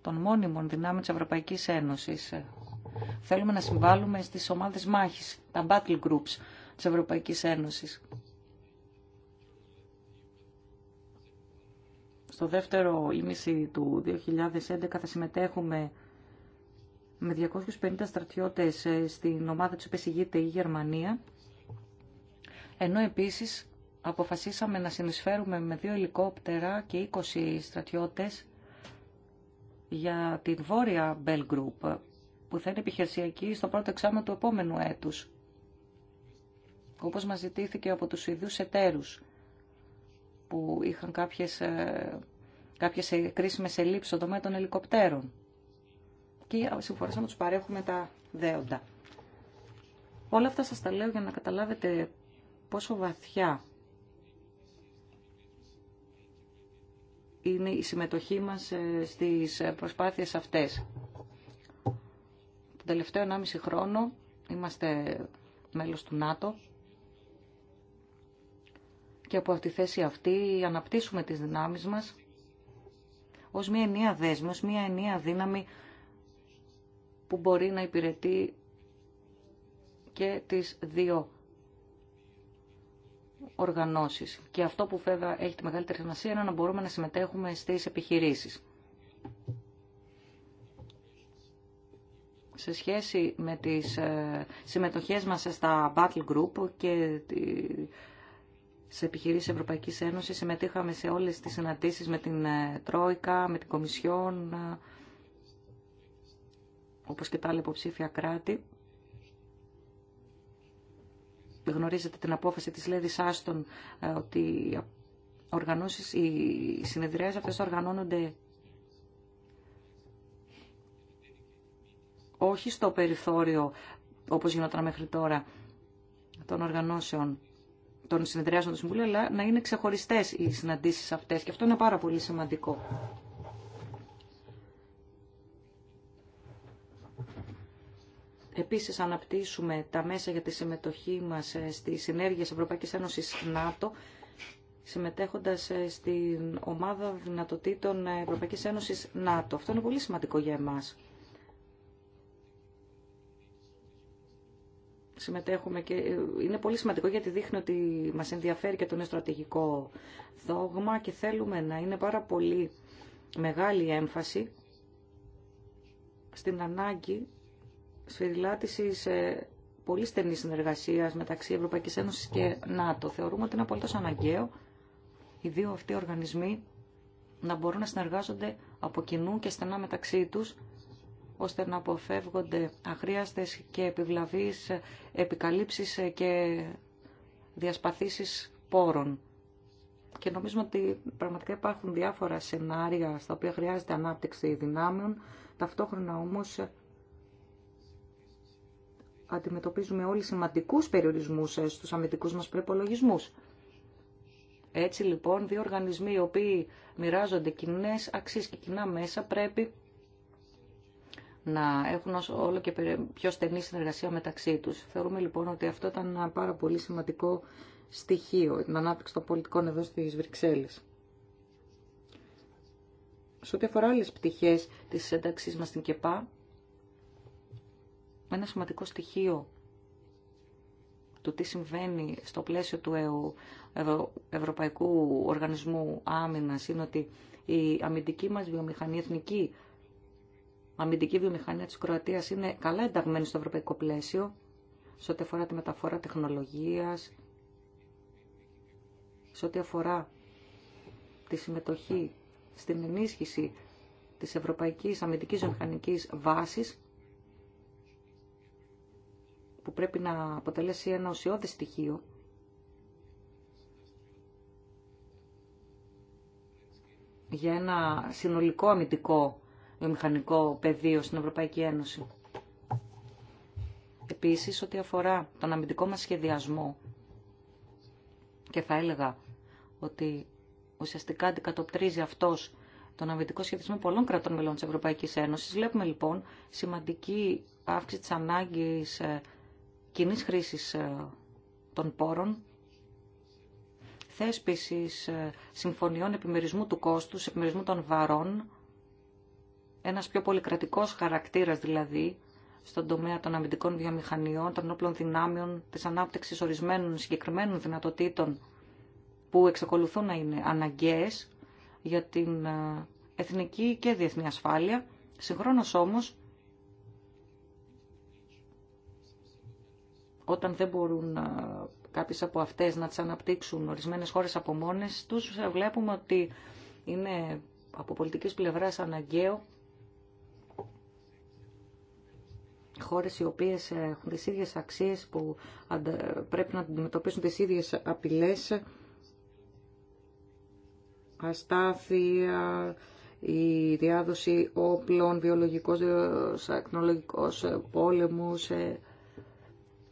των μόνιμων δυνάμεων της Ευρωπαϊκής Ένωσης Θέλουμε να συμβάλλουμε στις ομάδες μάχης, τα battle groups της Ευρωπαϊκής Ένωσης. Στο δεύτερο ήμιση του 2011 θα συμμετέχουμε με 250 στρατιώτες ε, στην ομάδα της επεσηγείται η Γερμανία, ενώ επίσης αποφασίσαμε να συνεισφέρουμε με δύο ελικόπτερα και 20 στρατιώτες για την βόρεια Bell Group που θα είναι επιχειρησιακή στο πρώτο εξάμεινο του επόμενου έτους, όπως μας ζητήθηκε από τους ίδιους εταίρους που είχαν κάποιες, ε, κάποιες ε, κρίσιμες ελλείψεις στο τομέα των ελικοπτέρων. Και συμφωνήσαμε να τους παρέχουμε τα δέοντα. Όλα αυτά σας τα λέω για να καταλάβετε πόσο βαθιά είναι η συμμετοχή μας ε, στις προσπάθειες αυτές. Τον τελευταίο 1,5 χρόνο είμαστε μέλος του ΝΑΤΟ και από τη θέση αυτή αναπτύσσουμε τις δυνάμεις μας ως μια ενιαία δέσμη, ως μια ενιαία δύναμη που μπορεί να υπηρετεί και τις δύο οργανώσεις. Και αυτό που βέβαια έχει τη μεγαλύτερη σημασία είναι να μπορούμε να συμμετέχουμε στις επιχειρήσεις σε σχέση με τις ε, συμμετοχές μας στα Battle Group και σε επιχειρήσεις Ευρωπαϊκής Ένωσης συμμετείχαμε σε όλες τις συναντήσεις με την ε, Τρόικα, με την Κομισιόν, ε, όπως και τα άλλα υποψήφια κράτη. Γνωρίζετε την απόφαση της Λέδη Άστον ότι οι, οργανώσεις, οι αυτές οργανώνονται όχι στο περιθώριο όπως γινόταν μέχρι τώρα των οργανώσεων των συνεδριάσεων του Συμβουλίου, αλλά να είναι ξεχωριστές οι συναντήσεις αυτές και αυτό είναι πάρα πολύ σημαντικό. Επίσης αναπτύσσουμε τα μέσα για τη συμμετοχή μας ε, στις συνέργειες Ευρωπαϊκής Ένωσης ΝΑΤΟ, συμμετέχοντας ε, στην ομάδα δυνατοτήτων ε, Ευρωπαϊκής Ένωσης ΝΑΤΟ. Αυτό είναι πολύ σημαντικό για εμάς. είναι πολύ σημαντικό γιατί δείχνει ότι μας ενδιαφέρει και το νέο στρατηγικό δόγμα και θέλουμε να είναι πάρα πολύ μεγάλη έμφαση στην ανάγκη σφυριλάτησης ε, πολύ στενή συνεργασίας μεταξύ Ευρωπαϊκής Ένωσης και ΝΑΤΟ. Θεωρούμε ότι είναι απολύτως αναγκαίο οι δύο αυτοί οργανισμοί να μπορούν να συνεργάζονται από κοινού και στενά μεταξύ τους ώστε να αποφεύγονται αχρίαστες και επιβλαβείς επικαλύψεις και διασπαθήσεις πόρων. Και νομίζω ότι πραγματικά υπάρχουν διάφορα σενάρια στα οποία χρειάζεται ανάπτυξη δυνάμεων. Ταυτόχρονα όμως αντιμετωπίζουμε όλοι σημαντικούς περιορισμούς στους αμυντικούς μας προπολογισμούς. Έτσι λοιπόν, δύο οργανισμοί οι οποίοι μοιράζονται κοινέ αξίες και κοινά μέσα πρέπει να έχουν όλο και πιο στενή συνεργασία μεταξύ τους. Θεωρούμε λοιπόν ότι αυτό ήταν ένα πάρα πολύ σημαντικό στοιχείο, την ανάπτυξη των πολιτικών εδώ στις Βρυξέλλες. Σε ό,τι αφορά άλλες πτυχές της ένταξής μας στην ΚΕΠΑ, ένα σημαντικό στοιχείο του τι συμβαίνει στο πλαίσιο του Ευρωπαϊκού Οργανισμού Άμυνας είναι ότι η αμυντική μας βιομηχανία, εθνική αμυντική βιομηχανία της Κροατίας είναι καλά ενταγμένη στο ευρωπαϊκό πλαίσιο, σε ό,τι αφορά τη μεταφορά τεχνολογίας, σε ό,τι αφορά τη συμμετοχή στην ενίσχυση της ευρωπαϊκής αμυντικής βιομηχανικής βάσης, που πρέπει να αποτελέσει ένα ουσιώδη στοιχείο για ένα συνολικό αμυντικό μηχανικό πεδίο στην Ευρωπαϊκή Ένωση. Επίσης, ό,τι αφορά τον αμυντικό μας σχεδιασμό, και θα έλεγα ότι ουσιαστικά αντικατοπτρίζει αυτός τον αμυντικό σχεδιασμό πολλών κρατών μελών της Ευρωπαϊκής Ένωσης, βλέπουμε λοιπόν σημαντική αύξηση της ανάγκης ε, κοινής χρήσης ε, των πόρων, θέσπισης ε, συμφωνιών επιμερισμού του κόστους, επιμερισμού των βαρών, ένας πιο πολυκρατικός χαρακτήρας δηλαδή στον τομέα των αμυντικών βιομηχανιών, των όπλων δυνάμεων, της ανάπτυξης ορισμένων συγκεκριμένων δυνατοτήτων που εξακολουθούν να είναι αναγκαίες για την ε, εθνική και διεθνή ασφάλεια. Συγχρόνως όμως, όταν δεν μπορούν ε, κάποιες από αυτές να τις αναπτύξουν ορισμένες χώρες από μόνες τους, βλέπουμε ότι είναι από πολιτικής πλευράς αναγκαίο χώρες οι οποίες έχουν τις ίδιες αξίες που πρέπει να αντιμετωπίσουν τις ίδιες απειλές αστάθεια, η διάδοση όπλων, βιολογικός, ακνολογικό πόλεμος, ε,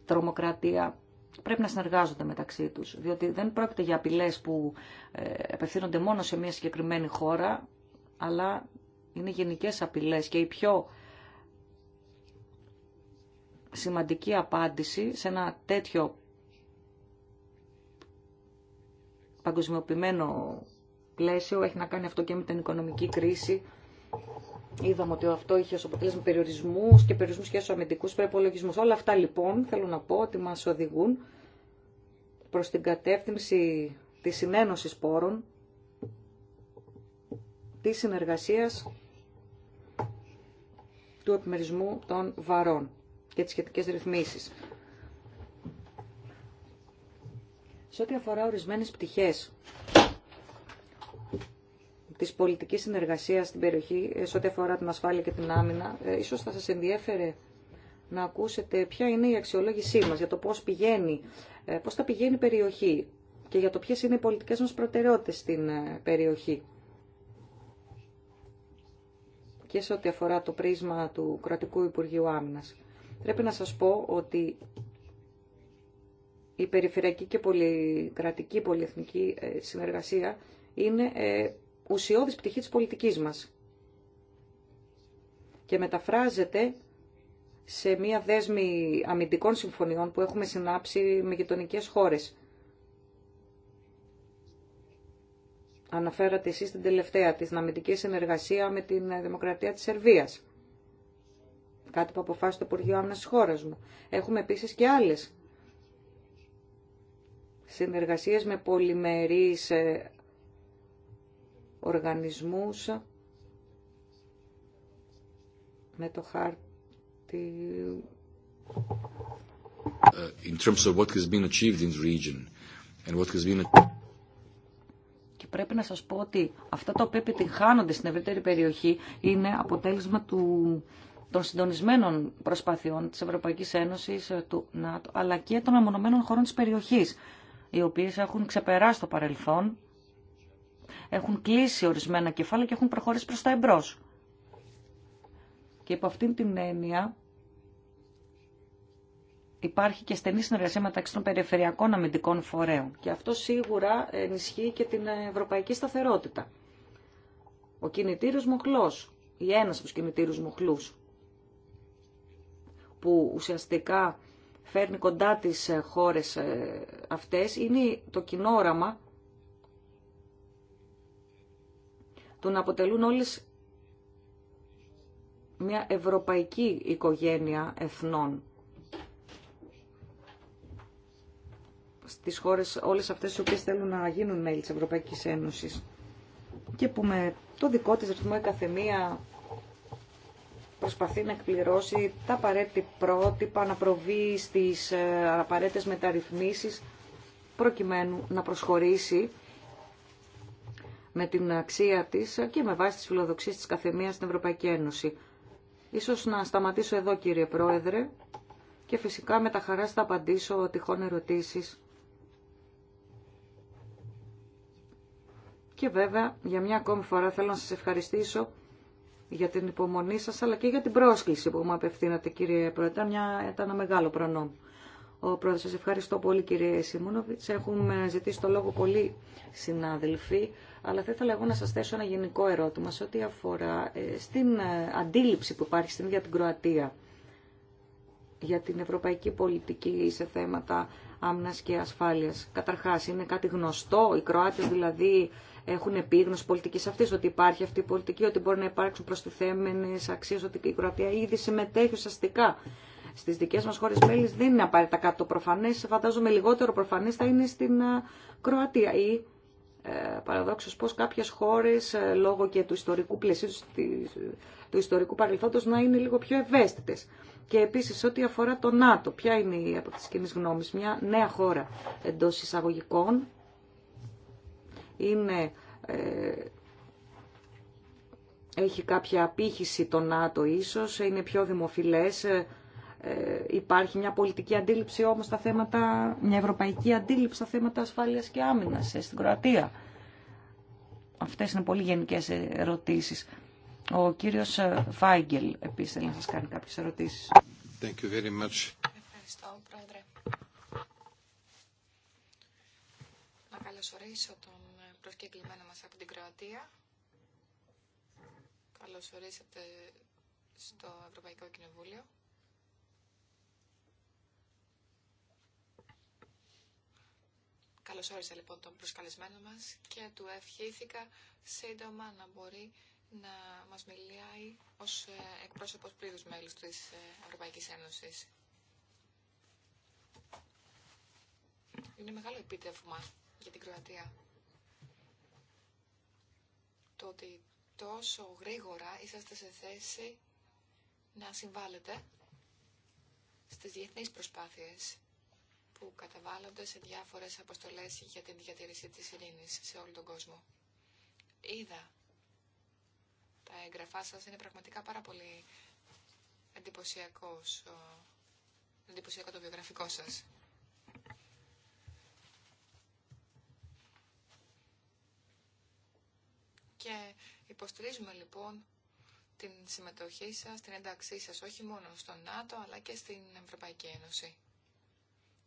τρομοκρατία. Πρέπει να συνεργάζονται μεταξύ τους, διότι δεν πρόκειται για απειλές που ε, απευθύνονται μόνο σε μια συγκεκριμένη χώρα, αλλά είναι γενικές απειλές και οι πιο σημαντική απάντηση σε ένα τέτοιο παγκοσμιοποιημένο πλαίσιο. Έχει να κάνει αυτό και με την οικονομική κρίση. Είδαμε ότι αυτό είχε ω αποτέλεσμα περιορισμού και περιορισμού και αμυντικούς αμυντικού προπολογισμού. Όλα αυτά λοιπόν θέλω να πω ότι μα οδηγούν προ την κατεύθυνση τη συνένωση πόρων, τη συνεργασία του επιμερισμού των βαρών και τις σχετικές ρυθμίσεις. Σε ό,τι αφορά ορισμένες πτυχές της πολιτικής συνεργασίας στην περιοχή, ε, σε ό,τι αφορά την ασφάλεια και την άμυνα, ε, ίσως θα σας ενδιέφερε να ακούσετε ποια είναι η αξιολόγησή μας για το πώς πηγαίνει, ε, πώς θα πηγαίνει η περιοχή και για το ποιες είναι οι πολιτικές μας προτεραιότητες στην περιοχή. Και σε ό,τι αφορά το πρίσμα του Κρατικού Υπουργείου Άμυνας. Πρέπει να σας πω ότι η περιφερειακή και πολυκρατική πολυεθνική ε, συνεργασία είναι ε, ουσιώδης πτυχή της πολιτικής μας και μεταφράζεται σε μία δέσμη αμυντικών συμφωνιών που έχουμε συνάψει με γειτονικέ χώρες. Αναφέρατε εσείς την τελευταία της αμυντική συνεργασία με την ε, Δημοκρατία της Σερβίας κάτι που αποφάσισε το Υπουργείο Άμυνα τη χώρας μου. Έχουμε επίση και άλλε συνεργασίε με πολυμερείς ε, οργανισμού με το χάρτη. και πρέπει να σας πω ότι αυτά τα οποία επιτυγχάνονται στην ευρύτερη περιοχή είναι αποτέλεσμα του των συντονισμένων προσπαθειών της Ευρωπαϊκής Ένωσης, ε, του ΝΑΤΟ, αλλά και των αμονωμένων χωρών της περιοχής, οι οποίες έχουν ξεπεράσει το παρελθόν, έχουν κλείσει ορισμένα κεφάλαια και έχουν προχωρήσει προς τα εμπρός. Και υπό αυτήν την έννοια υπάρχει και στενή συνεργασία μεταξύ των περιφερειακών αμυντικών φορέων. Και αυτό σίγουρα ενισχύει και την ευρωπαϊκή σταθερότητα. Ο κινητήριος μοχλός, ή ένας από τους κινητήρους μοχλούς, που ουσιαστικά φέρνει κοντά τις ε, χώρες ε, αυτές είναι το κοινό όραμα του να αποτελούν όλες μια ευρωπαϊκή οικογένεια εθνών. Στις χώρες όλες αυτές οι οποίες θέλουν να γίνουν μέλη της Ευρωπαϊκής Ένωσης και που με το δικό της ρυθμό η καθεμία προσπαθεί να εκπληρώσει τα απαραίτητα πρότυπα, να προβεί στις ε, απαραίτητες μεταρρυθμίσεις προκειμένου να προσχωρήσει με την αξία της και με βάση τις φιλοδοξίες της καθεμίας στην Ευρωπαϊκή Ένωση. Ίσως να σταματήσω εδώ κύριε Πρόεδρε και φυσικά με τα χαρά θα απαντήσω τυχόν ερωτήσεις. Και βέβαια για μια ακόμη φορά θέλω να σας ευχαριστήσω για την υπομονή σας αλλά και για την πρόσκληση που μου απευθύνατε κύριε Πρόεδρε. Ήταν, μια, ήταν ένα μεγάλο προνόμιο. Ο Πρόεδρε, σας ευχαριστώ πολύ κύριε Σιμούνοβιτς. Έχουμε ζητήσει το λόγο πολλοί συνάδελφοι, αλλά θα ήθελα εγώ να σας θέσω ένα γενικό ερώτημα σε ό,τι αφορά ε, στην ε, αντίληψη που υπάρχει στην ίδια την Κροατία για την ευρωπαϊκή πολιτική σε θέματα άμυνας και ασφάλειας. Καταρχάς, είναι κάτι γνωστό, οι Κροάτες δηλαδή έχουν επίγνωση πολιτική αυτή, ότι υπάρχει αυτή η πολιτική, ότι μπορεί να υπάρξουν προστιθέμενε αξίε, ότι η Κροατία ήδη συμμετέχει ουσιαστικά στι δικέ μα χώρε μέλη. Δεν είναι απαραίτητα κάτι το προφανέ. Φαντάζομαι λιγότερο προφανέ θα είναι στην Κροατία. Ή ε, παραδόξω πώ κάποιε χώρε, ε, λόγω και του ιστορικού πλαισίου, του ιστορικού παρελθόντο, να είναι λίγο πιο ευαίσθητε. Και επίση, ό,τι αφορά το ΝΑΤΟ, ποια είναι η από τη κοινή γνώμη, μια νέα χώρα εντό εισαγωγικών είναι, ε, έχει κάποια απήχηση το ΝΑΤΟ ίσως, είναι πιο δημοφιλές, ε, ε, υπάρχει μια πολιτική αντίληψη όμως στα θέματα, μια ευρωπαϊκή αντίληψη στα θέματα ασφάλειας και άμυνας ε, στην Κροατία. Αυτές είναι πολύ γενικές ερωτήσεις. Ο κύριος Φάγγελ ε, επίσης θέλει να σας κάνει κάποιες ερωτήσεις. Thank you very much. Ευχαριστώ, Πρόεδρε. Να καλωσορίσω κλειμένα μας από την Κροατία. Καλώς ορίσατε στο Ευρωπαϊκό Κοινοβούλιο. Καλώς όρισα λοιπόν τον προσκαλεσμένο μας και του ευχήθηκα σύντομα να μπορεί να μας μιλιάει ως ε, εκπρόσωπος πλήρους μέλους της ε, Ευρωπαϊκής Ένωσης. Είναι μεγάλο επίτευγμα για την Κροατία το ότι τόσο γρήγορα είσαστε σε θέση να συμβάλλετε στις διεθνείς προσπάθειες που καταβάλλονται σε διάφορες αποστολές για την διατήρηση της ειρήνης σε όλο τον κόσμο. Είδα τα έγγραφά σας, είναι πραγματικά πάρα πολύ εντυπωσιακός, εντυπωσιακό το βιογραφικό σας. Και υποστηρίζουμε λοιπόν την συμμετοχή σας, την ένταξή σας, όχι μόνο στο ΝΑΤΟ, αλλά και στην Ευρωπαϊκή Ένωση.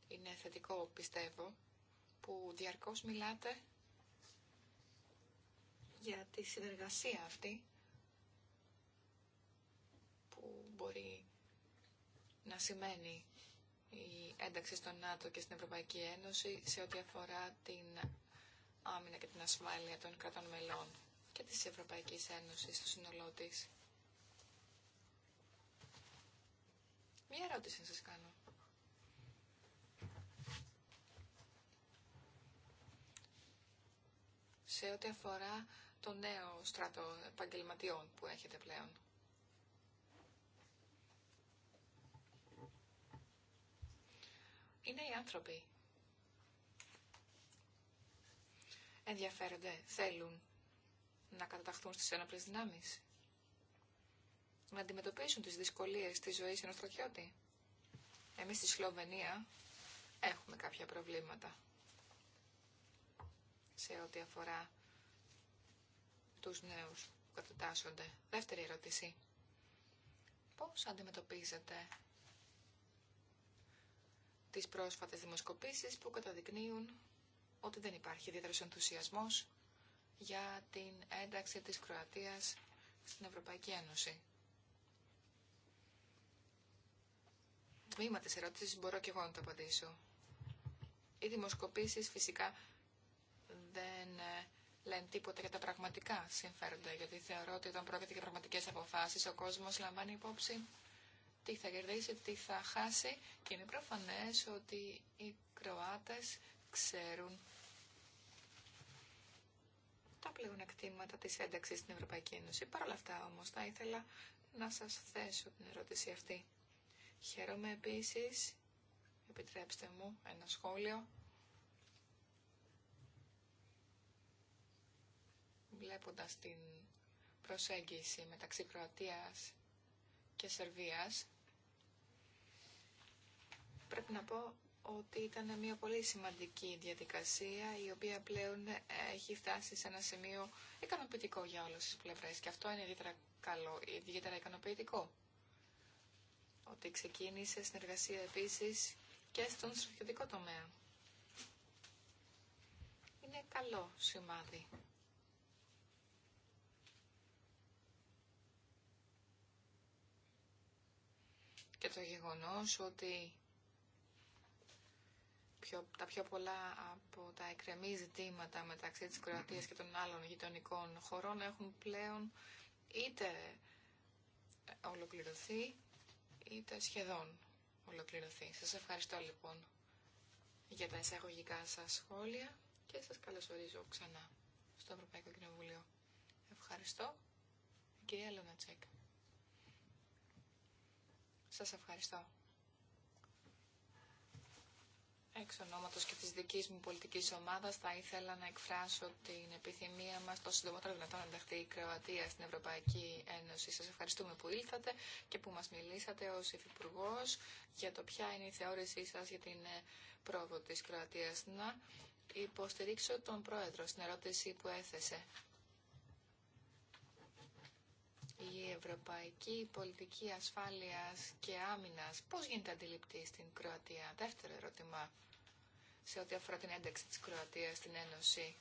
Είναι θετικό, πιστεύω, που διαρκώς μιλάτε για τη συνεργασία αυτή που μπορεί να σημαίνει η ένταξη στο ΝΑΤΟ και στην Ευρωπαϊκή Ένωση σε ό,τι αφορά την άμυνα και την ασφάλεια των κρατών μελών και της Ευρωπαϊκής Ένωσης στο σύνολό τη. Μία ερώτηση να σας κάνω. Σε ό,τι αφορά το νέο στρατό επαγγελματιών που έχετε πλέον. Είναι οι άνθρωποι. Ενδιαφέρονται, θέλουν να καταταχθούν στι ένοπλε δυνάμει. να αντιμετωπίσουν τις δυσκολίες της ζωής ενός στρατιώτη. Εμείς στη Σλοβενία έχουμε κάποια προβλήματα σε ό,τι αφορά τους νέους που κατατάσσονται. Δεύτερη ερώτηση. Πώς αντιμετωπίζετε τις πρόσφατες δημοσκοπήσεις που καταδεικνύουν ότι δεν υπάρχει ιδιαίτερος ενθουσιασμός για την ένταξη της Κροατίας στην Ευρωπαϊκή Ένωση. Τμήμα της ερώτησης μπορώ και εγώ να το απαντήσω. Οι δημοσκοπήσεις φυσικά δεν ε, λένε τίποτα για τα πραγματικά συμφέροντα, γιατί θεωρώ ότι όταν πρόκειται για πραγματικές αποφάσεις, ο κόσμος λαμβάνει υπόψη τι θα κερδίσει, τι θα χάσει και είναι προφανές ότι οι Κροάτες ξέρουν τα πλεονεκτήματα της ένταξης στην Ευρωπαϊκή Ένωση. Παρ' όλα αυτά όμως θα ήθελα να σας θέσω την ερώτηση αυτή. Χαίρομαι επίσης, επιτρέψτε μου ένα σχόλιο, βλέποντας την προσέγγιση μεταξύ Κροατίας και Σερβίας, πρέπει να πω ότι ήταν μια πολύ σημαντική διαδικασία η οποία πλέον έχει φτάσει σε ένα σημείο ικανοποιητικό για όλες τις πλευρές και αυτό είναι ιδιαίτερα καλό, ιδιαίτερα ικανοποιητικό. Ότι ξεκίνησε συνεργασία επίσης και στον στρατιωτικό τομέα. Είναι καλό σημάδι. Και το γεγονός ότι τα πιο πολλά από τα εκκρεμή ζητήματα μεταξύ της Κροατίας και των άλλων γειτονικών χωρών έχουν πλέον είτε ολοκληρωθεί είτε σχεδόν ολοκληρωθεί. Σας ευχαριστώ λοιπόν για τα εισαγωγικά σας σχόλια και σας καλωσορίζω ξανά στο Ευρωπαϊκό Κοινοβούλιο. Ευχαριστώ, κυρία Λονατσέκ. Σας ευχαριστώ. Εξ ονόματος και της δικής μου πολιτικής ομάδας θα ήθελα να εκφράσω την επιθυμία μας το συντομότερο δυνατόν να ενταχθεί η Κροατία στην Ευρωπαϊκή Ένωση. Σας ευχαριστούμε που ήλθατε και που μας μιλήσατε ως Υφυπουργό για το ποια είναι η θεώρησή σας για την ε, πρόοδο της Κροατίας. Να υποστηρίξω τον Πρόεδρο στην ερώτηση που έθεσε. Η ευρωπαϊκή πολιτική ασφάλειας και άμυνας πώς γίνεται αντιληπτή στην Κροατία. Δεύτερο ερώτημα σε ό,τι αφορά την ένταξη της Κροατίας στην Ένωση.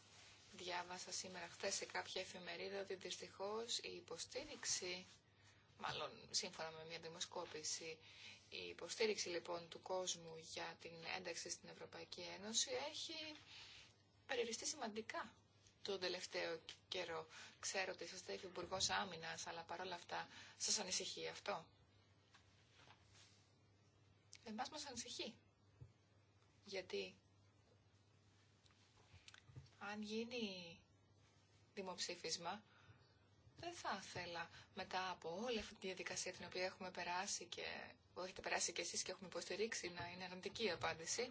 Διάβασα σήμερα χθε σε κάποια εφημερίδα ότι δυστυχώς η υποστήριξη, μάλλον σύμφωνα με μια δημοσκόπηση, η υποστήριξη λοιπόν του κόσμου για την ένταξη στην Ευρωπαϊκή Ένωση έχει περιοριστεί σημαντικά τον τελευταίο καιρό. Ξέρω ότι είστε Υπουργό άμυνα, αλλά παρόλα αυτά σα ανησυχεί αυτό. Εμά μα ανησυχεί. Γιατί αν γίνει δημοψήφισμα, δεν θα ήθελα μετά από όλη αυτή τη διαδικασία την οποία έχουμε περάσει και που έχετε περάσει και εσείς και έχουμε υποστηρίξει να είναι αρνητική απάντηση.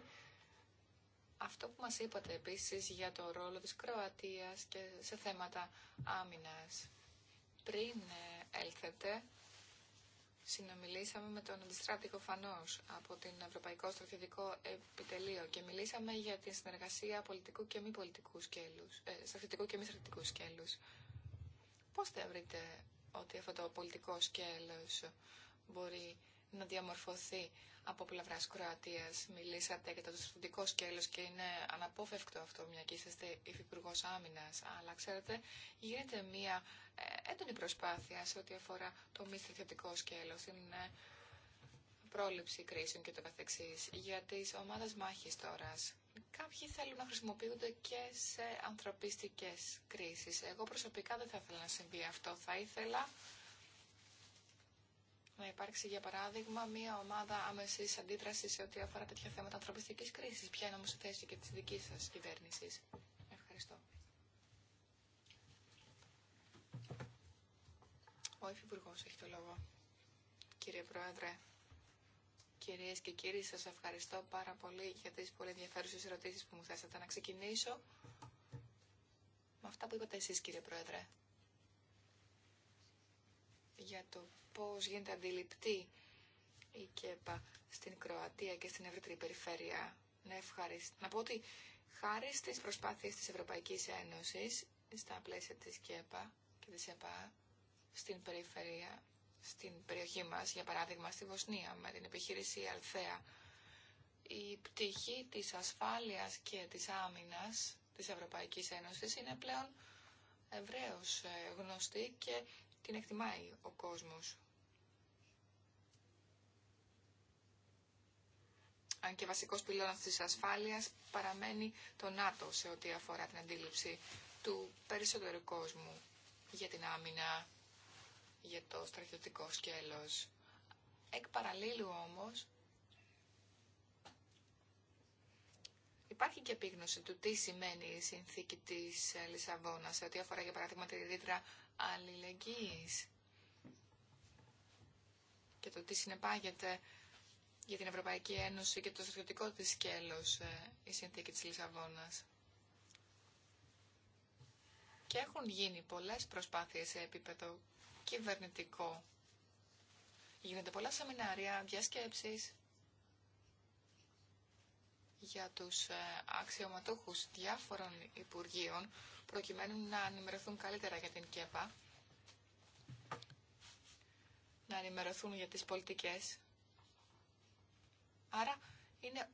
Αυτό που μας είπατε επίσης για το ρόλο της Κροατίας και σε θέματα άμυνας. Πριν ε, έλθετε, συνομιλήσαμε με τον αντιστράτηγο Φανός από την Ευρωπαϊκό Στρατιωτικό Επιτελείο και μιλήσαμε για τη συνεργασία πολιτικού και μη πολιτικού σκέλους, ε, στρατιωτικού και μη στρατιωτικού σκέλους. Πώς θεωρείτε ότι αυτό το πολιτικό σκέλος μπορεί να διαμορφωθεί από πλευρά Κροατία. Μιλήσατε για το διευθυντικό σκέλο και είναι αναπόφευκτο αυτό, μια και είστε υφυπουργό άμυνα. Αλλά ξέρετε, γίνεται μια ε, έντονη προσπάθεια σε ό,τι αφορά το μη στρατιωτικό σκέλο, την ε, πρόληψη κρίσεων και το καθεξής. Για τις ομάδες μάχης τώρα, κάποιοι θέλουν να χρησιμοποιούνται και σε ανθρωπιστικές κρίσεις. Εγώ προσωπικά δεν θα ήθελα να συμβεί αυτό. Θα ήθελα να υπάρξει, για παράδειγμα, μια ομάδα άμεση αντίδραση σε ό,τι αφορά τέτοια θέματα ανθρωπιστική κρίση. Ποια είναι όμω η θέση και τη δική σα κυβέρνηση. Ευχαριστώ. Ο Υφυπουργό έχει το λόγο. Κύριε Πρόεδρε, κυρίε και κύριοι, σα ευχαριστώ πάρα πολύ για τι πολύ ενδιαφέρουσε ερωτήσει που μου θέσατε. Να ξεκινήσω με αυτά που είπατε εσεί, κύριε Πρόεδρε. Για το πώς γίνεται αντιληπτή η ΚΕΠΑ στην Κροατία και στην ευρύτερη περιφέρεια. Να, να πω ότι χάρη στις προσπάθειες της Ευρωπαϊκής Ένωσης, στα πλαίσια της ΚΕΠΑ και της ΕΠΑ, στην περιφέρεια, στην περιοχή μας, για παράδειγμα στη Βοσνία, με την επιχείρηση Αλθέα, η πτυχή της ασφάλειας και της άμυνας της Ευρωπαϊκής Ένωσης είναι πλέον ευρέως ε, γνωστή και την εκτιμάει ο κόσμος. αν και βασικός πυλώνας της ασφάλειας παραμένει το ΝΑΤΟ σε ό,τι αφορά την αντίληψη του περισσότερου κόσμου για την άμυνα, για το στρατιωτικό σκέλος. Εκ παραλλήλου όμως, υπάρχει και επίγνωση του τι σημαίνει η συνθήκη της Λισαβόνα σε ό,τι αφορά για παράδειγμα τη ρήτρα αλληλεγγύης και το τι συνεπάγεται για την Ευρωπαϊκή Ένωση και το στρατιωτικό της σκέλος ε, η συνθήκη της Λισαβόνας. Και έχουν γίνει πολλές προσπάθειες σε επίπεδο κυβερνητικό. Γίνονται πολλά σεμινάρια, διασκέψεις για τους ε, αξιωματούχους διάφορων υπουργείων προκειμένου να ενημερωθούν καλύτερα για την ΚΕΠΑ, να ενημερωθούν για τις πολιτικές Άρα είναι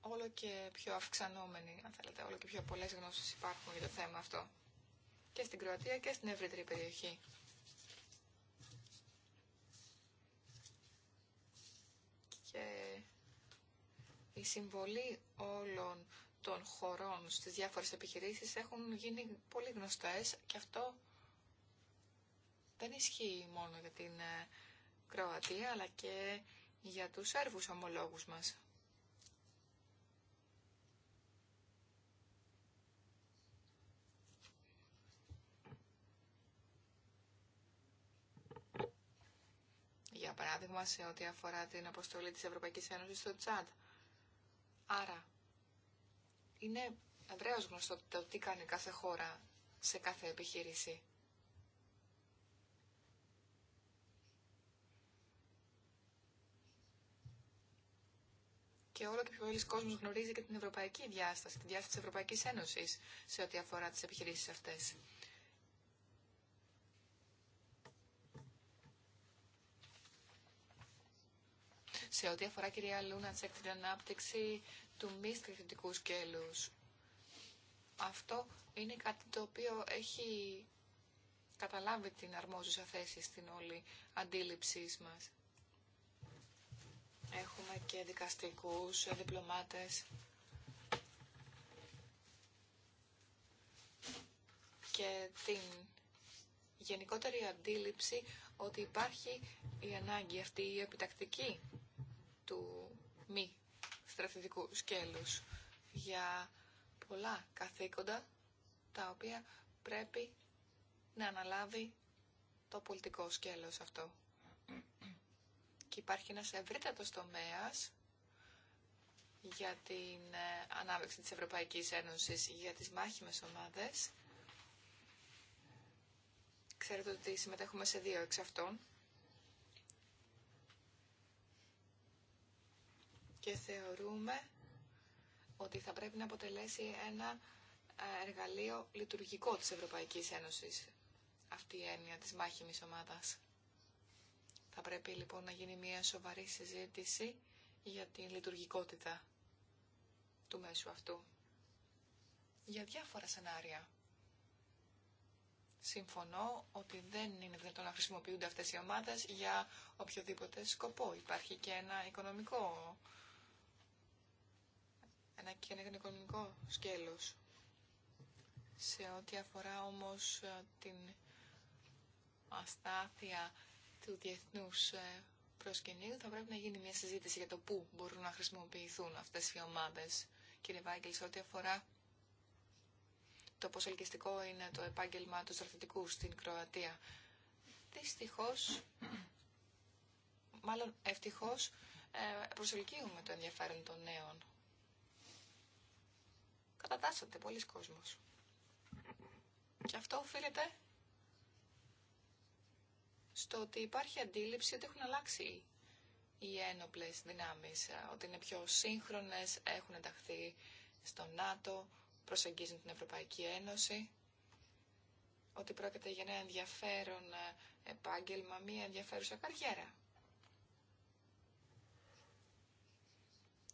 όλο και πιο αυξανόμενοι, αν θέλετε, όλο και πιο πολλέ γνώσει υπάρχουν για το θέμα αυτό. Και στην Κροατία και στην ευρύτερη περιοχή. Και η συμβολή όλων των χωρών στις διάφορες επιχειρήσεις έχουν γίνει πολύ γνωστές και αυτό δεν ισχύει μόνο για την ε, Κροατία αλλά και για τους Σέρβους ομολόγους μας. Για παράδειγμα, σε ό,τι αφορά την αποστολή της Ευρωπαϊκής Ένωσης στο Τσάντ. Άρα, είναι ευρέως γνωστό το τι κάνει κάθε χώρα σε κάθε επιχείρηση. και όλο και πιο πολλοί κόσμος γνωρίζει και την ευρωπαϊκή διάσταση, τη διάσταση της Ευρωπαϊκής Ένωσης σε ό,τι αφορά τις επιχειρήσεις αυτές. Σε ό,τι αφορά, κυρία Λούνα, τσεκ την ανάπτυξη του μη στρατιωτικού σκέλους. Αυτό είναι κάτι το οποίο έχει καταλάβει την αρμόζουσα θέση στην όλη αντίληψή μας. Έχουμε και δικαστικούς, διπλωμάτες και την γενικότερη αντίληψη ότι υπάρχει η ανάγκη αυτή, η επιτακτική του μη στρατηγικού σκέλους για πολλά καθήκοντα τα οποία πρέπει να αναλάβει το πολιτικό σκέλος αυτό. Και υπάρχει ένας ευρύτατος τομέας για την ε, ανάπτυξη της Ευρωπαϊκής Ένωσης για τις μάχημες ομάδες. Ξέρετε ότι συμμετέχουμε σε δύο εξ αυτών. Και θεωρούμε ότι θα πρέπει να αποτελέσει ένα ε, εργαλείο λειτουργικό της Ευρωπαϊκής Ένωσης αυτή η έννοια της μάχημης ομάδας. Θα πρέπει λοιπόν να γίνει μια σοβαρή συζήτηση για την λειτουργικότητα του μέσου αυτού. Για διάφορα σενάρια. Συμφωνώ ότι δεν είναι δυνατόν να χρησιμοποιούνται αυτές οι ομάδες για οποιοδήποτε σκοπό. Υπάρχει και ένα οικονομικό, ένα και ένα οικονομικό σκέλος. Σε ό,τι αφορά όμως ε, την αστάθεια του διεθνού ε, προσκηνίου θα πρέπει να γίνει μια συζήτηση για το πού μπορούν να χρησιμοποιηθούν αυτές οι ομάδες. Κύριε Βάγκελ, σε ό,τι αφορά το πόσο ελκυστικό είναι το επάγγελμα του στρατιωτικού στην Κροατία. Δυστυχώ, μάλλον ευτυχώ, ε, προσελκύουμε το ενδιαφέρον των νέων. Κατατάσσονται πολλοί κόσμος. Και αυτό οφείλεται στο ότι υπάρχει αντίληψη ότι έχουν αλλάξει οι ένοπλες δυνάμεις, ε, ότι είναι πιο σύγχρονες, έχουν ενταχθεί στο ΝΑΤΟ, προσεγγίζουν την Ευρωπαϊκή Ένωση, ότι πρόκειται για ένα ενδιαφέρον ε, επάγγελμα, μία ενδιαφέρουσα καριέρα.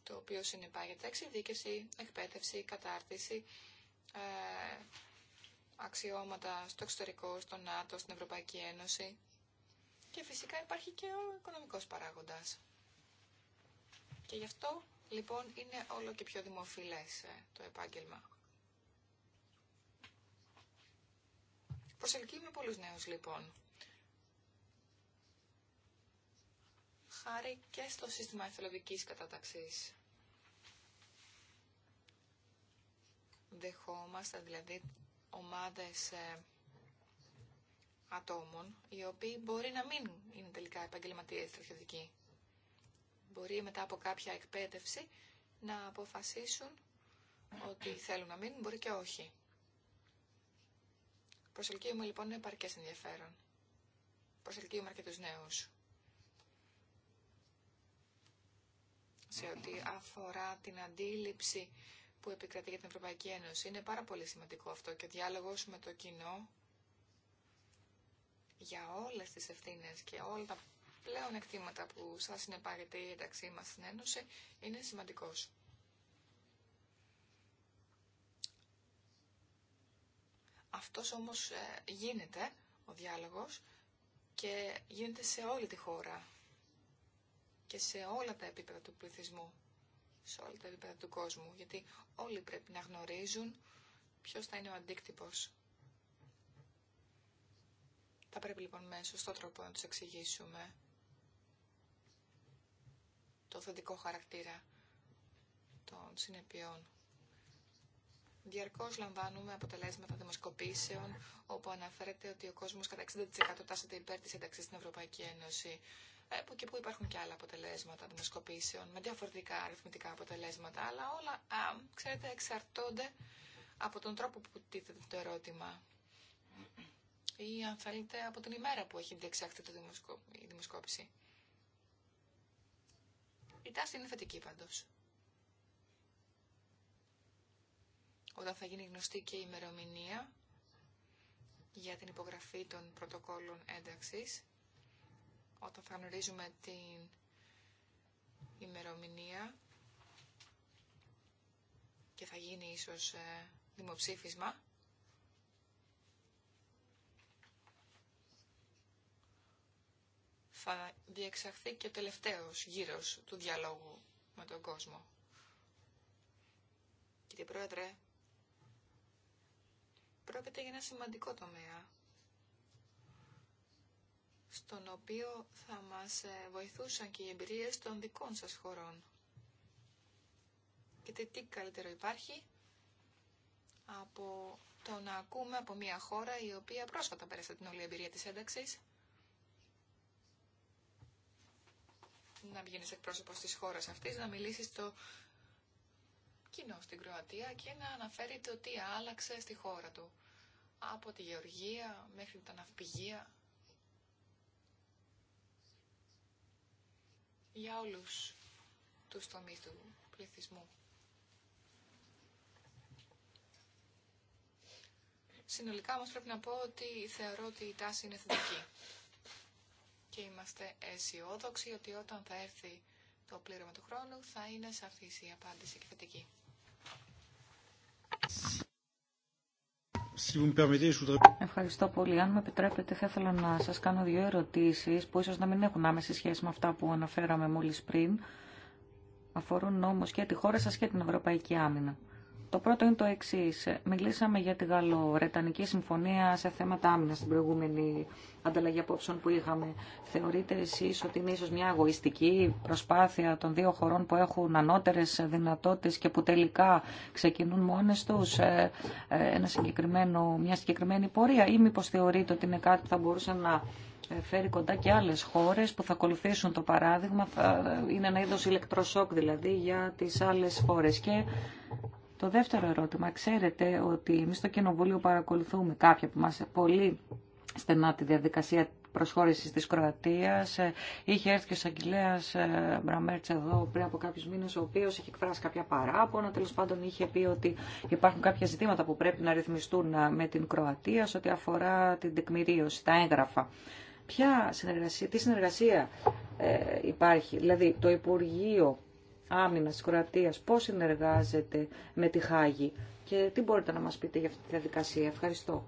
Το οποίο συνεπάγεται εξειδίκευση, εκπαίδευση, κατάρτιση, ε, αξιώματα στο εξωτερικό, στο ΝΑΤΟ, στην Ευρωπαϊκή Ένωση. Και φυσικά υπάρχει και ο οικονομικός παράγοντας. Και γι' αυτό λοιπόν είναι όλο και πιο δημοφιλές ε, το επάγγελμα. Προσελκύουμε πολλούς νέους λοιπόν. Χάρη και στο σύστημα εθελοντικής κατάταξης. Δεχόμαστε δηλαδή ομάδες ε, ατόμων, οι οποίοι μπορεί να μην είναι τελικά επαγγελματίε στρατιωτικοί. Μπορεί μετά από κάποια εκπαίδευση να αποφασίσουν ότι θέλουν να μείνουν, μπορεί και όχι. Προσελκύουμε λοιπόν επαρκές ενδιαφέρον. Προσελκύουμε αρκετούς νέους. σε ό,τι αφορά την αντίληψη που επικρατεί για την Ευρωπαϊκή Ένωση. Είναι πάρα πολύ σημαντικό αυτό και ο διάλογος με το κοινό για όλες τις ευθύνες και όλα τα πλέον εκτήματα που σας συνεπάγεται η ένταξή μας στην Ένωση είναι σημαντικός. Αυτός όμως ε, γίνεται ο διάλογος και γίνεται σε όλη τη χώρα και σε όλα τα επίπεδα του πληθυσμού, σε όλα τα επίπεδα του κόσμου, γιατί όλοι πρέπει να γνωρίζουν ποιος θα είναι ο αντίκτυπος θα πρέπει λοιπόν με σωστό τρόπο να τους εξηγήσουμε το θετικό χαρακτήρα των συνεπειών. Διαρκώς λαμβάνουμε αποτελέσματα δημοσκοπήσεων όπου αναφέρεται ότι ο κόσμος κατά 60% τάσσεται υπέρ της ένταξης στην Ευρωπαϊκή Ένωση που και που υπάρχουν και άλλα αποτελέσματα δημοσκοπήσεων με διαφορετικά αριθμητικά αποτελέσματα αλλά όλα, α, ξέρετε, εξαρτώνται από τον τρόπο που τίθεται το ερώτημα ή αν θέλετε από την ημέρα που έχει διεξαχθεί το η δημοσκόπηση. Η τάση είναι θετική πάντως. Όταν θα γίνει γνωστή και η ημερομηνία για την υπογραφή των πρωτοκόλων ένταξης, όταν θα γνωρίζουμε την ημερομηνία και θα γίνει ίσως ε, δημοψήφισμα, θα διεξαχθεί και ο τελευταίος γύρος του διαλόγου με τον κόσμο. Κύριε Πρόεδρε, πρόκειται για ένα σημαντικό τομέα στον οποίο θα μας ε, βοηθούσαν και οι εμπειρίες των δικών σας χωρών. Και τι καλύτερο υπάρχει από το να ακούμε από μια χώρα η οποία πρόσφατα πέρασε την όλη εμπειρία της ένταξης να βγαίνει εκπρόσωπο της χώρας αυτής, να μιλήσεις στο κοινό στην Κροατία και να αναφέρει το τι άλλαξε στη χώρα του. Από τη γεωργία μέχρι τα ναυπηγεία. Για όλους τους τομείς του πληθυσμού. Συνολικά όμως πρέπει να πω ότι θεωρώ ότι η τάση είναι θετική και είμαστε αισιόδοξοι ότι όταν θα έρθει το πλήρωμα του χρόνου θα είναι σαφής η απάντηση και θετική. Ευχαριστώ πολύ. Αν με επιτρέπετε, θα ήθελα να σα κάνω δύο ερωτήσει που ίσω να μην έχουν άμεση σχέση με αυτά που αναφέραμε μόλι πριν. Αφορούν όμω και τη χώρα σα και την Ευρωπαϊκή Άμυνα. Το πρώτο είναι το εξή. Μιλήσαμε για τη γαλλο ρετανική Συμφωνία σε θέματα άμυνα στην προηγούμενη ανταλλαγή απόψεων που είχαμε. Θεωρείτε εσεί ότι είναι ίσω μια αγωιστική προσπάθεια των δύο χωρών που έχουν ανώτερε δυνατότητε και που τελικά ξεκινούν μόνε του ε, ε, μια συγκεκριμένη πορεία, ή μήπω θεωρείτε ότι είναι κάτι που θα μπορούσε να ε, φέρει κοντά και άλλε χώρε που θα ακολουθήσουν το παράδειγμα, θα είναι ένα είδο ηλεκτροσόκ δηλαδή για τι άλλε χώρε. Το δεύτερο ερώτημα. Ξέρετε ότι εμεί στο Κοινοβούλιο παρακολουθούμε κάποια που μας πολύ στενά τη διαδικασία προσχώρηση τη Κροατία. Είχε έρθει και ο εισαγγελέα ε, Μπραμέρτ εδώ πριν από κάποιου μήνε, ο οποίο είχε εκφράσει κάποια παράπονα. Τέλο πάντων, είχε πει ότι υπάρχουν κάποια ζητήματα που πρέπει να ρυθμιστούν ε, με την Κροατία σε ό,τι αφορά την τεκμηρίωση, τα έγγραφα. Ποια συνεργασία, τι συνεργασία ε, υπάρχει, δηλαδή το Υπουργείο Άμυνα, τη Κροατία, πώ συνεργάζεται με τη Χάγη και τι μπορείτε να μα πείτε για αυτή τη διαδικασία. Ευχαριστώ.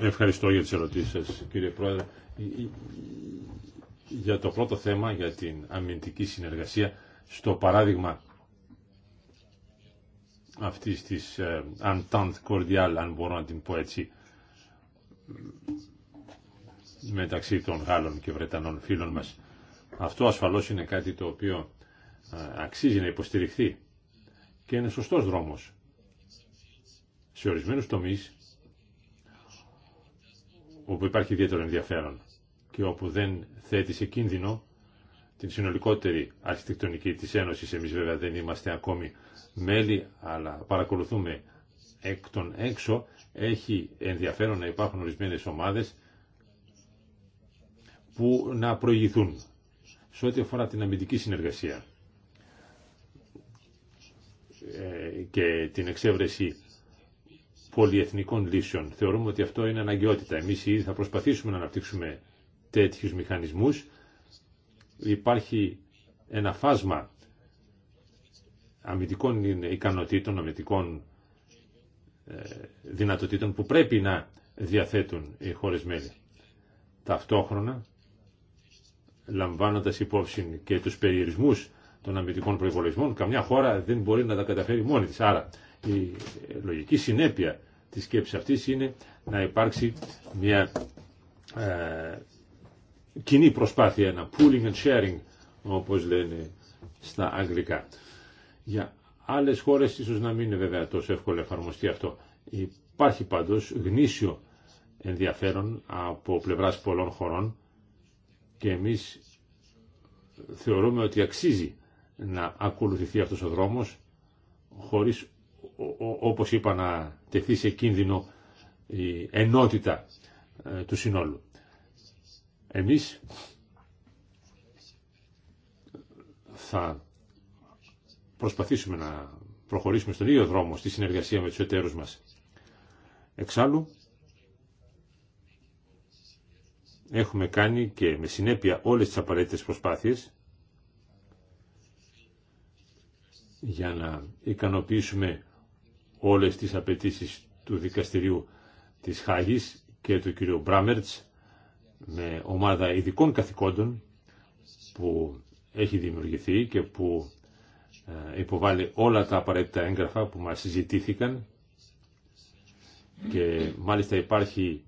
Ευχαριστώ για τις ερωτήσει, κύριε Πρόεδρε. Για το πρώτο θέμα, για την αμυντική συνεργασία, στο παράδειγμα αυτής της ε, Entente Κορδιάλ, αν μπορώ να την πω έτσι, μεταξύ των Γάλλων και Βρετανών φίλων μας, αυτό ασφαλώς είναι κάτι το οποίο ε, αξίζει να υποστηριχθεί και είναι σωστός δρόμος. Σε ορισμένους τομείς όπου υπάρχει ιδιαίτερο ενδιαφέρον και όπου δεν θέτει σε κίνδυνο την συνολικότερη αρχιτεκτονική της Ένωσης. Εμείς βέβαια δεν είμαστε ακόμη μέλη, αλλά παρακολουθούμε εκ των έξω. Έχει ενδιαφέρον να υπάρχουν ορισμένες ομάδες που να προηγηθούν σε ό,τι αφορά την αμυντική συνεργασία ε, και την εξέβρεση πολυεθνικών λύσεων. Θεωρούμε ότι αυτό είναι αναγκαιότητα. Εμείς ήδη θα προσπαθήσουμε να αναπτύξουμε τέτοιους μηχανισμούς. Υπάρχει ένα φάσμα αμυντικών ικανοτήτων, αμυντικών ε, δυνατοτήτων που πρέπει να διαθέτουν οι χώρες μέλη. Ταυτόχρονα λαμβάνοντας υπόψη και τους περιορισμούς των αμυντικών προϋπολογισμών, καμιά χώρα δεν μπορεί να τα καταφέρει μόνη της. Άρα η λογική συνέπεια της σκέψης αυτής είναι να υπάρξει μια ε, κοινή προσπάθεια, ένα pooling and sharing, όπως λένε στα αγγλικά. Για άλλες χώρες ίσως να μην είναι βέβαια τόσο εύκολο εφαρμοστεί αυτό. Υπάρχει πάντως γνήσιο ενδιαφέρον από πλευράς πολλών χωρών και εμείς θεωρούμε ότι αξίζει να ακολουθηθεί αυτός ο δρόμος χωρίς όπως είπα να τεθεί σε κίνδυνο η ενότητα ε, του συνόλου. Εμείς θα προσπαθήσουμε να προχωρήσουμε στον ίδιο δρόμο στη συνεργασία με τους εταίρους μας. Εξάλλου, Έχουμε κάνει και με συνέπεια όλες τις απαραίτητες προσπάθειες για να ικανοποιήσουμε όλες τις απαιτήσεις του δικαστηρίου της Χάγης και του κ. Μπράμερτς με ομάδα ειδικών καθηκόντων που έχει δημιουργηθεί και που ε, υποβάλλει όλα τα απαραίτητα έγγραφα που μας συζητήθηκαν και μάλιστα υπάρχει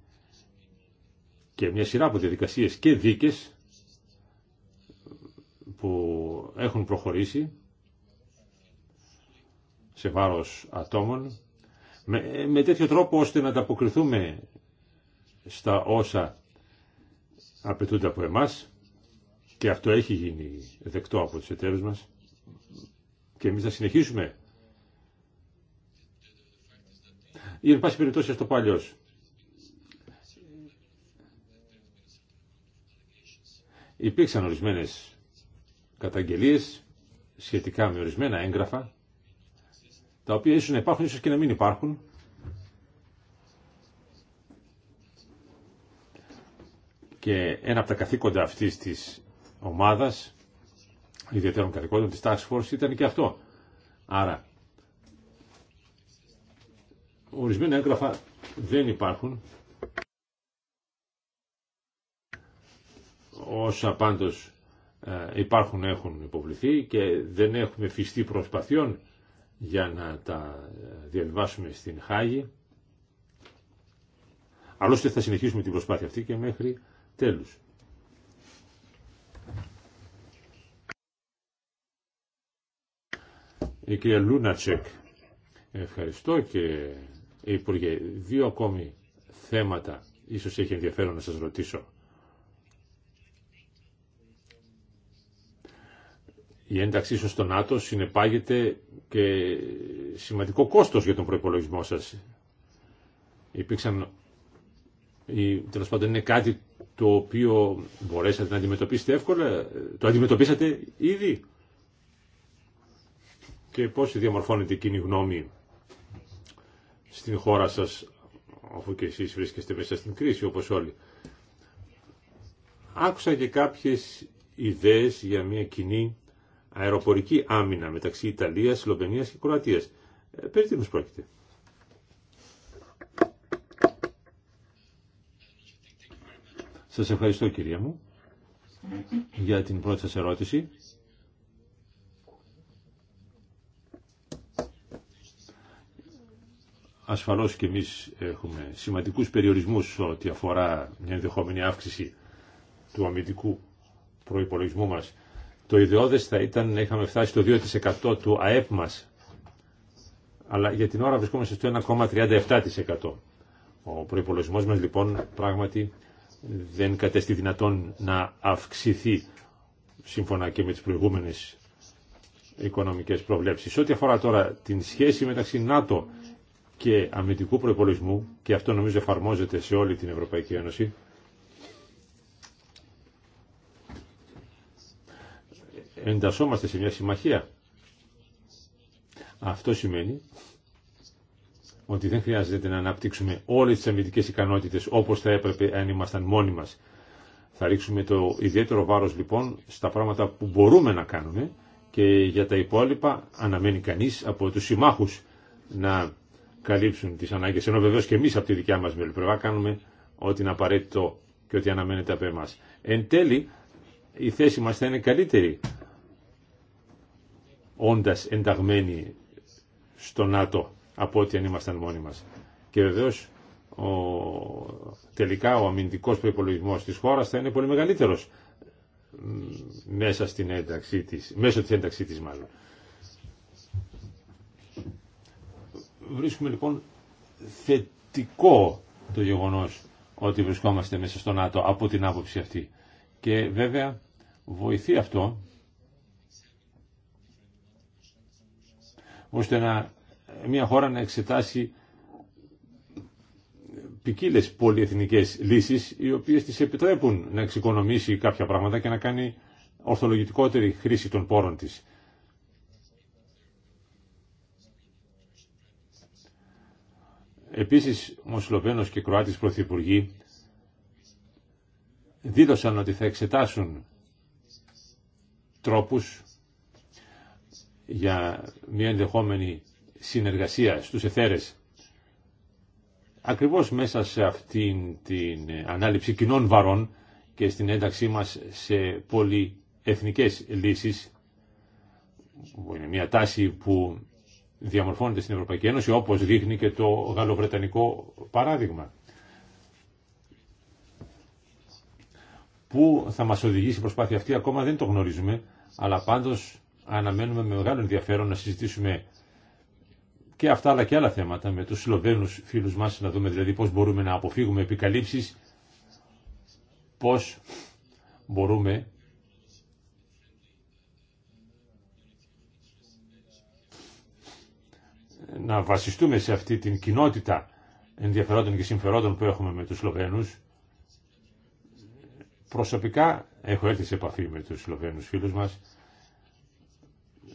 και μια σειρά από διαδικασίες και δίκες που έχουν προχωρήσει σε βάρος ατόμων με, με τέτοιο τρόπο ώστε να ανταποκριθούμε στα όσα απαιτούνται από εμάς και αυτό έχει γίνει δεκτό από τους εταίρους μας και εμείς θα συνεχίσουμε. Ή εν πάση περιπτώσει το Υπήρξαν ορισμένες καταγγελίες σχετικά με ορισμένα έγγραφα, τα οποία ίσως να υπάρχουν, ίσως και να μην υπάρχουν. Και ένα από τα καθήκοντα αυτής της ομάδας, ιδιαίτερων καθηκόντων της Task Force, ήταν και αυτό. Άρα, ορισμένα έγγραφα δεν υπάρχουν Όσα πάντως ε, υπάρχουν έχουν υποβληθεί και δεν έχουμε φυστεί προσπαθειών για να τα ε, διαβιβάσουμε στην Χάγη. Άλλωστε θα συνεχίσουμε την προσπάθεια αυτή και μέχρι τέλους. Η κυρία Λούνατσεκ, ευχαριστώ και ε, Υπουργέ, δύο ακόμη θέματα ίσως έχει ενδιαφέρον να σας ρωτήσω. η ένταξή στον στο ΝΑΤΟ συνεπάγεται και σημαντικό κόστος για τον προϋπολογισμό σας. Υπήρξαν, τέλος πάντων είναι κάτι το οποίο μπορέσατε να αντιμετωπίσετε εύκολα, το αντιμετωπίσατε ήδη. Και πώς διαμορφώνεται η κοινή γνώμη στην χώρα σας, αφού και εσείς βρίσκεστε μέσα στην κρίση όπως όλοι. Άκουσα και κάποιες ιδέες για μια κοινή αεροπορική άμυνα μεταξύ Ιταλίας, Σλοβενίας και Κροατίας. Ε, περί τίνος πρόκειται. Σας ευχαριστώ κυρία μου για την πρώτη σας ερώτηση. Ασφαλώς και εμείς έχουμε σημαντικούς περιορισμούς ό,τι αφορά μια ενδεχόμενη αύξηση του αμυντικού προϋπολογισμού μας το ιδεώδες θα ήταν να είχαμε φτάσει το 2% του ΑΕΠ μας, αλλά για την ώρα βρισκόμαστε στο 1,37%. Ο προπολογισμό μας λοιπόν πράγματι δεν κατέστη δυνατόν να αυξηθεί σύμφωνα και με τις προηγούμενες οικονομικές προβλέψεις. Ό,τι αφορά τώρα την σχέση μεταξύ ΝΑΤΟ και αμυντικού προπολογισμού, και αυτό νομίζω εφαρμόζεται σε όλη την Ευρωπαϊκή Ένωση, εντασσόμαστε σε μια συμμαχία. Αυτό σημαίνει ότι δεν χρειάζεται να αναπτύξουμε όλες τις αμυντικές ικανότητες όπως θα έπρεπε αν ήμασταν μόνοι μας. Θα ρίξουμε το ιδιαίτερο βάρος λοιπόν στα πράγματα που μπορούμε να κάνουμε και για τα υπόλοιπα αναμένει κανείς από τους συμμάχους να καλύψουν τις ανάγκες. Ενώ βεβαίως και εμείς από τη δικιά μας μελπρεβά κάνουμε ό,τι είναι απαραίτητο και ό,τι αναμένεται από εμάς. Εν τέλει η θέση μας θα είναι καλύτερη όντας ενταγμένοι στο ΝΑΤΟ από ό,τι αν ήμασταν μόνοι μας. Και βεβαίω, τελικά ο αμυντικός προϋπολογισμός της χώρας θα είναι πολύ μεγαλύτερος μέσα στην ένταξή μέσω της ένταξή της μάλλον. Βρίσκουμε λοιπόν θετικό το γεγονός ότι βρισκόμαστε μέσα στο ΝΑΤΟ από την άποψη αυτή. Και βέβαια βοηθεί αυτό ώστε να, μια χώρα να εξετάσει ποικίλε πολυεθνικές λύσεις οι οποίες τη επιτρέπουν να εξοικονομήσει κάποια πράγματα και να κάνει ορθολογητικότερη χρήση των πόρων της. Επίσης, ο Σλοβαίνος και Κροάτης Πρωθυπουργοί δήλωσαν ότι θα εξετάσουν τρόπους για μια ενδεχόμενη συνεργασία στους εθέρες. Ακριβώς μέσα σε αυτήν την ανάληψη κοινών βαρών και στην ένταξή μας σε πολυεθνικές λύσεις, που είναι μια τάση που διαμορφώνεται στην Ευρωπαϊκή Ένωση, όπως δείχνει και το γαλλοβρετανικό παράδειγμα, που θα μας οδηγήσει η προσπάθεια αυτή, ακόμα δεν το γνωρίζουμε, αλλά πάντως αναμένουμε με μεγάλο ενδιαφέρον να συζητήσουμε και αυτά αλλά και άλλα θέματα με τους Σλοβαίνους φίλους μας, να δούμε δηλαδή πώς μπορούμε να αποφύγουμε επικαλύψεις, πώς μπορούμε να βασιστούμε σε αυτή την κοινότητα ενδιαφερόντων και συμφερόντων που έχουμε με τους Σλοβαίνους. Προσωπικά έχω έρθει σε επαφή με τους Σλοβαίνους φίλους μας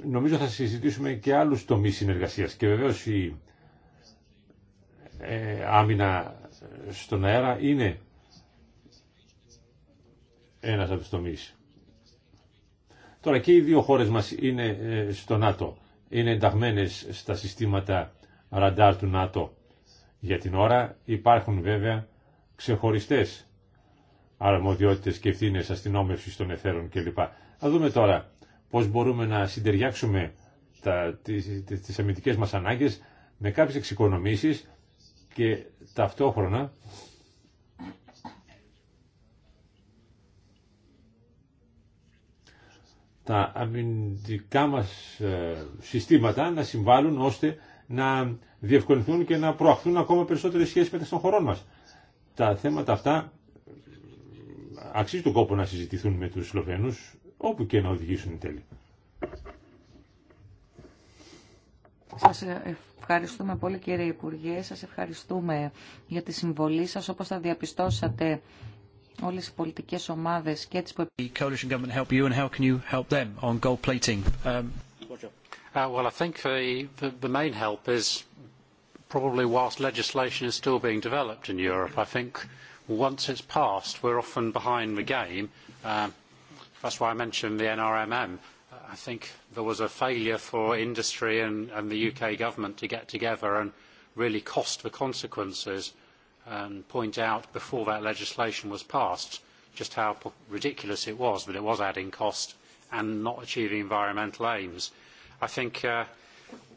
νομίζω θα συζητήσουμε και άλλους τομείς συνεργασίας και βεβαίως η ε, άμυνα στον αέρα είναι ένας από τους τομείς. Τώρα και οι δύο χώρες μας είναι ε, στο ΝΑΤΟ. Είναι ενταγμένες στα συστήματα ραντάρ του ΝΑΤΟ. Για την ώρα υπάρχουν βέβαια ξεχωριστές αρμοδιότητες και ευθύνες αστυνόμευσης των εθέρων κλπ. Θα δούμε τώρα πώς μπορούμε να συντεριάξουμε τα, τις, τις αμυντικές μας ανάγκες με κάποιες εξοικονομήσεις και ταυτόχρονα τα αμυντικά μας ε, συστήματα να συμβάλλουν ώστε να διευκολυνθούν και να προαχθούν ακόμα περισσότερες σχέσεις μεταξύ των χωρών μας. Τα θέματα αυτά αξίζει τον κόπο να συζητηθούν με τους Σλοβαίνους όπου και να οδηγήσουν οι τέλει. Σας ευχαριστούμε πολύ κύριε Υπουργέ, σας ευχαριστούμε για τη συμβολή σας. Όπως θα διαπιστώσατε όλες οι πολιτικές ομάδες και τις που... Um, uh, well, I think the, main help is probably whilst legislation is still being developed in Europe. I think once it's passed, we're often behind the game. Um, That's why I mentioned the NRMM. I think there was a failure for industry and the UK government to get together and really cost the consequences and point out before that legislation was passed just how ridiculous it was that it was adding cost and not achieving environmental aims. I think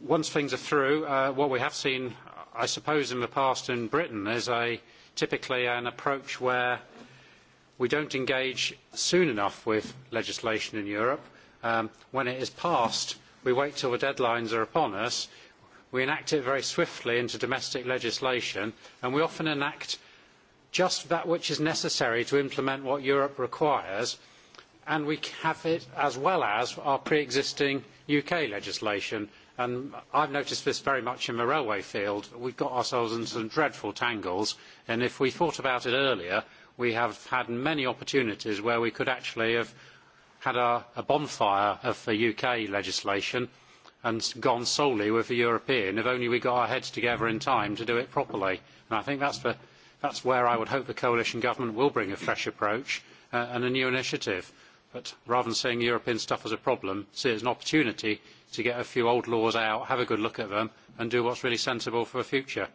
once things are through, what we have seen, I suppose, in the past in Britain is typically an approach where we don't engage soon enough with legislation in Europe. When it is passed, we wait till the deadlines are upon us. We enact it very swiftly into domestic legislation, and we often enact just that which is necessary to implement what Europe requires, and we have it as well as our pre-existing UK legislation. And I've noticed this very much in the railway field. We've got ourselves in some dreadful tangles, and if we thought about it earlier, we have had many opportunities where we could actually have had a bonfire of UK legislation and gone solely with the European, if only we got our heads together in time to do it properly. And I think that's where I would hope the coalition government will bring a fresh approach and a new initiative. But rather than seeing European stuff as a problem, see it as an opportunity to get a few old laws out, have a good look at them, and do what's really sensible for the future.